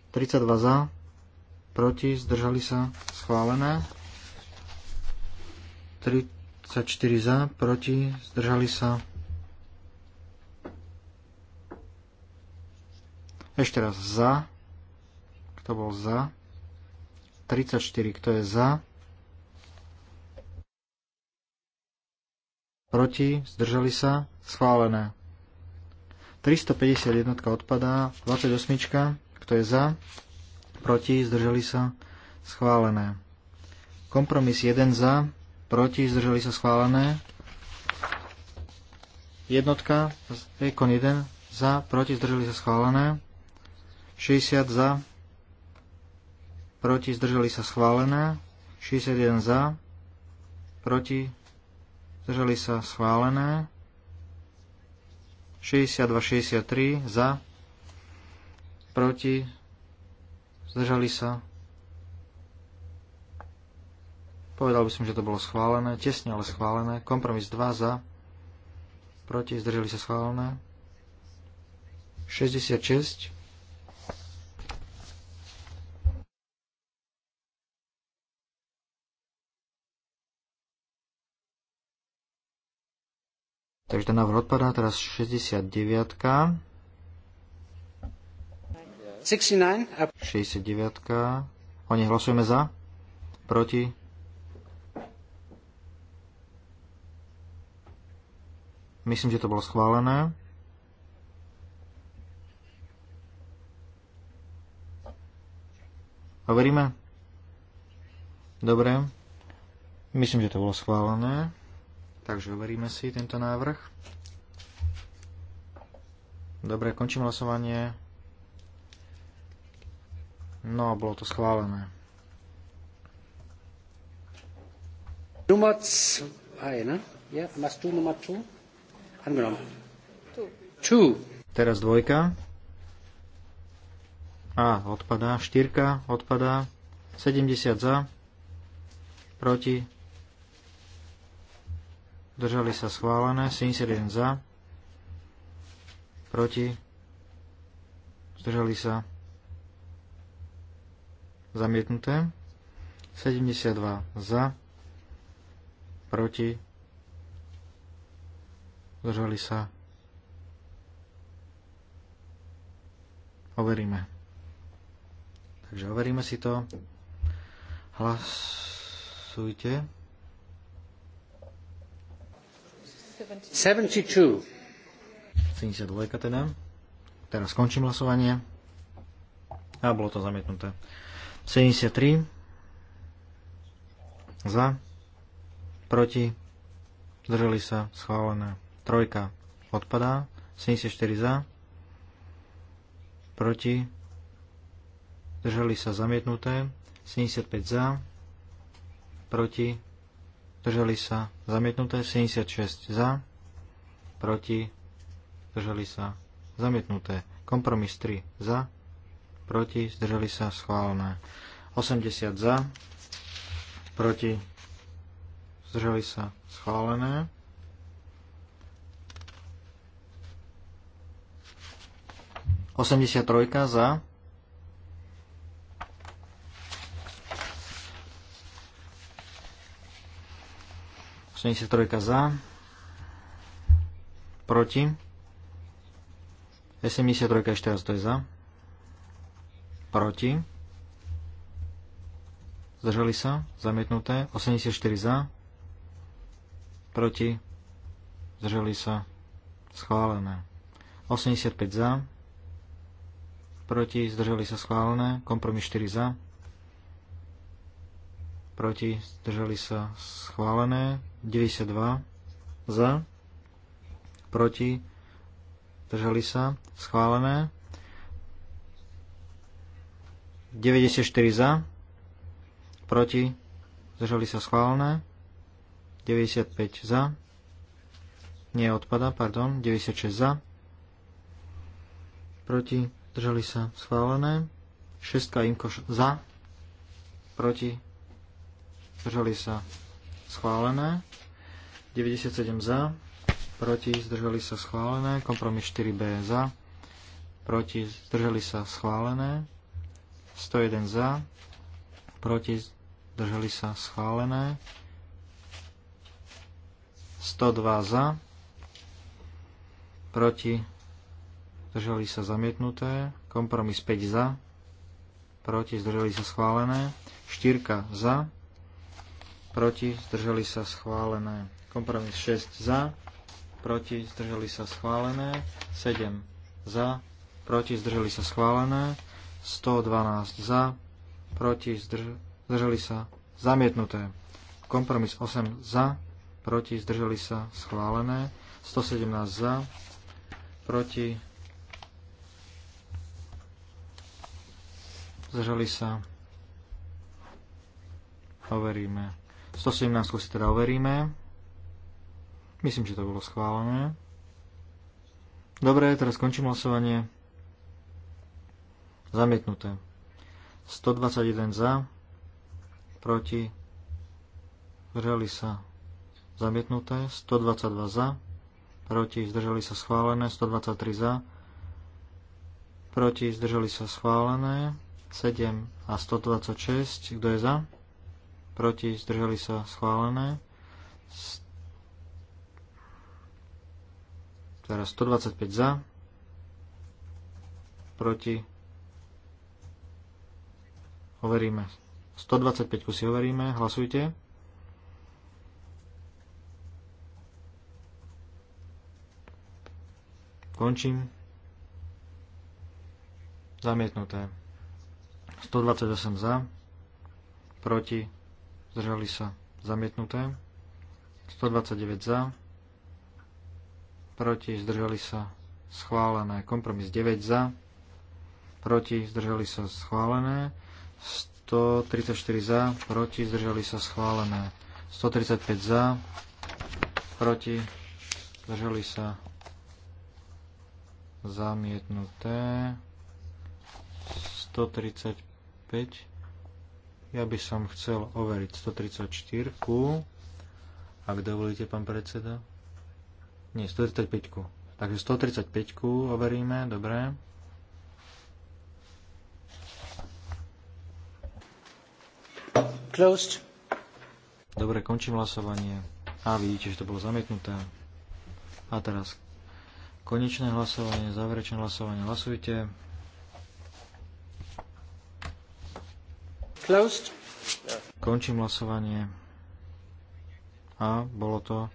32 za. Proti. Zdržali sa. Schválené. 34 za. Proti. Zdržali sa. Ešte raz za. Kto bol za? 34. Kto je za? proti, zdržali sa, schválené. 351 odpadá, 28, kto je za, proti, zdržali sa, schválené. Kompromis 1 za, proti, zdržali sa, schválené. Jednotka, ekon 1, za, proti, zdržali sa, schválené. 60 za, proti, zdržali sa, schválené. 61 za, proti, zdržali sa schválené. 62-63 za, proti, zdržali sa. Povedal by som, že to bolo schválené, tesne, ale schválené. Kompromis 2 za, proti, zdržali sa schválené. 66 Takže ten návrh odpadá, teraz 69. 69. O nej hlasujeme za? Proti? Myslím, že to bolo schválené. Overíme? Dobre. Myslím, že to bolo schválené. Takže overíme si tento návrh. Dobre, končím hlasovanie. No, bolo to schválené. Nummer 2, ne? Ja, machst du Nummer 2? Angenommen. 2. Teraz dvojka. A, odpadá. Štyrka, odpadá. 70 za. Proti. Držali sa schválené. 71 za. Proti. Zdržali sa. Zamietnuté. 72 za. Proti. Zdržali sa. Overíme. Takže overíme si to. Hlasujte. 72. teda. Teraz skončím hlasovanie. A bolo to zamietnuté. 73. Za. Proti. Zdržali sa. Schválené. Trojka odpadá. 74 za. Proti. Zdržali sa zamietnuté. 75 za. Proti zdržali sa, zamietnuté 76 za, proti, zdržali sa, zamietnuté. Kompromis 3 za, proti, zdržali sa, schválené. 80 za, proti, zdržali sa, schválené. Osemdesiat trojka za, 73 za, proti, 73 ešte raz to je za, proti, zdržali sa, zamietnuté, 84 za, proti, zdržali sa, schválené, 85 za, proti, zdržali sa, schválené, kompromis 4 za, proti, zdržali sa schválené, 92 za, proti, zdržali sa schválené, 94 za, proti, zdržali sa schválené, 95 za, nie odpada, pardon, 96 za, proti, zdržali sa schválené, 6 imko za, proti, zdržali sa schválené, 97 za, proti, zdržali sa schválené, kompromis 4B za, proti, zdržali sa schválené, 101 za, proti, zdržali sa schválené, 102 za, proti, zdržali sa zamietnuté, kompromis 5 za, proti, zdržali sa schválené, 4 za, proti, zdržali sa schválené. Kompromis 6 za, proti, zdržali sa schválené. 7 za, proti, zdržali sa schválené. 112 za, proti, zdržali sa zamietnuté. Kompromis 8 za, proti, zdržali sa schválené. 117 za, proti, zdržali sa overíme. 117 si teda overíme. Myslím, že to bolo schválené. Dobre, teraz skončím hlasovanie. Zamietnuté. 121 za, proti, zdržali sa zamietnuté, 122 za, proti, zdržali sa schválené, 123 za, proti, zdržali sa schválené, 7 a 126, kto je za? proti, zdržali sa, schválené. Teraz 125 za, proti, overíme. 125 si overíme, hlasujte. Končím. Zamietnuté. 128 za, proti, zdržali sa zamietnuté, 129 za, proti zdržali sa schválené, kompromis 9 za, proti zdržali sa schválené, 134 za, proti zdržali sa schválené, 135 za, proti zdržali sa zamietnuté, 135 ja by som chcel overiť 134. -ku. Ak dovolíte, pán predseda. Nie, 135. -ku. Takže 135 overíme, dobre. Closed. Dobre, končím hlasovanie. A vidíte, že to bolo zamietnuté. A teraz konečné hlasovanie, záverečné hlasovanie. Hlasujte. Closed. Končím hlasovanie. A bolo to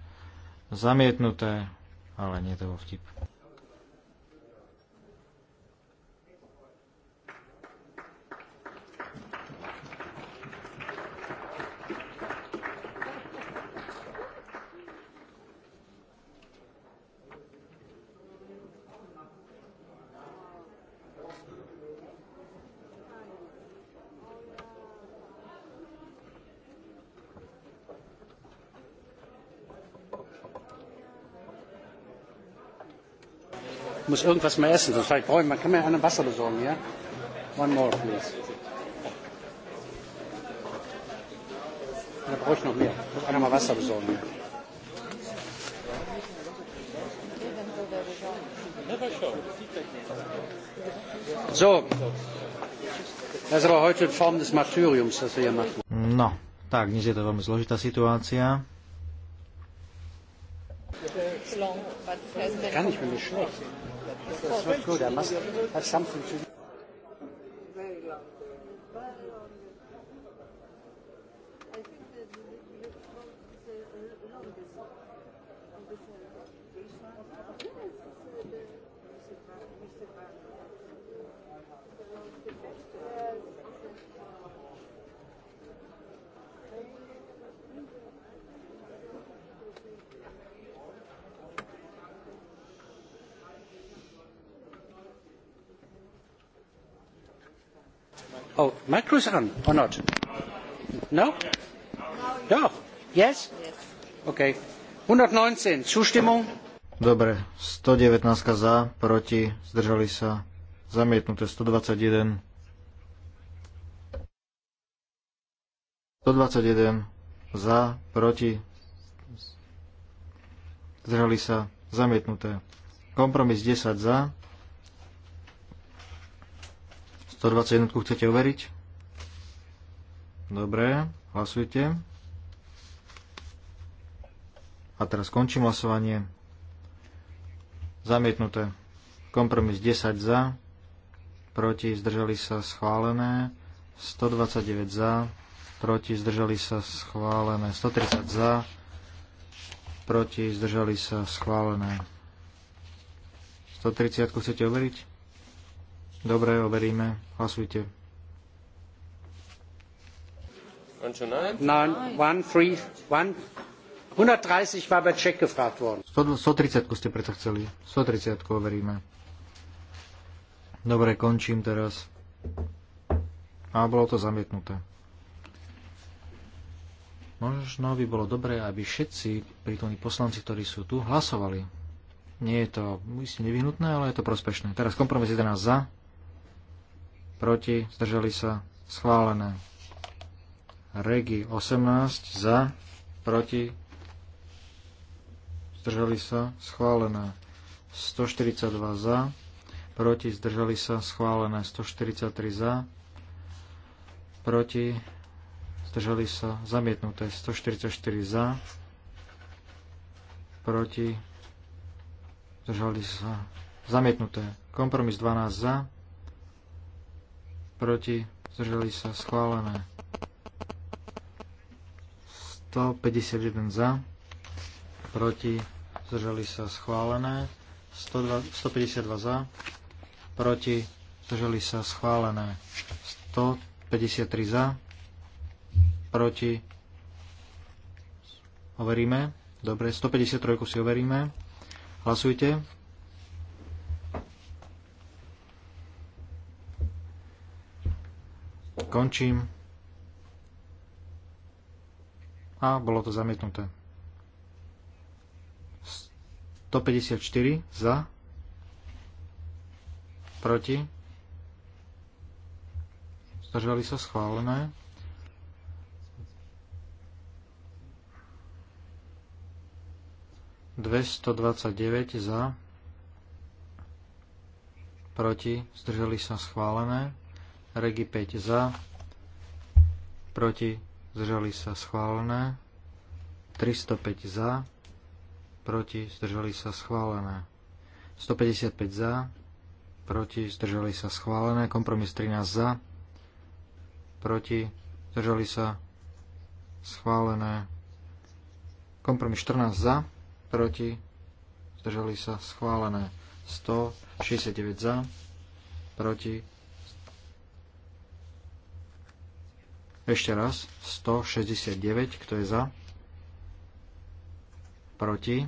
zamietnuté, ale nie to bol vtip. muss irgendwas mehr essen. Sonst vielleicht brauche ich, man kann mir einen Wasser besorgen, ja? One more, please. Da brauche ich noch mehr. Ich muss einer mal Wasser besorgen, ja? So. Das ist aber heute in Form des Martyriums, das wir hier machen. No, tak, dnes je to veľmi zložitá situácia. Kann ich mir nicht schlecht good. I must have something to do. cameras or not? No? No? Yes? OK. 119. Zustimmung? Dobre. 119 za, proti, zdržali sa. Zamietnuté 121. 121 za, proti, zdržali sa, zamietnuté. Kompromis 10 za. 121 chcete overiť? Dobre, hlasujte. A teraz končím hlasovanie. Zamietnuté. Kompromis 10 za, proti zdržali sa schválené, 129 za, proti zdržali sa schválené, 130 za, proti zdržali sa schválené. 130 chcete overiť? Dobre, overíme. Hlasujte. 130 war bei Check gefragt worden. 130 ste preto chceli. 130 overíme. Dobre, končím teraz. A bolo to zamietnuté. Možno by bolo dobré, aby všetci prítomní poslanci, ktorí sú tu, hlasovali. Nie je to isté nevyhnutné, ale je to prospešné. Teraz kompromis 11 za, proti, zdržali sa, schválené. Regi 18 za, proti, zdržali sa, schválené 142 za, proti, zdržali sa, schválené 143 za, proti, zdržali sa, zamietnuté 144 za, proti, zdržali sa, zamietnuté, kompromis 12 za, proti, zdržali sa, schválené 151 za, proti, zdržali sa schválené, 152 za, proti, zdržali sa schválené, 153 za, proti, overíme, dobre, 153 si overíme, hlasujte. Končím a bolo to zamietnuté. 154 za, proti, zdržali sa schválené. Dvesto dvadsaťdeväť za, proti, zdržali sa schválené. Regi 5 za, proti, zdržali sa schválené, 305 za, proti, zdržali sa schválené, 155 za, proti, zdržali sa schválené, kompromis 13 za, proti, zdržali sa schválené, kompromis 14 za, proti, zdržali sa schválené, 169 za, proti, Ešte raz. 169. Kto je za? Proti?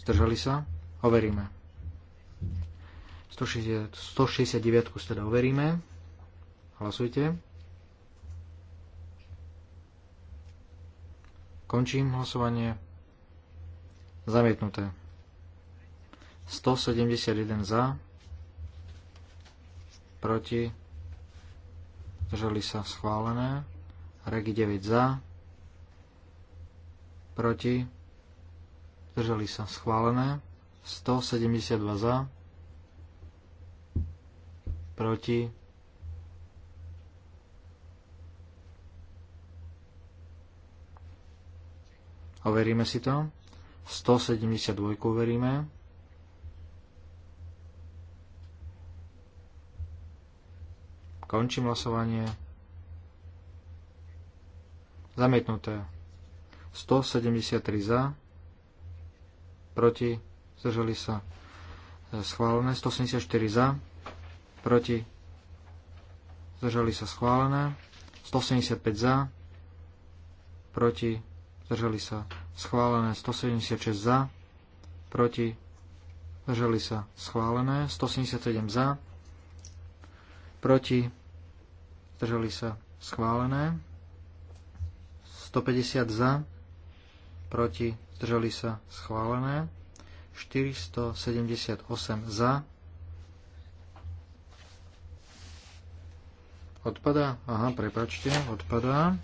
Zdržali sa? Overíme. 169 teda overíme. Hlasujte. Končím hlasovanie. Zamietnuté. 171 za, proti, zdržali sa schválené, regi 9 za, proti, zdržali sa schválené, 172 za, proti, overíme si to, 172 overíme, Končím hlasovanie. Zamietnuté. 173 e, za. Proti. Zdržali sa. Schválené. 174 za. Proti. Zdržali sa. Schválené. 175 za. Proti. Zdržali sa. Schválené. 176 za. Proti. Zdržali sa. Schválené. 177 za proti, zdržali sa schválené, 150 za, proti, zdržali sa schválené, 478 za, odpadá, aha, prepačte, odpadá,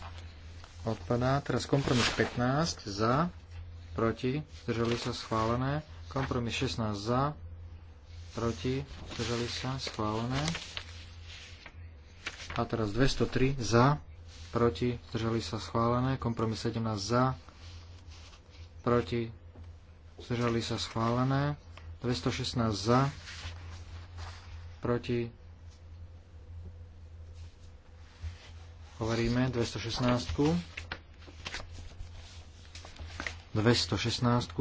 odpadá, teraz kompromis 15 za, proti, zdržali sa schválené, kompromis 16 za, proti, zdržali sa schválené, a teraz 203 za, proti, zdržali sa schválené. Kompromis 17 za, proti, zdržali sa schválené. 216 za, proti, hovoríme 216. -ku. 216.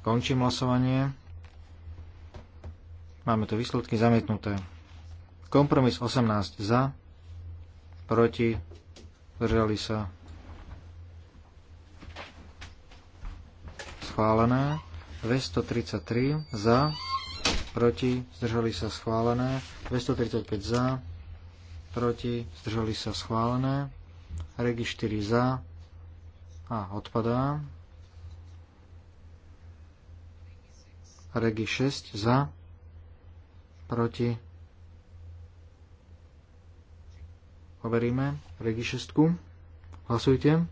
Končím hlasovanie. Máme tu výsledky zamietnuté. Kompromis 18 za, proti, zdržali sa. Schválené. 233 za, proti, zdržali sa schválené. 235 za, proti, zdržali sa schválené. Regi 4 za a odpadá. Regi 6 za, proti. Overíme regi 6. Hlasujte.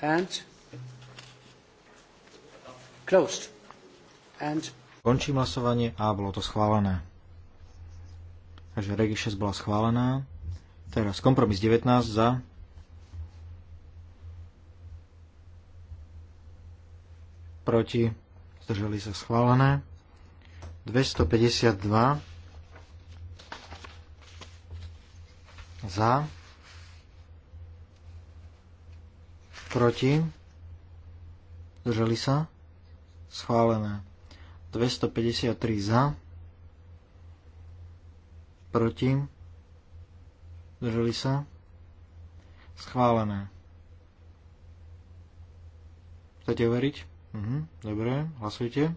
And closed. And Končím hlasovanie a bolo to schválené. Takže Regi 6 bola schválená. Teraz kompromis 19 za. Proti. Zdržali sa schválené. 252 za. Proti. Zdržali sa. Schválené. 253 za. Proti Zdržali sa? Schválené. Chcete overiť? Mhm, dobre, hlasujte.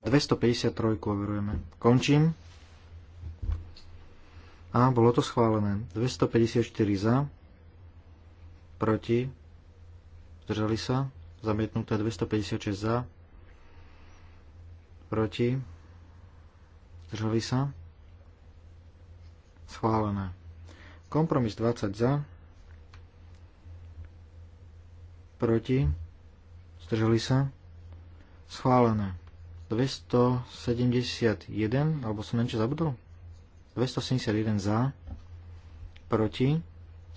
253 overujeme. Končím. A bolo to schválené. 254 za, proti, zdržali sa, zamietnuté 256 za, proti, Zdržali sa? Schválené. Kompromis 20 za. Proti. Zdržali sa? Schválené. 271, alebo som niečo zabudol? 271 za. Proti.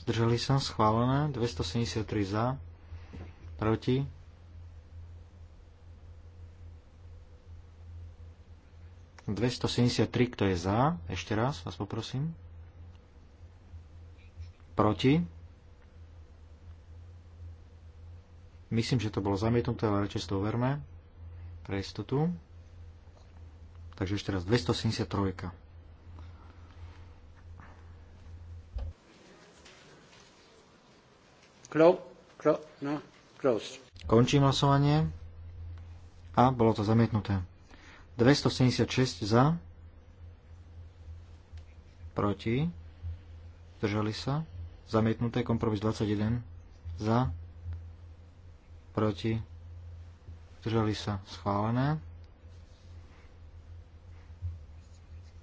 Zdržali sa? Schválené. 273 za. Proti. 273, kto je za? Ešte raz vás poprosím. Proti? Myslím, že to bolo zamietnuté, ale radšej to overme. Pre istotu. Takže ešte raz 273. Klo, klo, no, close. Končím hlasovanie. A bolo to zamietnuté. 276 za, proti, zdržali sa, zamietnuté, kompromis 21 za, proti, zdržali sa, schválené.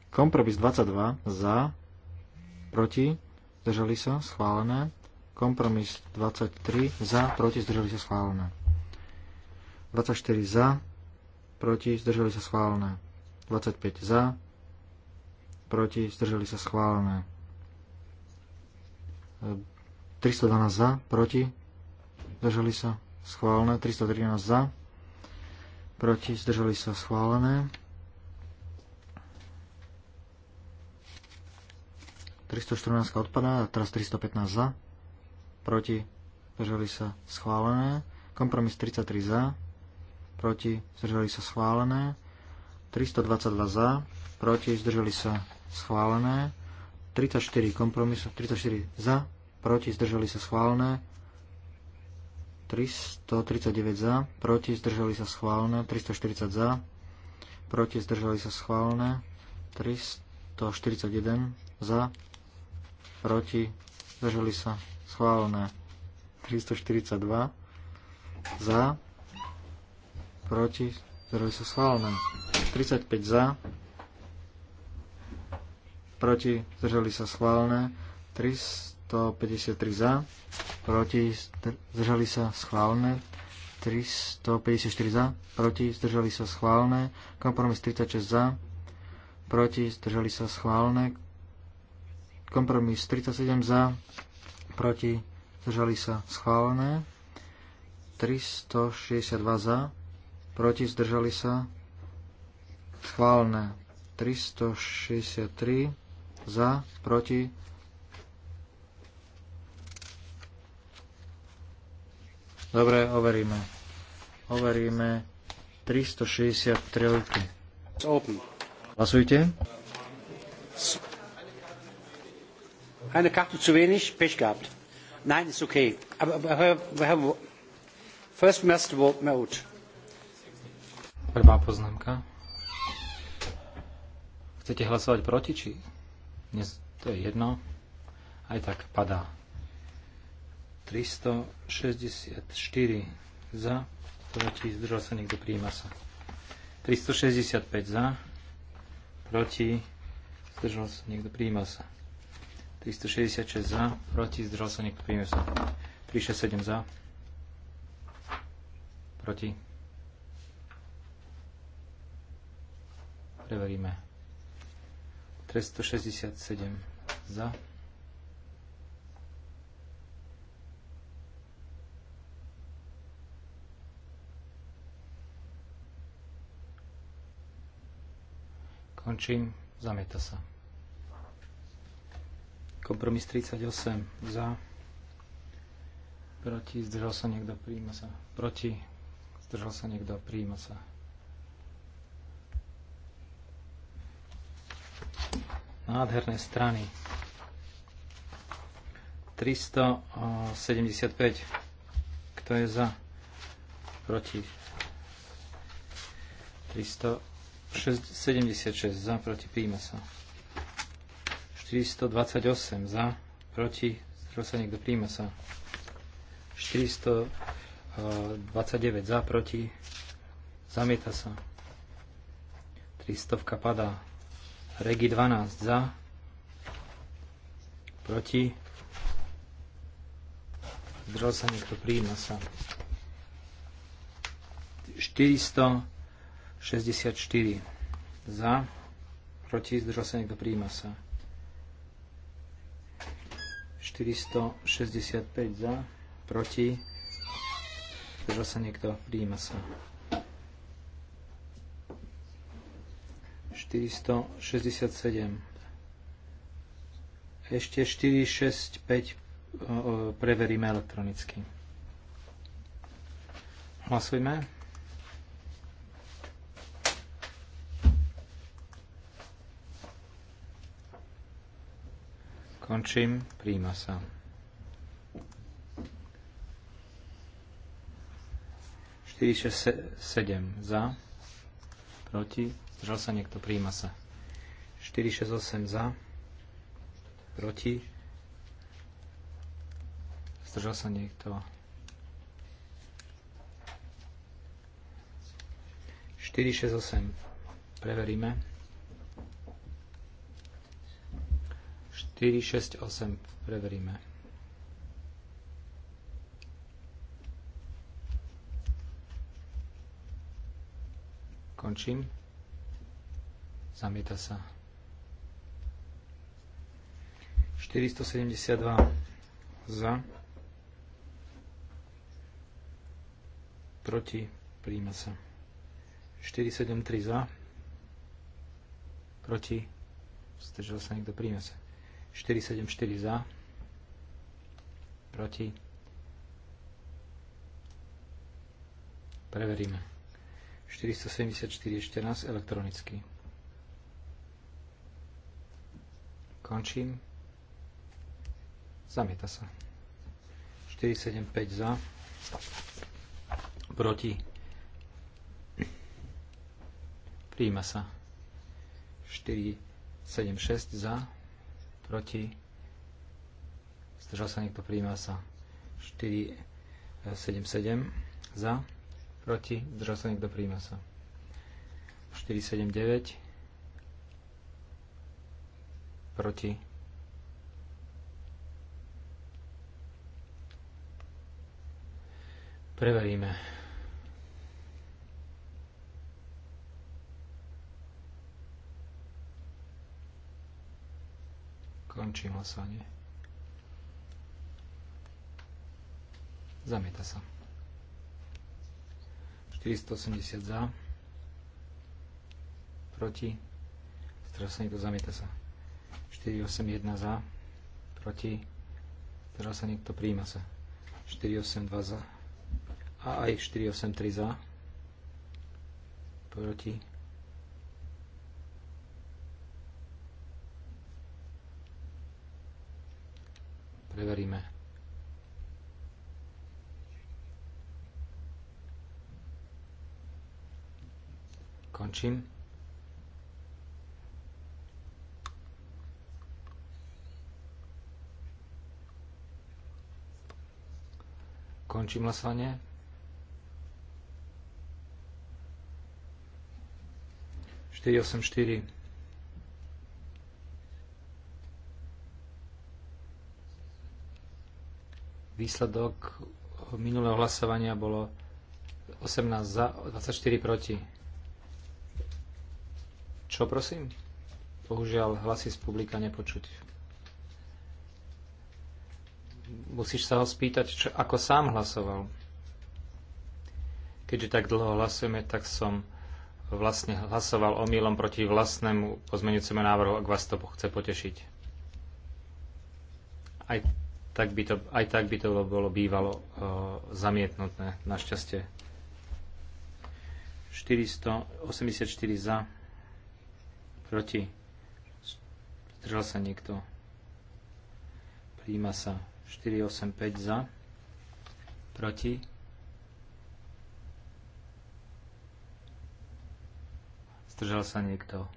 Kompromis 22 za, proti, zdržali sa, schválené. Kompromis 23 za, proti, zdržali sa, schválené. 24 za, proti, zdržali sa schválené. 25 za, proti, zdržali sa schválené. 312 za, proti, zdržali sa schválené. 313 za, proti, zdržali sa schválené. 314 odpadá, a teraz 315 za, proti, zdržali sa schválené. Kompromis 33 za, proti, zdržali sa schválené. 322 za, proti, zdržali sa schválené. 34 kompromisov, 34 za, proti, zdržali sa schválené. 339 za, proti, zdržali sa schválené. 340 za, proti, zdržali sa schválené. 341 za, proti, zdržali sa schválené. 342 za, proti, zdržali sa schválené. 35 za, proti, zdržali sa schválené. 353 za, proti, zdržali sa schválené. 354 za, proti, zdržali sa schválené. Kompromis 36 za, proti, zdržali sa schválené. Kompromis 37 za, proti, zdržali sa schválené. 362 za, proti, zdržali sa, schválne. 363 za, proti, Dobre, overíme. Overíme 363. Hlasujte. Eine Karte zu wenig, Pech gehabt. Nein, ist okay. Aber, aber, aber first must vote. Prvá poznámka. Chcete hlasovať proti, či... Dnes to je jedno. Aj tak padá. 364 za, proti, zdržal sa niekto, prijíma sa. 365 za, proti, zdržal sa niekto, prijíma sa. 366 za, proti, zdržal sa niekto, prijíma sa. 367 za, proti, Preveríme. 367 za. Končím. Zamieta sa. Kompromis 38 za. Proti. Zdržal sa niekto. Príjma sa. Proti. Zdržal sa niekto. Príjma sa. nádherné strany. 375. Kto je za? Proti. 376 za, proti, príjme sa. 428 za, proti, zdržal sa niekto, príjme sa. 429 za, proti, zamieta sa. 300 padá. Regi 12 za. Proti. Zdržal sa niekto, príjma sa. 464 za. Proti. Zdržal sa niekto, príjma sa. 465 za. Proti. Zdržal sa niekto, príjma sa. 467. Ešte 4, 6, 5 preveríme elektronicky. Hlasujme. Končím. Príjma sa. Štyri, šesť, sedem za, proti, Zdržal sa niekto? Príjima sa. 8 za. Proti. Zdržal sa niekto? 8. Preveríme. 8. Preveríme. Končím. Zamieta sa. 472 za. Proti. Príjma sa. 473 za. Proti. Zdržal sa niekto. Príjma sa. 474 za. Proti. Preveríme. 474 ešte raz elektronicky. Končím. Zamieta sa. 475 za. Proti. Príjima sa. 476 za. Proti. Zdržal sa niekto, príjima sa. 477 za. Proti. Zdržal sa niekto, príjima sa. 479 proti, preveríme. Končím hlasovanie. Zamieta sa. 480 za. Proti. Strašne to zamieta sa. 481 za, proti, teraz sa niekto, príjma sa. 482 za a aj 483 za, proti. Preveríme. Končím. Končím hlasovanie. Štyri osem štyri. Výsledok minulého hlasovania bolo 18 za, 24 proti. Čo prosím? Bohužiaľ, hlasy z publika nepočuť musíš sa ho spýtať, čo, ako sám hlasoval. Keďže tak dlho hlasujeme, tak som vlastne hlasoval omylom proti vlastnému pozmeňujúcemu návrhu, ak vás to chce potešiť. Aj tak by to, aj tak by to bolo bývalo uh, zamietnuté, našťastie. 484 za, proti, zdržal sa niekto, príjma sa 485 za, proti, zdržal sa niekto.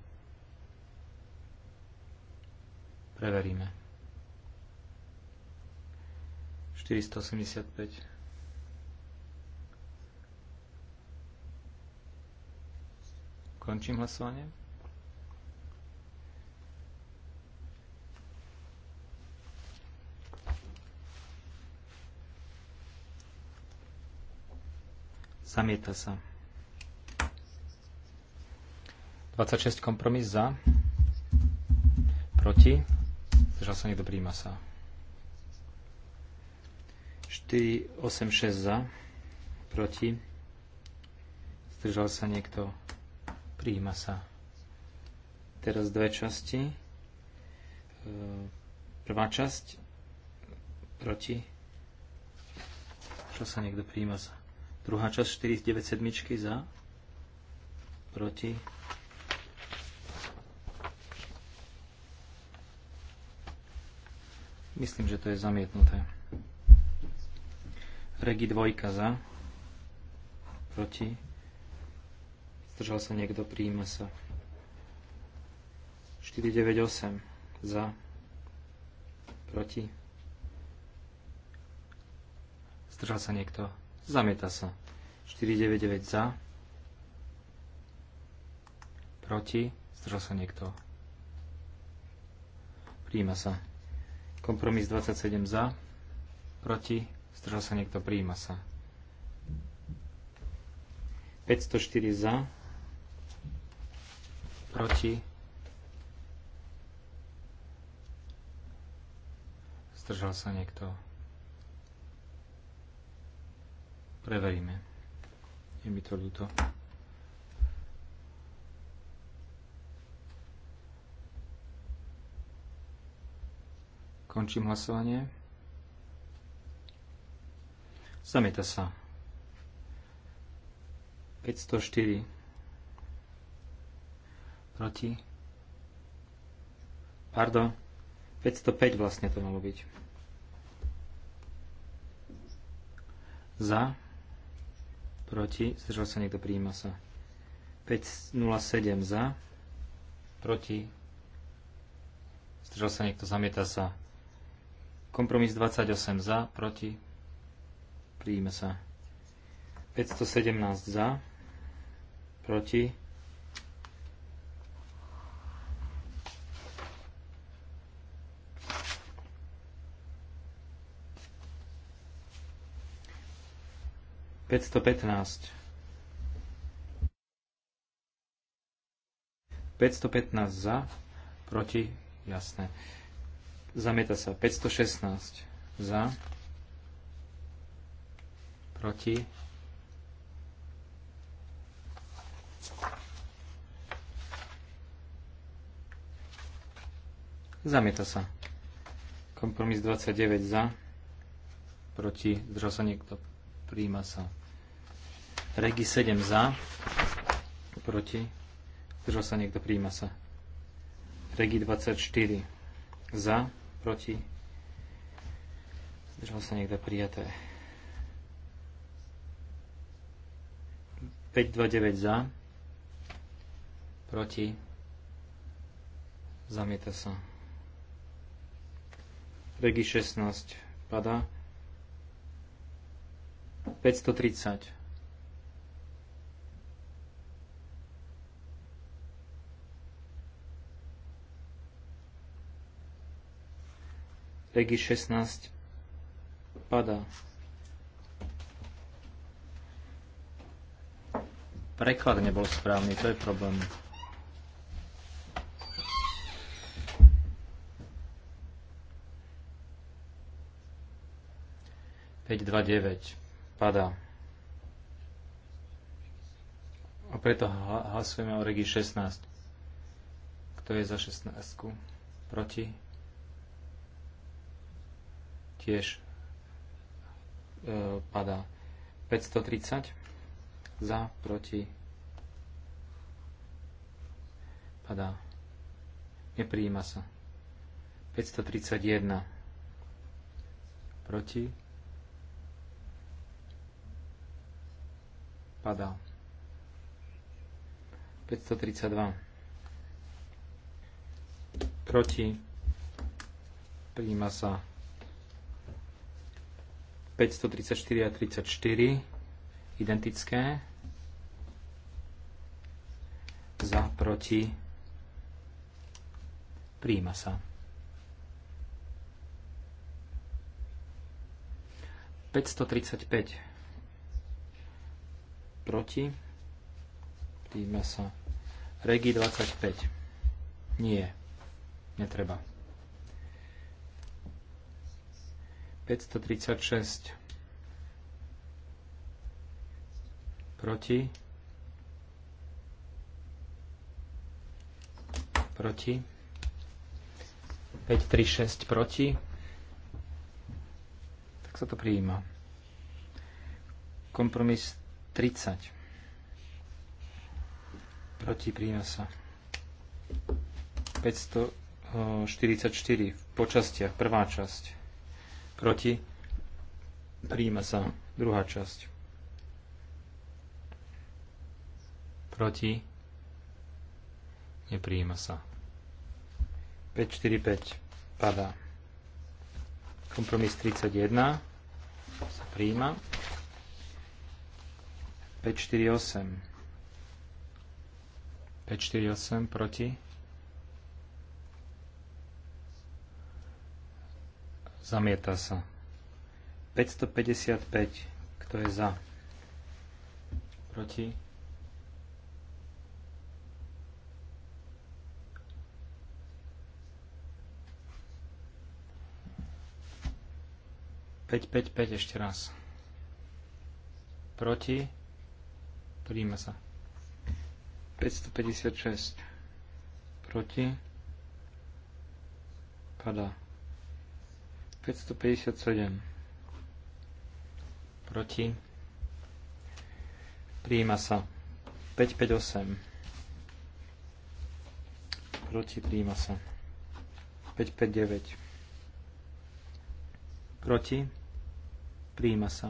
Preveríme. 485. Končím hlasovanie. Zamieta sa. 26 kompromis za. Proti. Zdržal sa niekto, príjma sa. 4, 8, 6 za. Proti. Zdržal sa niekto, príjma sa. Teraz dve časti. E, prvá časť. Proti. Zdržal sa niekto, príjma sa. Druhá časť 497 za, proti. Myslím, že to je zamietnuté. Regi dvojka za, proti. Zdržal sa niekto, príjme sa. 498 za, proti. Zdržal sa niekto, Zamieta sa. 499 za. Proti. Zdržal sa niekto. Príjima sa. Kompromis 27 za. Proti. Zdržal sa niekto. Príjima sa. 504 za. Proti. Zdržal sa niekto. Preveríme. Je mi to ľúto. Končím hlasovanie. Zamieta sa. 504 proti. Pardon. 505 vlastne to malo byť. Za proti, zdržal sa niekto, prijíma sa. 507 za, proti, zdržal sa niekto, zamieta sa. Kompromis 28 za, proti, prijíma sa. 517 za, proti, 515. 515 za, proti, jasné. Zamieta sa 516 za, proti. Zamieta sa. Kompromis 29 za, proti, zdržal sa niekto, príjma sa. Regi 7 za, proti, zdržal sa niekto, príjma sa. Regi 24 za, proti, zdržal sa niekto, prijaté. 529 za, proti, zamieta sa. Regi 16 pada. 530 Regi 16 padá. Preklad nebol správny, to je problém. Päť, dva, deväť. Padá. A preto hlasujeme o regi 16. Kto je za 16? Proti? tiež e, padá. 530 za, proti, padá. Nepríjima sa. 531 proti, padá. 532 proti, príjima sa. 534 a 34 identické za, proti príjma sa 535 proti príjima sa Regi 25 nie, netreba 536 proti proti 536 proti tak sa to prijíma kompromis 30 proti prijíma sa 544 eh, v počastiach prvá časť proti, príjima sa druhá časť, proti, nepríjima sa. 545 padá. Kompromis 31 sa 5, 548 8, proti Zamieta sa. 555. Kto je za? Proti? Päť, päť, päť ešte raz. Proti? Príjme sa. 556. Proti? Padá. 557. Proti. Príjima sa. 558. Proti príjima sa. 559. Proti. Príjima sa.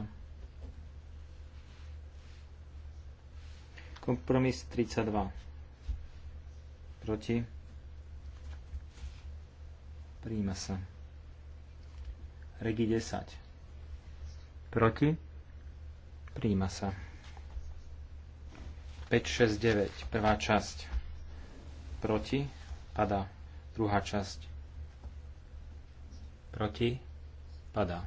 Kompromis 32. Proti. Príjima sa. Regi 10. Proti? Príjima sa. 5, 6, 9. Prvá časť. Proti? Pada. Druhá časť. Proti? Pada.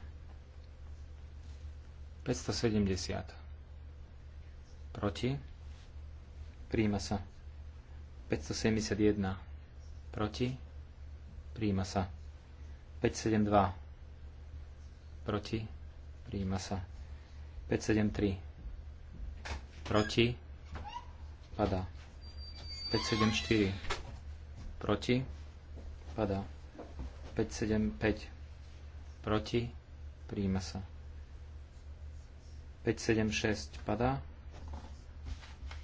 570. Proti? Príjima sa. 571. Proti? Príjima sa. 572 proti, prijíma sa. 573 proti, padá. 574 proti, padá. 575 proti, prijíma sa. 576 padá.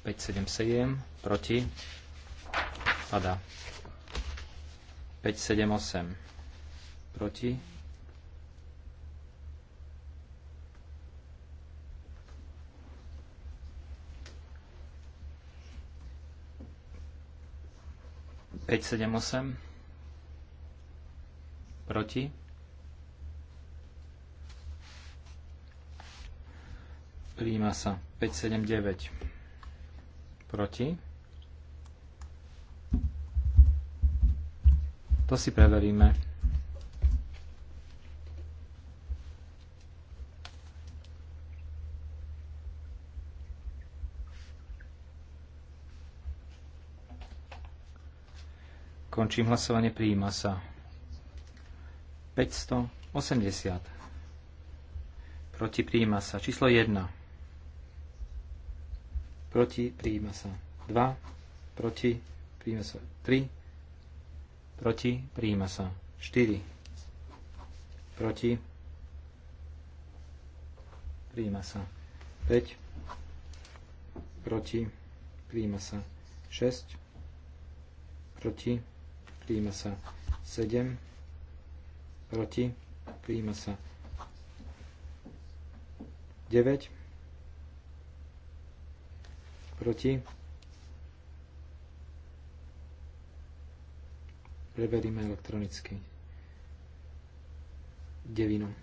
577 proti, padá. 578 proti, 578 proti príjma sa 579 proti to si preveríme Končím hlasovanie, prijíma sa. 580. Proti prijíma sa. Číslo 1. Proti prijíma sa. 2. Proti prijíma sa. 3. Proti prijíma sa. 4. Proti prijíma sa. 5. Proti prijíma sa. 6. Proti prijíma sa príjme sa 7, proti, príjme sa 9, proti, preberíme elektronicky devinu.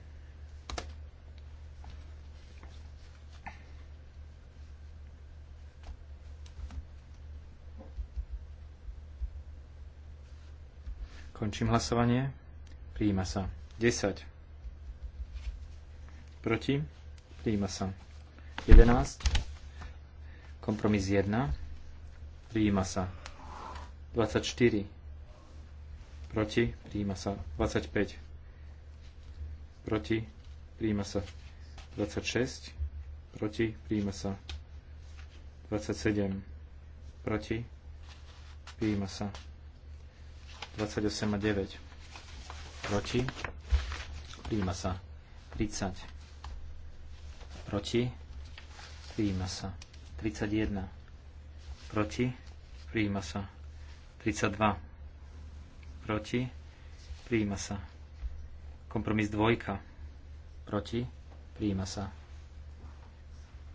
Končím hlasovanie. Prijíma sa. 10. Proti. Prijíma sa. 11. Kompromis 1. Prijíma sa. 24. Proti. Prijíma sa. 25. Proti. Prijíma sa. 26. Proti. Prijíma sa. 27. Proti. Prijíma sa. 28 a 9. Proti. Príjma sa. 30. Proti. Príjma sa. 31. Proti. Príjma sa. 32. Proti. Príjma sa. Kompromis dvojka. Proti. Príjma sa.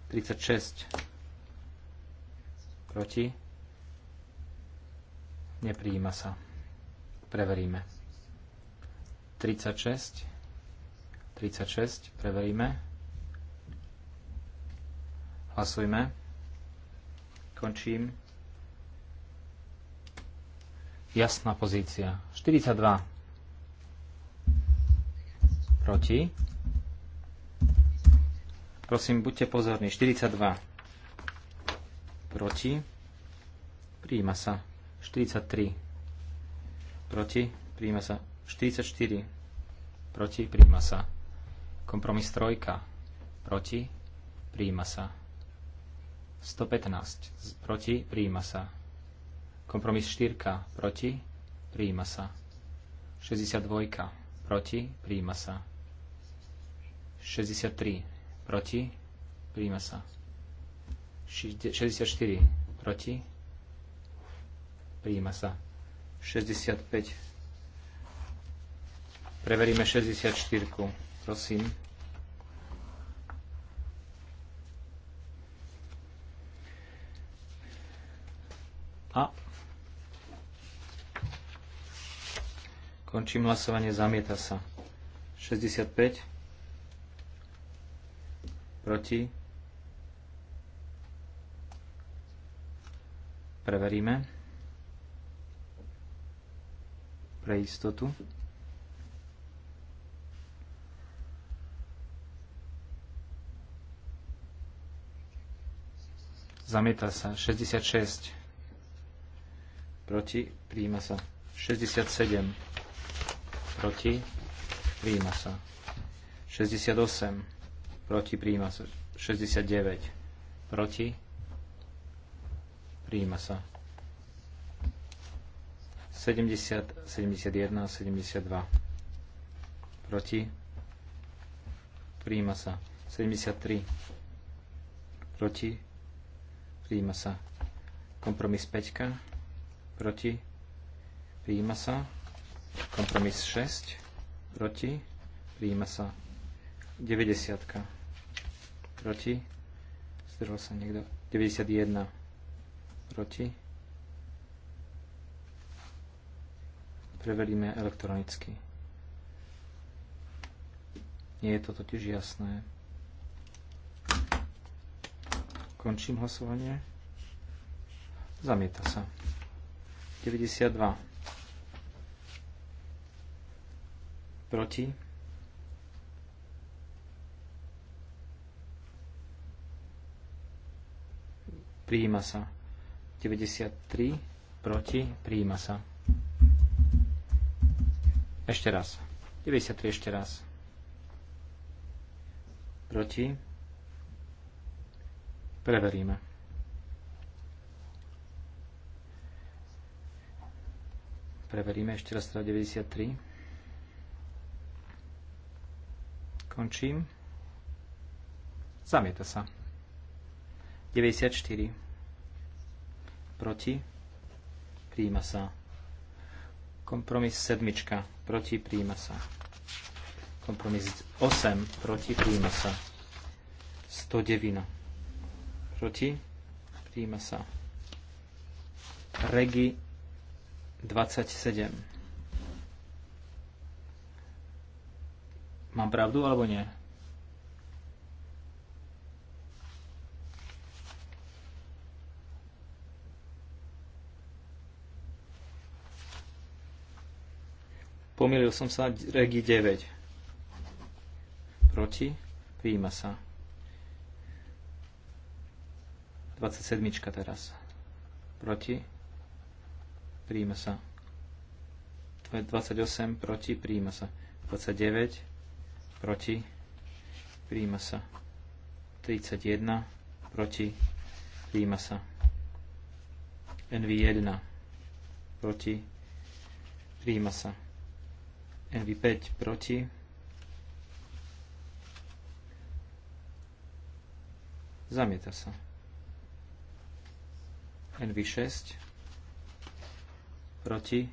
36. Proti. Nepríjima sa. Preveríme. 36. 36. Preveríme. Hlasujme. Končím. Jasná pozícia. 42. Proti. Prosím, buďte pozorní. 42. Proti. Príjima sa. 43 proti, príjma sa 44, proti, príjma sa kompromis trojka, proti, príjma sa 115, proti, príjma sa kompromis 4, proti, príjma sa 62, proti, príjma sa 63, proti, príjma sa 64, proti, príjma sa 65. Preveríme 64. Prosím. A Končím hlasovanie, zamieta sa. 65. Proti. Preveríme. pre istotu. Zamieta sa 66. Proti. Prijíma sa 67. Proti. Prijíma sa 68. Proti. Prijíma sa 69. Proti. Prijíma sa 70, 71, 72. Proti. Príjima sa. 73. Proti. Príjima sa. Kompromis 5. Proti. Príjima sa. Kompromis 6. Proti. Príjima sa. 90. Proti. Zdržal sa niekto. 91. Proti preveríme elektronicky. Nie je to totiž jasné. Končím hlasovanie. Zamieta sa. 92. Proti. Prijíma sa. 93. Proti. Prijíma sa. Ešte raz. 93 ešte raz. Proti. Preveríme. Preveríme ešte raz teda 93. Končím. Zamieta sa. 94. Proti. Príjima sa. Kompromis sedmička. Proti príjma sa. Kompromis 8. Proti príjma sa. 109. Proti príjma sa. Regi 27. Mám pravdu alebo nie? Pomýlil som sa, regi 9. Proti, prijíma sa. 27 teraz. Proti, prijíma sa. 28 proti, prijíma sa. 29 proti, prijíma sa. 31 proti, prijíma sa. NV1 proti, prijíma sa mv 5 proti. Zamieta sa. NV6 proti.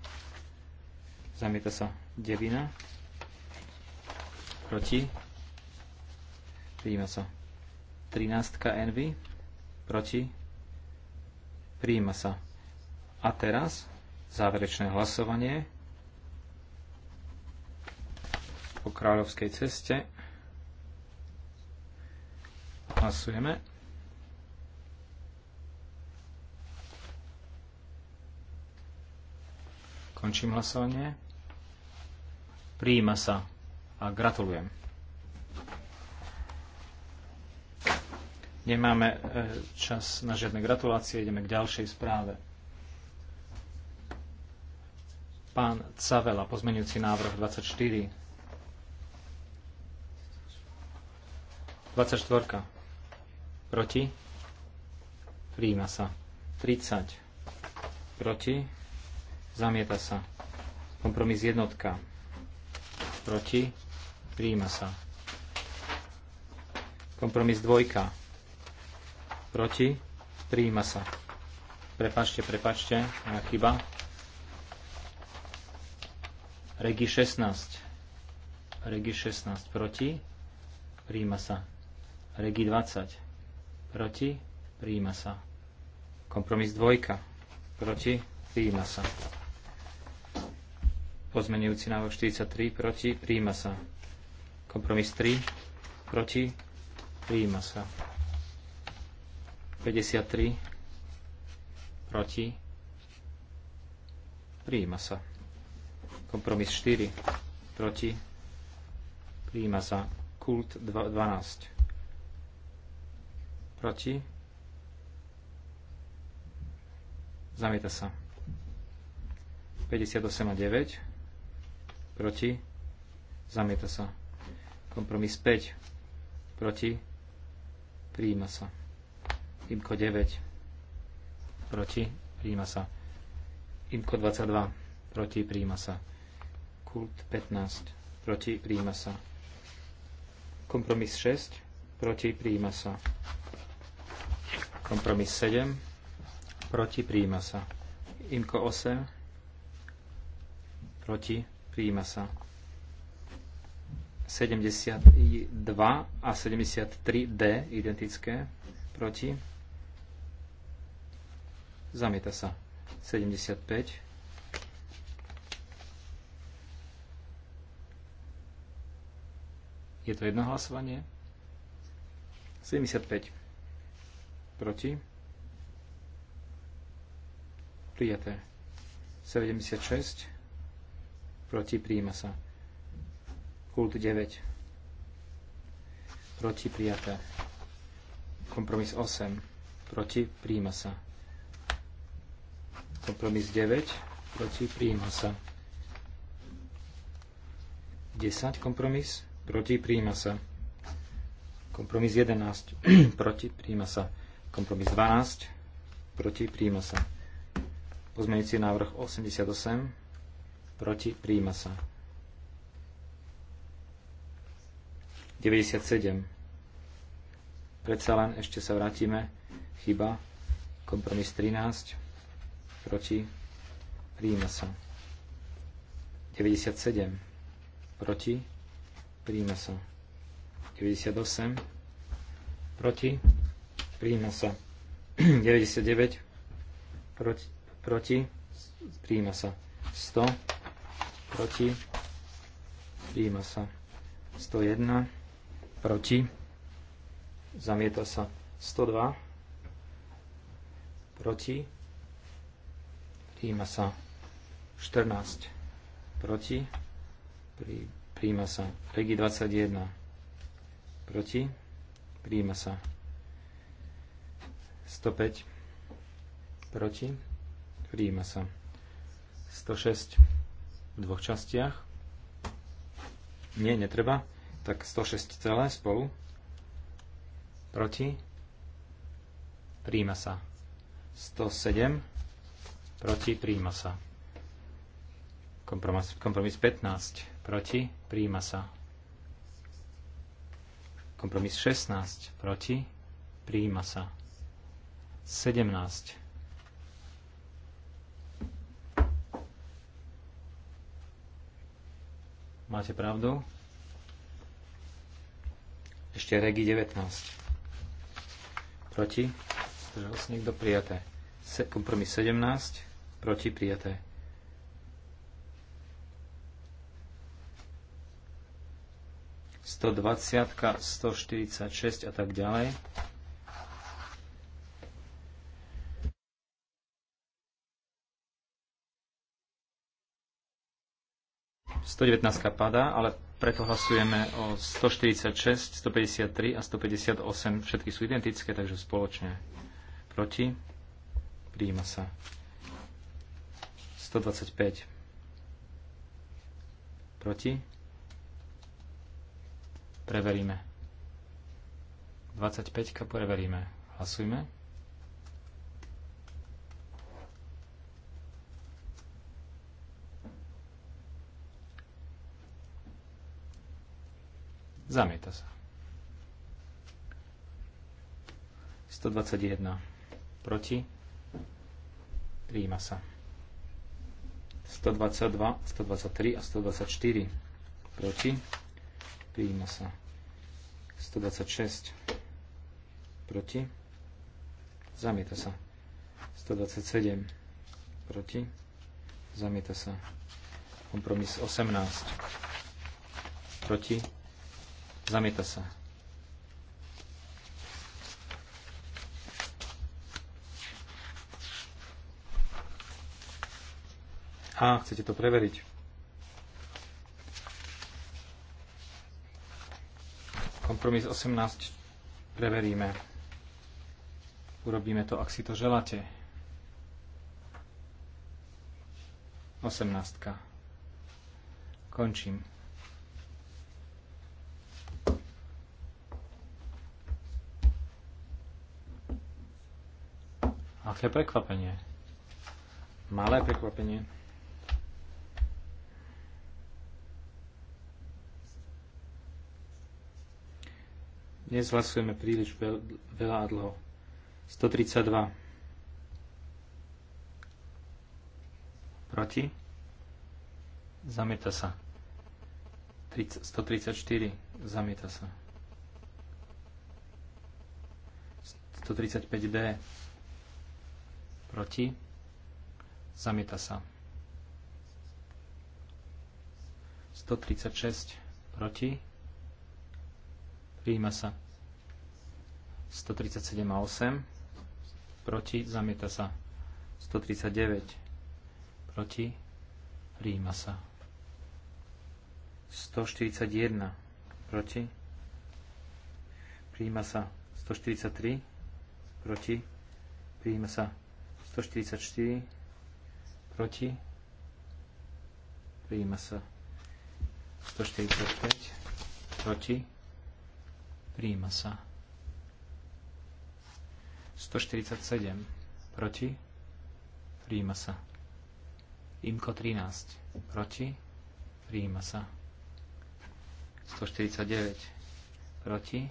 Zamieta sa devina proti. Prijíma sa 13 NV proti. Prijíma sa. A teraz záverečné hlasovanie po kráľovskej ceste. Hlasujeme. Končím hlasovanie. Príjima sa a gratulujem. Nemáme e, čas na žiadne gratulácie, ideme k ďalšej správe. Pán Cavela, pozmenujúci návrh 24. 24. Proti. Príjma sa. 30. Proti. Zamieta sa. Kompromis jednotka. Proti. Príjma sa. Kompromis dvojka. Proti. Príjma sa. Prepačte, prepačte, moja chyba. Regi 16. Regi 16 proti. Príjma sa. Regi 20. Proti. Príjima sa. Kompromis 2. Proti. Príjima sa. Pozmenujúci návrh 43. Proti. Príjima sa. Kompromis 3. Proti. Príjima sa. 53. Proti. Príjima sa. Kompromis 4. Proti. Príjima sa. Kult 12 Proti? Zamieta sa. 58 a 9. Proti? Zamieta sa. Kompromis 5. Proti? Príjima sa. Imko 9. Proti? Príjima sa. Imko 22. Proti? Príjima sa. Kult 15. Proti? Príjima sa. Kompromis 6. Proti? Príjima sa. Kompromis 7. Proti príjima sa. Imko 8. Proti príjima sa. 72 a 73D identické. Proti. Zamieta sa. 75. Je to jedno hlasovanie? 75 proti, prijaté. 76, proti, prijíma sa. Kult 9, proti, prijaté. Kompromis 8, proti, prijíma sa. Kompromis 9, proti, prijíma sa. 10, kompromis, proti, prijíma sa. Kompromis 11, proti, prijíma sa. Kompromis 12. Proti. Príjma sa. Pozmeňujúci návrh 88. Proti. Príjma sa. 97. Predsa len ešte sa vrátime. Chyba. Kompromis 13. Proti. Príjma sa. 97. Proti. Príjma sa. 98. Proti Príjima sa. 99 proti, proti. Príjima sa. 100 proti. Príjima sa. 101 proti. Zamieta sa. 102 proti. Príjima sa. 14 proti. Príjima sa. Regi 21 proti. Príjima sa. 105 proti. Príjima sa. 106 v dvoch častiach. Nie, netreba. Tak 106 celé spolu. Proti. Príjima sa. 107 proti. Príjima sa. Kompromis, kompromis 15 proti. Príjima sa. Kompromis 16 proti. Príjima sa 17. Máte pravdu? Ešte regi 19. Proti? Zdržal sa niekto prijaté. Se, kompromis 17. Proti prijaté. Sto dvaciatka, 146 a tak ďalej. 119 padá, ale preto hlasujeme o 146, 153 a 158. Všetky sú identické, takže spoločne. Proti? Prijíma sa. 125. Proti? Preveríme. 25 preveríme. Hlasujme. Zamieta sa. 121. Proti. Príjima sa. 122, 123 a 124. Proti. Príjima sa. 126. Proti. Zamieta sa. 127. Proti. Zamieta sa. Kompromis 18. Proti Zamieta sa. A, chcete to preveriť? Kompromis 18 preveríme. Urobíme to, ak si to želáte. 18. Končím. Aké prekvapenie. Malé prekvapenie. Dnes hlasujeme príliš veľa a dlho. 132. Proti? Zamieta sa. 134. Zamieta sa. 135D proti, zamieta sa. 136 proti, prijíma sa. 137 a 8 proti, zamieta sa. 139 proti, prijíma sa. 141 proti, prijíma sa. 143 proti, prijíma sa. 144 proti. Prijíma sa 145 proti. Prijíma sa 147 proti. Prijíma sa IMKO 13 proti. Prijíma sa 149 proti.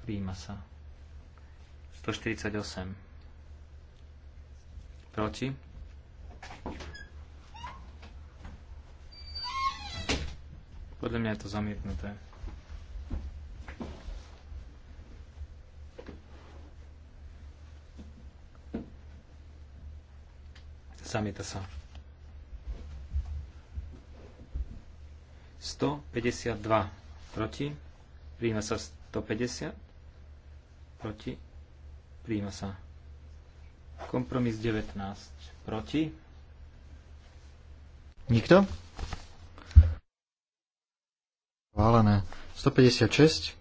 Prijíma sa 148 Proti? Podľa mňa je to zamietnuté. Zamieta sa. 152 proti. Príjma sa 150 proti. Príjma sa Kompromis 19 proti. Nikto? Schválené. 156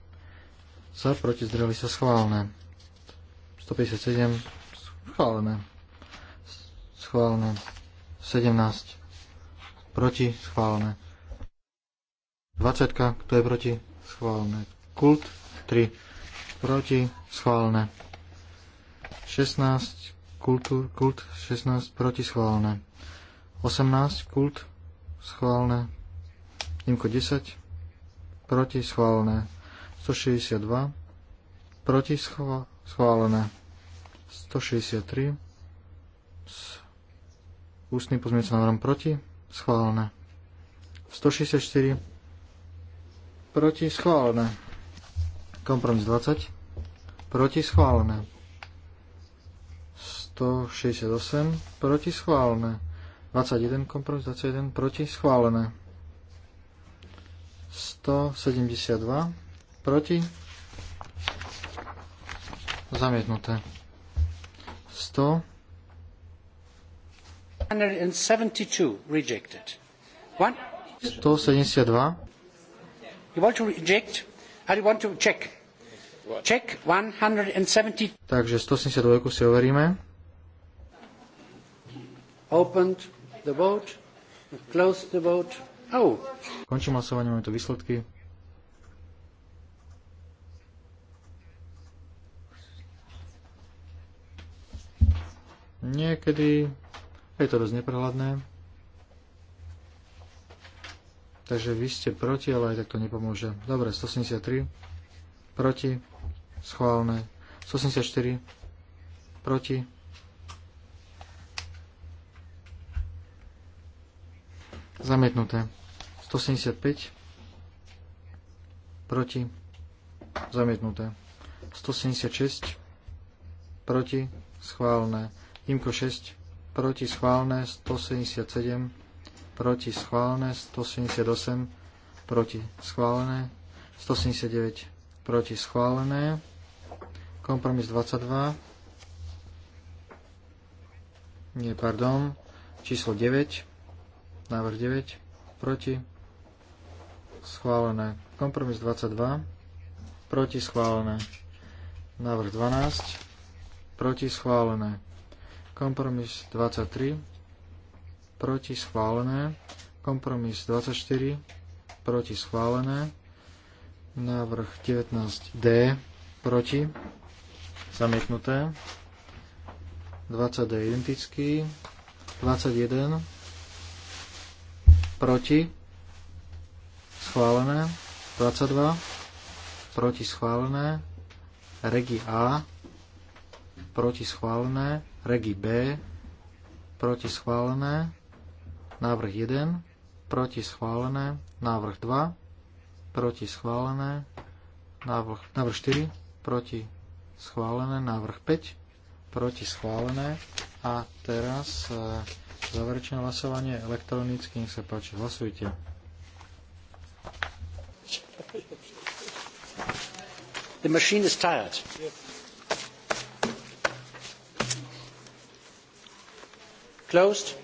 za, proti, zdržali sa schválené. 157 schválené. Schválené. 17 proti, schválené. 20, kto je proti, schválené. Kult 3 proti, schválené. 16 kultúr, kult 16 proti schválené. 18 kult schválené. Imko 10 proti schválené. 162 proti schválené. 163 s ústnym pozmeňujúcim návrhom proti schválené. 164 proti schválené. Kompromis 20 proti schválené. 168 proti schválené. 21 kompromis 21 proti schválené. 172 proti zamietnuté. 100 172 rejected. 172 You want to reject? Or you want to check? Check 172. Takže 172 si overíme. Opened the vote. Closed the vote. Oh. Končím hlasovanie, máme tu výsledky. Niekedy je to dosť neprehľadné. Takže vy ste proti, ale aj tak to nepomôže. Dobre, 173. Proti. Schválne. 184. Proti Zamietnuté. 175. Proti. Zamietnuté. 176. Proti. Schválne. Imko 6. Proti schválne 177. Proti schválne 178. Proti schválne 179. Proti schválené. Kompromis 22. Nie, pardon. Číslo 9 návrh 9, proti, schválené. Kompromis 22, proti, schválené. Návrh 12, proti, schválené. Kompromis 23, proti, schválené. Kompromis 24, proti, schválené. Návrh 19D, proti, zamietnuté. 20D identický, 21 proti, schválené, 22, proti, schválené, regi A, proti, schválené, regi B, proti, schválené, návrh 1, proti, schválené, návrh 2, proti, schválené, návrh, návrh 4, proti, schválené, návrh 5, proti, schválené, a teraz e, Záverečné hlasovanie elektronicky, nech sa páči, hlasujte. The machine is tired. Closed.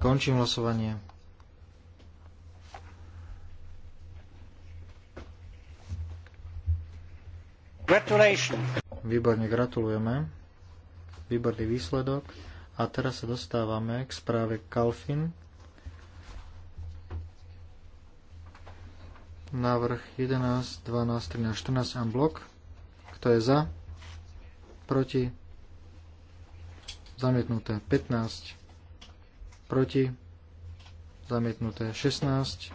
Končím hlasovanie. Gratulation. Výborne, gratulujeme. Výborný výsledok. A teraz sa dostávame k správe Kalfin. Návrh 11, 12, 13, 14 a blok. Kto je za? Proti? Zamietnuté 15. Proti? Zamietnuté 16. 16.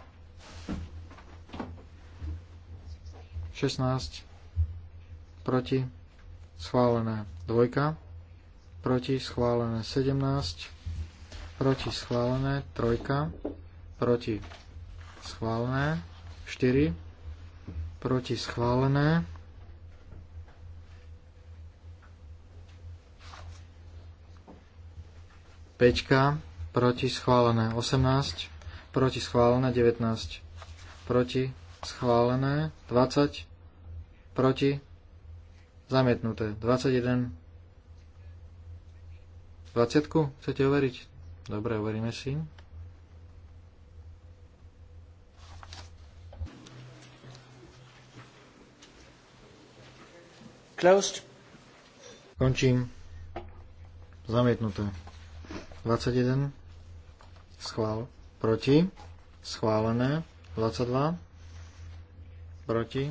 Proti? Schválené dvojka proti schválené 17, proti schválené 3, proti schválené 4, proti schválené Pečka, proti schválené 18, proti schválené 19, proti schválené 20, proti zamietnuté 21, 20 chcete overiť? Dobre, overíme si. Closed. Končím. Zamietnuté. 21. Schvál. Proti. Schválené. 22. Proti.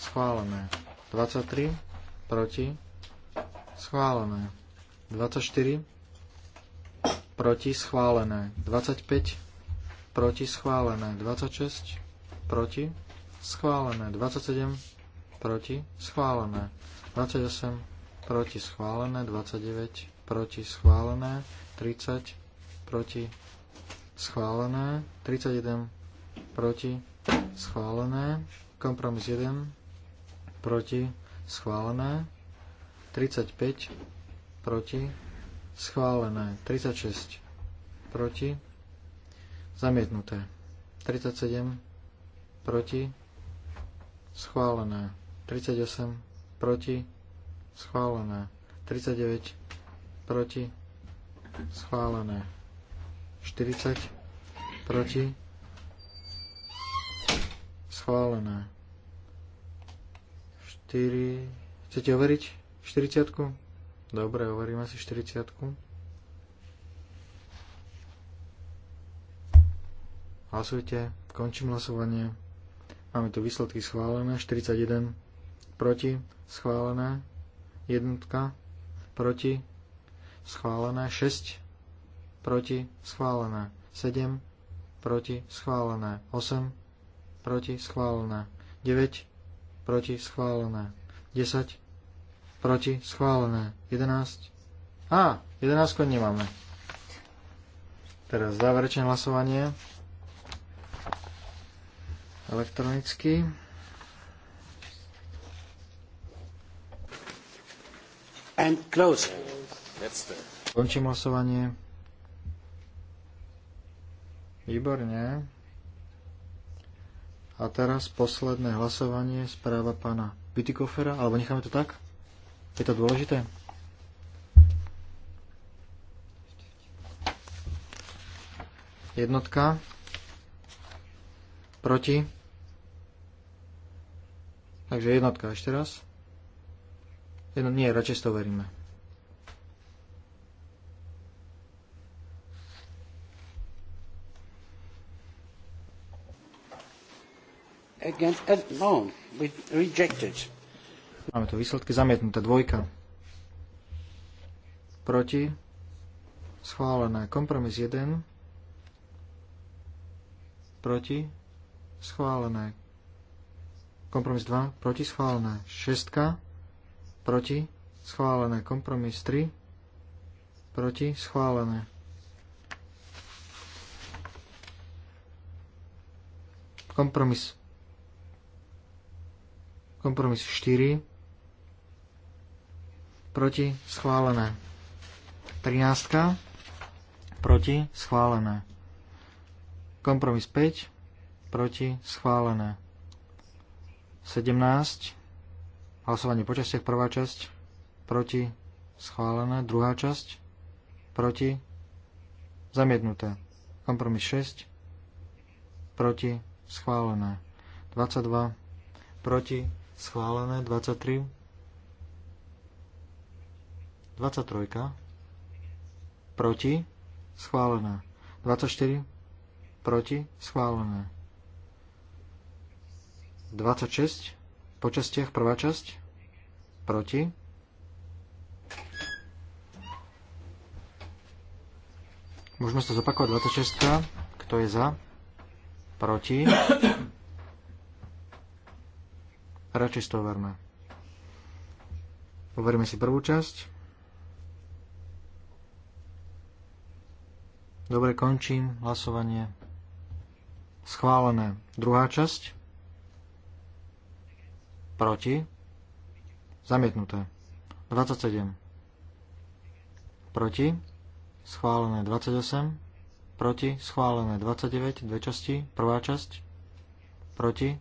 Schválené. 23. Proti. Schválené. 24. Proti schválené. 25. Proti schválené. 26. Proti schválené. 27. Proti schválené. 28. Proti schválené. 29. Proti schválené. 30. Proti schválené. 31. Proti schválené. Kompromis 1. Proti schválené. 35 proti, schválené 36 proti, zamietnuté 37 proti, schválené 38 proti, schválené 39 proti, schválené 40 proti, schválené 4, chcete overiť 40? -ku? Dobre, overíme si 40. Hlasujte, končím hlasovanie. Máme tu výsledky schválené, 41 proti, schválené, jednotka, proti, schválené, 6, proti, schválené, 7, proti, schválené, 8, proti, schválené, 9, proti, schválené, 10, proti, schválené. 11. A, 11 nemáme. Teraz záverečné hlasovanie. Elektronicky. And close. Končím hlasovanie. Výborne. A teraz posledné hlasovanie, správa pána Bytikofera, alebo necháme to tak? Je to dôležité? Jednotka. Proti. Takže jednotka ešte raz. Jedno, nie, radšej to veríme. Against, uh, no, we rejected. Máme tu výsledky zamietnuté. Dvojka. Proti. Schválené. Kompromis 1. Proti. Schválené. Kompromis 2. Proti. Schválené. 6. Proti. Schválené. Kompromis 3. Proti. Schválené. Kompromis. Kompromis 4 proti, schválené. 13, proti, schválené. Kompromis 5, proti, schválené. 17, hlasovanie po častiach, prvá časť, proti, schválené, druhá časť, proti, zamietnuté. Kompromis 6, proti, schválené. 22, proti, schválené. 23, 23. Proti. Schválené. 24. Proti. Schválené. 26. Po častiach prvá časť. Proti. Môžeme sa zopakovať 26. Kto je za? Proti. Radšej z toho verme. Overíme si prvú časť. Dobre, končím hlasovanie. Schválené. Druhá časť. Proti. Zamietnuté. 27. Proti. Schválené 28. Proti. Schválené 29. Dve časti. Prvá časť. Proti.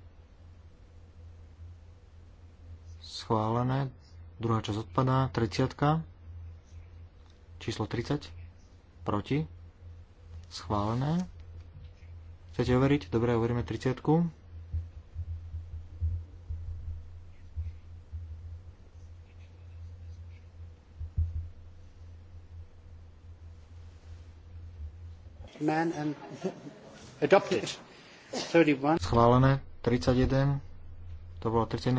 Schválené. Druhá časť odpadá. 30. Číslo 30. Proti Schválené. Chcete overiť? Dobre, overíme 30. Man and adopted. 31. Schválené. 31. To bolo 31.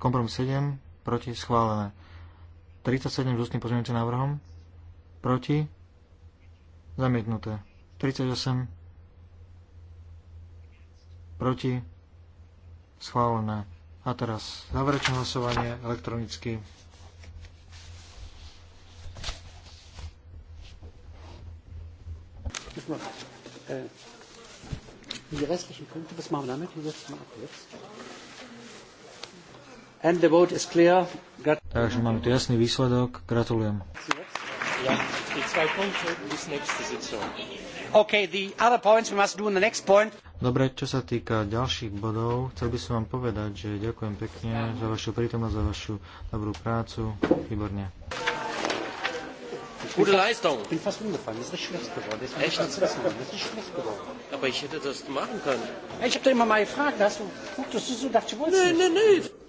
Kompromis 7. Proti. Schválené. 37 s ústnym pozmeňujúcim návrhom. Proti. Zamietnuté. 38. Proti. Schválené. A teraz záverečné hlasovanie elektronicky. Die restlichen Punkte, was machen wir damit? setzen ab jetzt. And the vote is clear. Takže máme tu jasný výsledok. Gratulujem. Dobre, čo sa týka ďalších bodov, chcel by som vám povedať, že ďakujem pekne za vašu prítomnosť, za vašu dobrú prácu. Výborne. Gute Leistung. Ich bin fast umgefallen. Das ist nicht schlecht geworden. Deswegen Echt? Kannst du das Das ist nicht schlecht geworden. Aber ich hätte das machen können. Ich habe da immer mal gefragt. hast du, guck, das ist so, dachte ich, wolltest nee, nicht. Nee, nee, nee.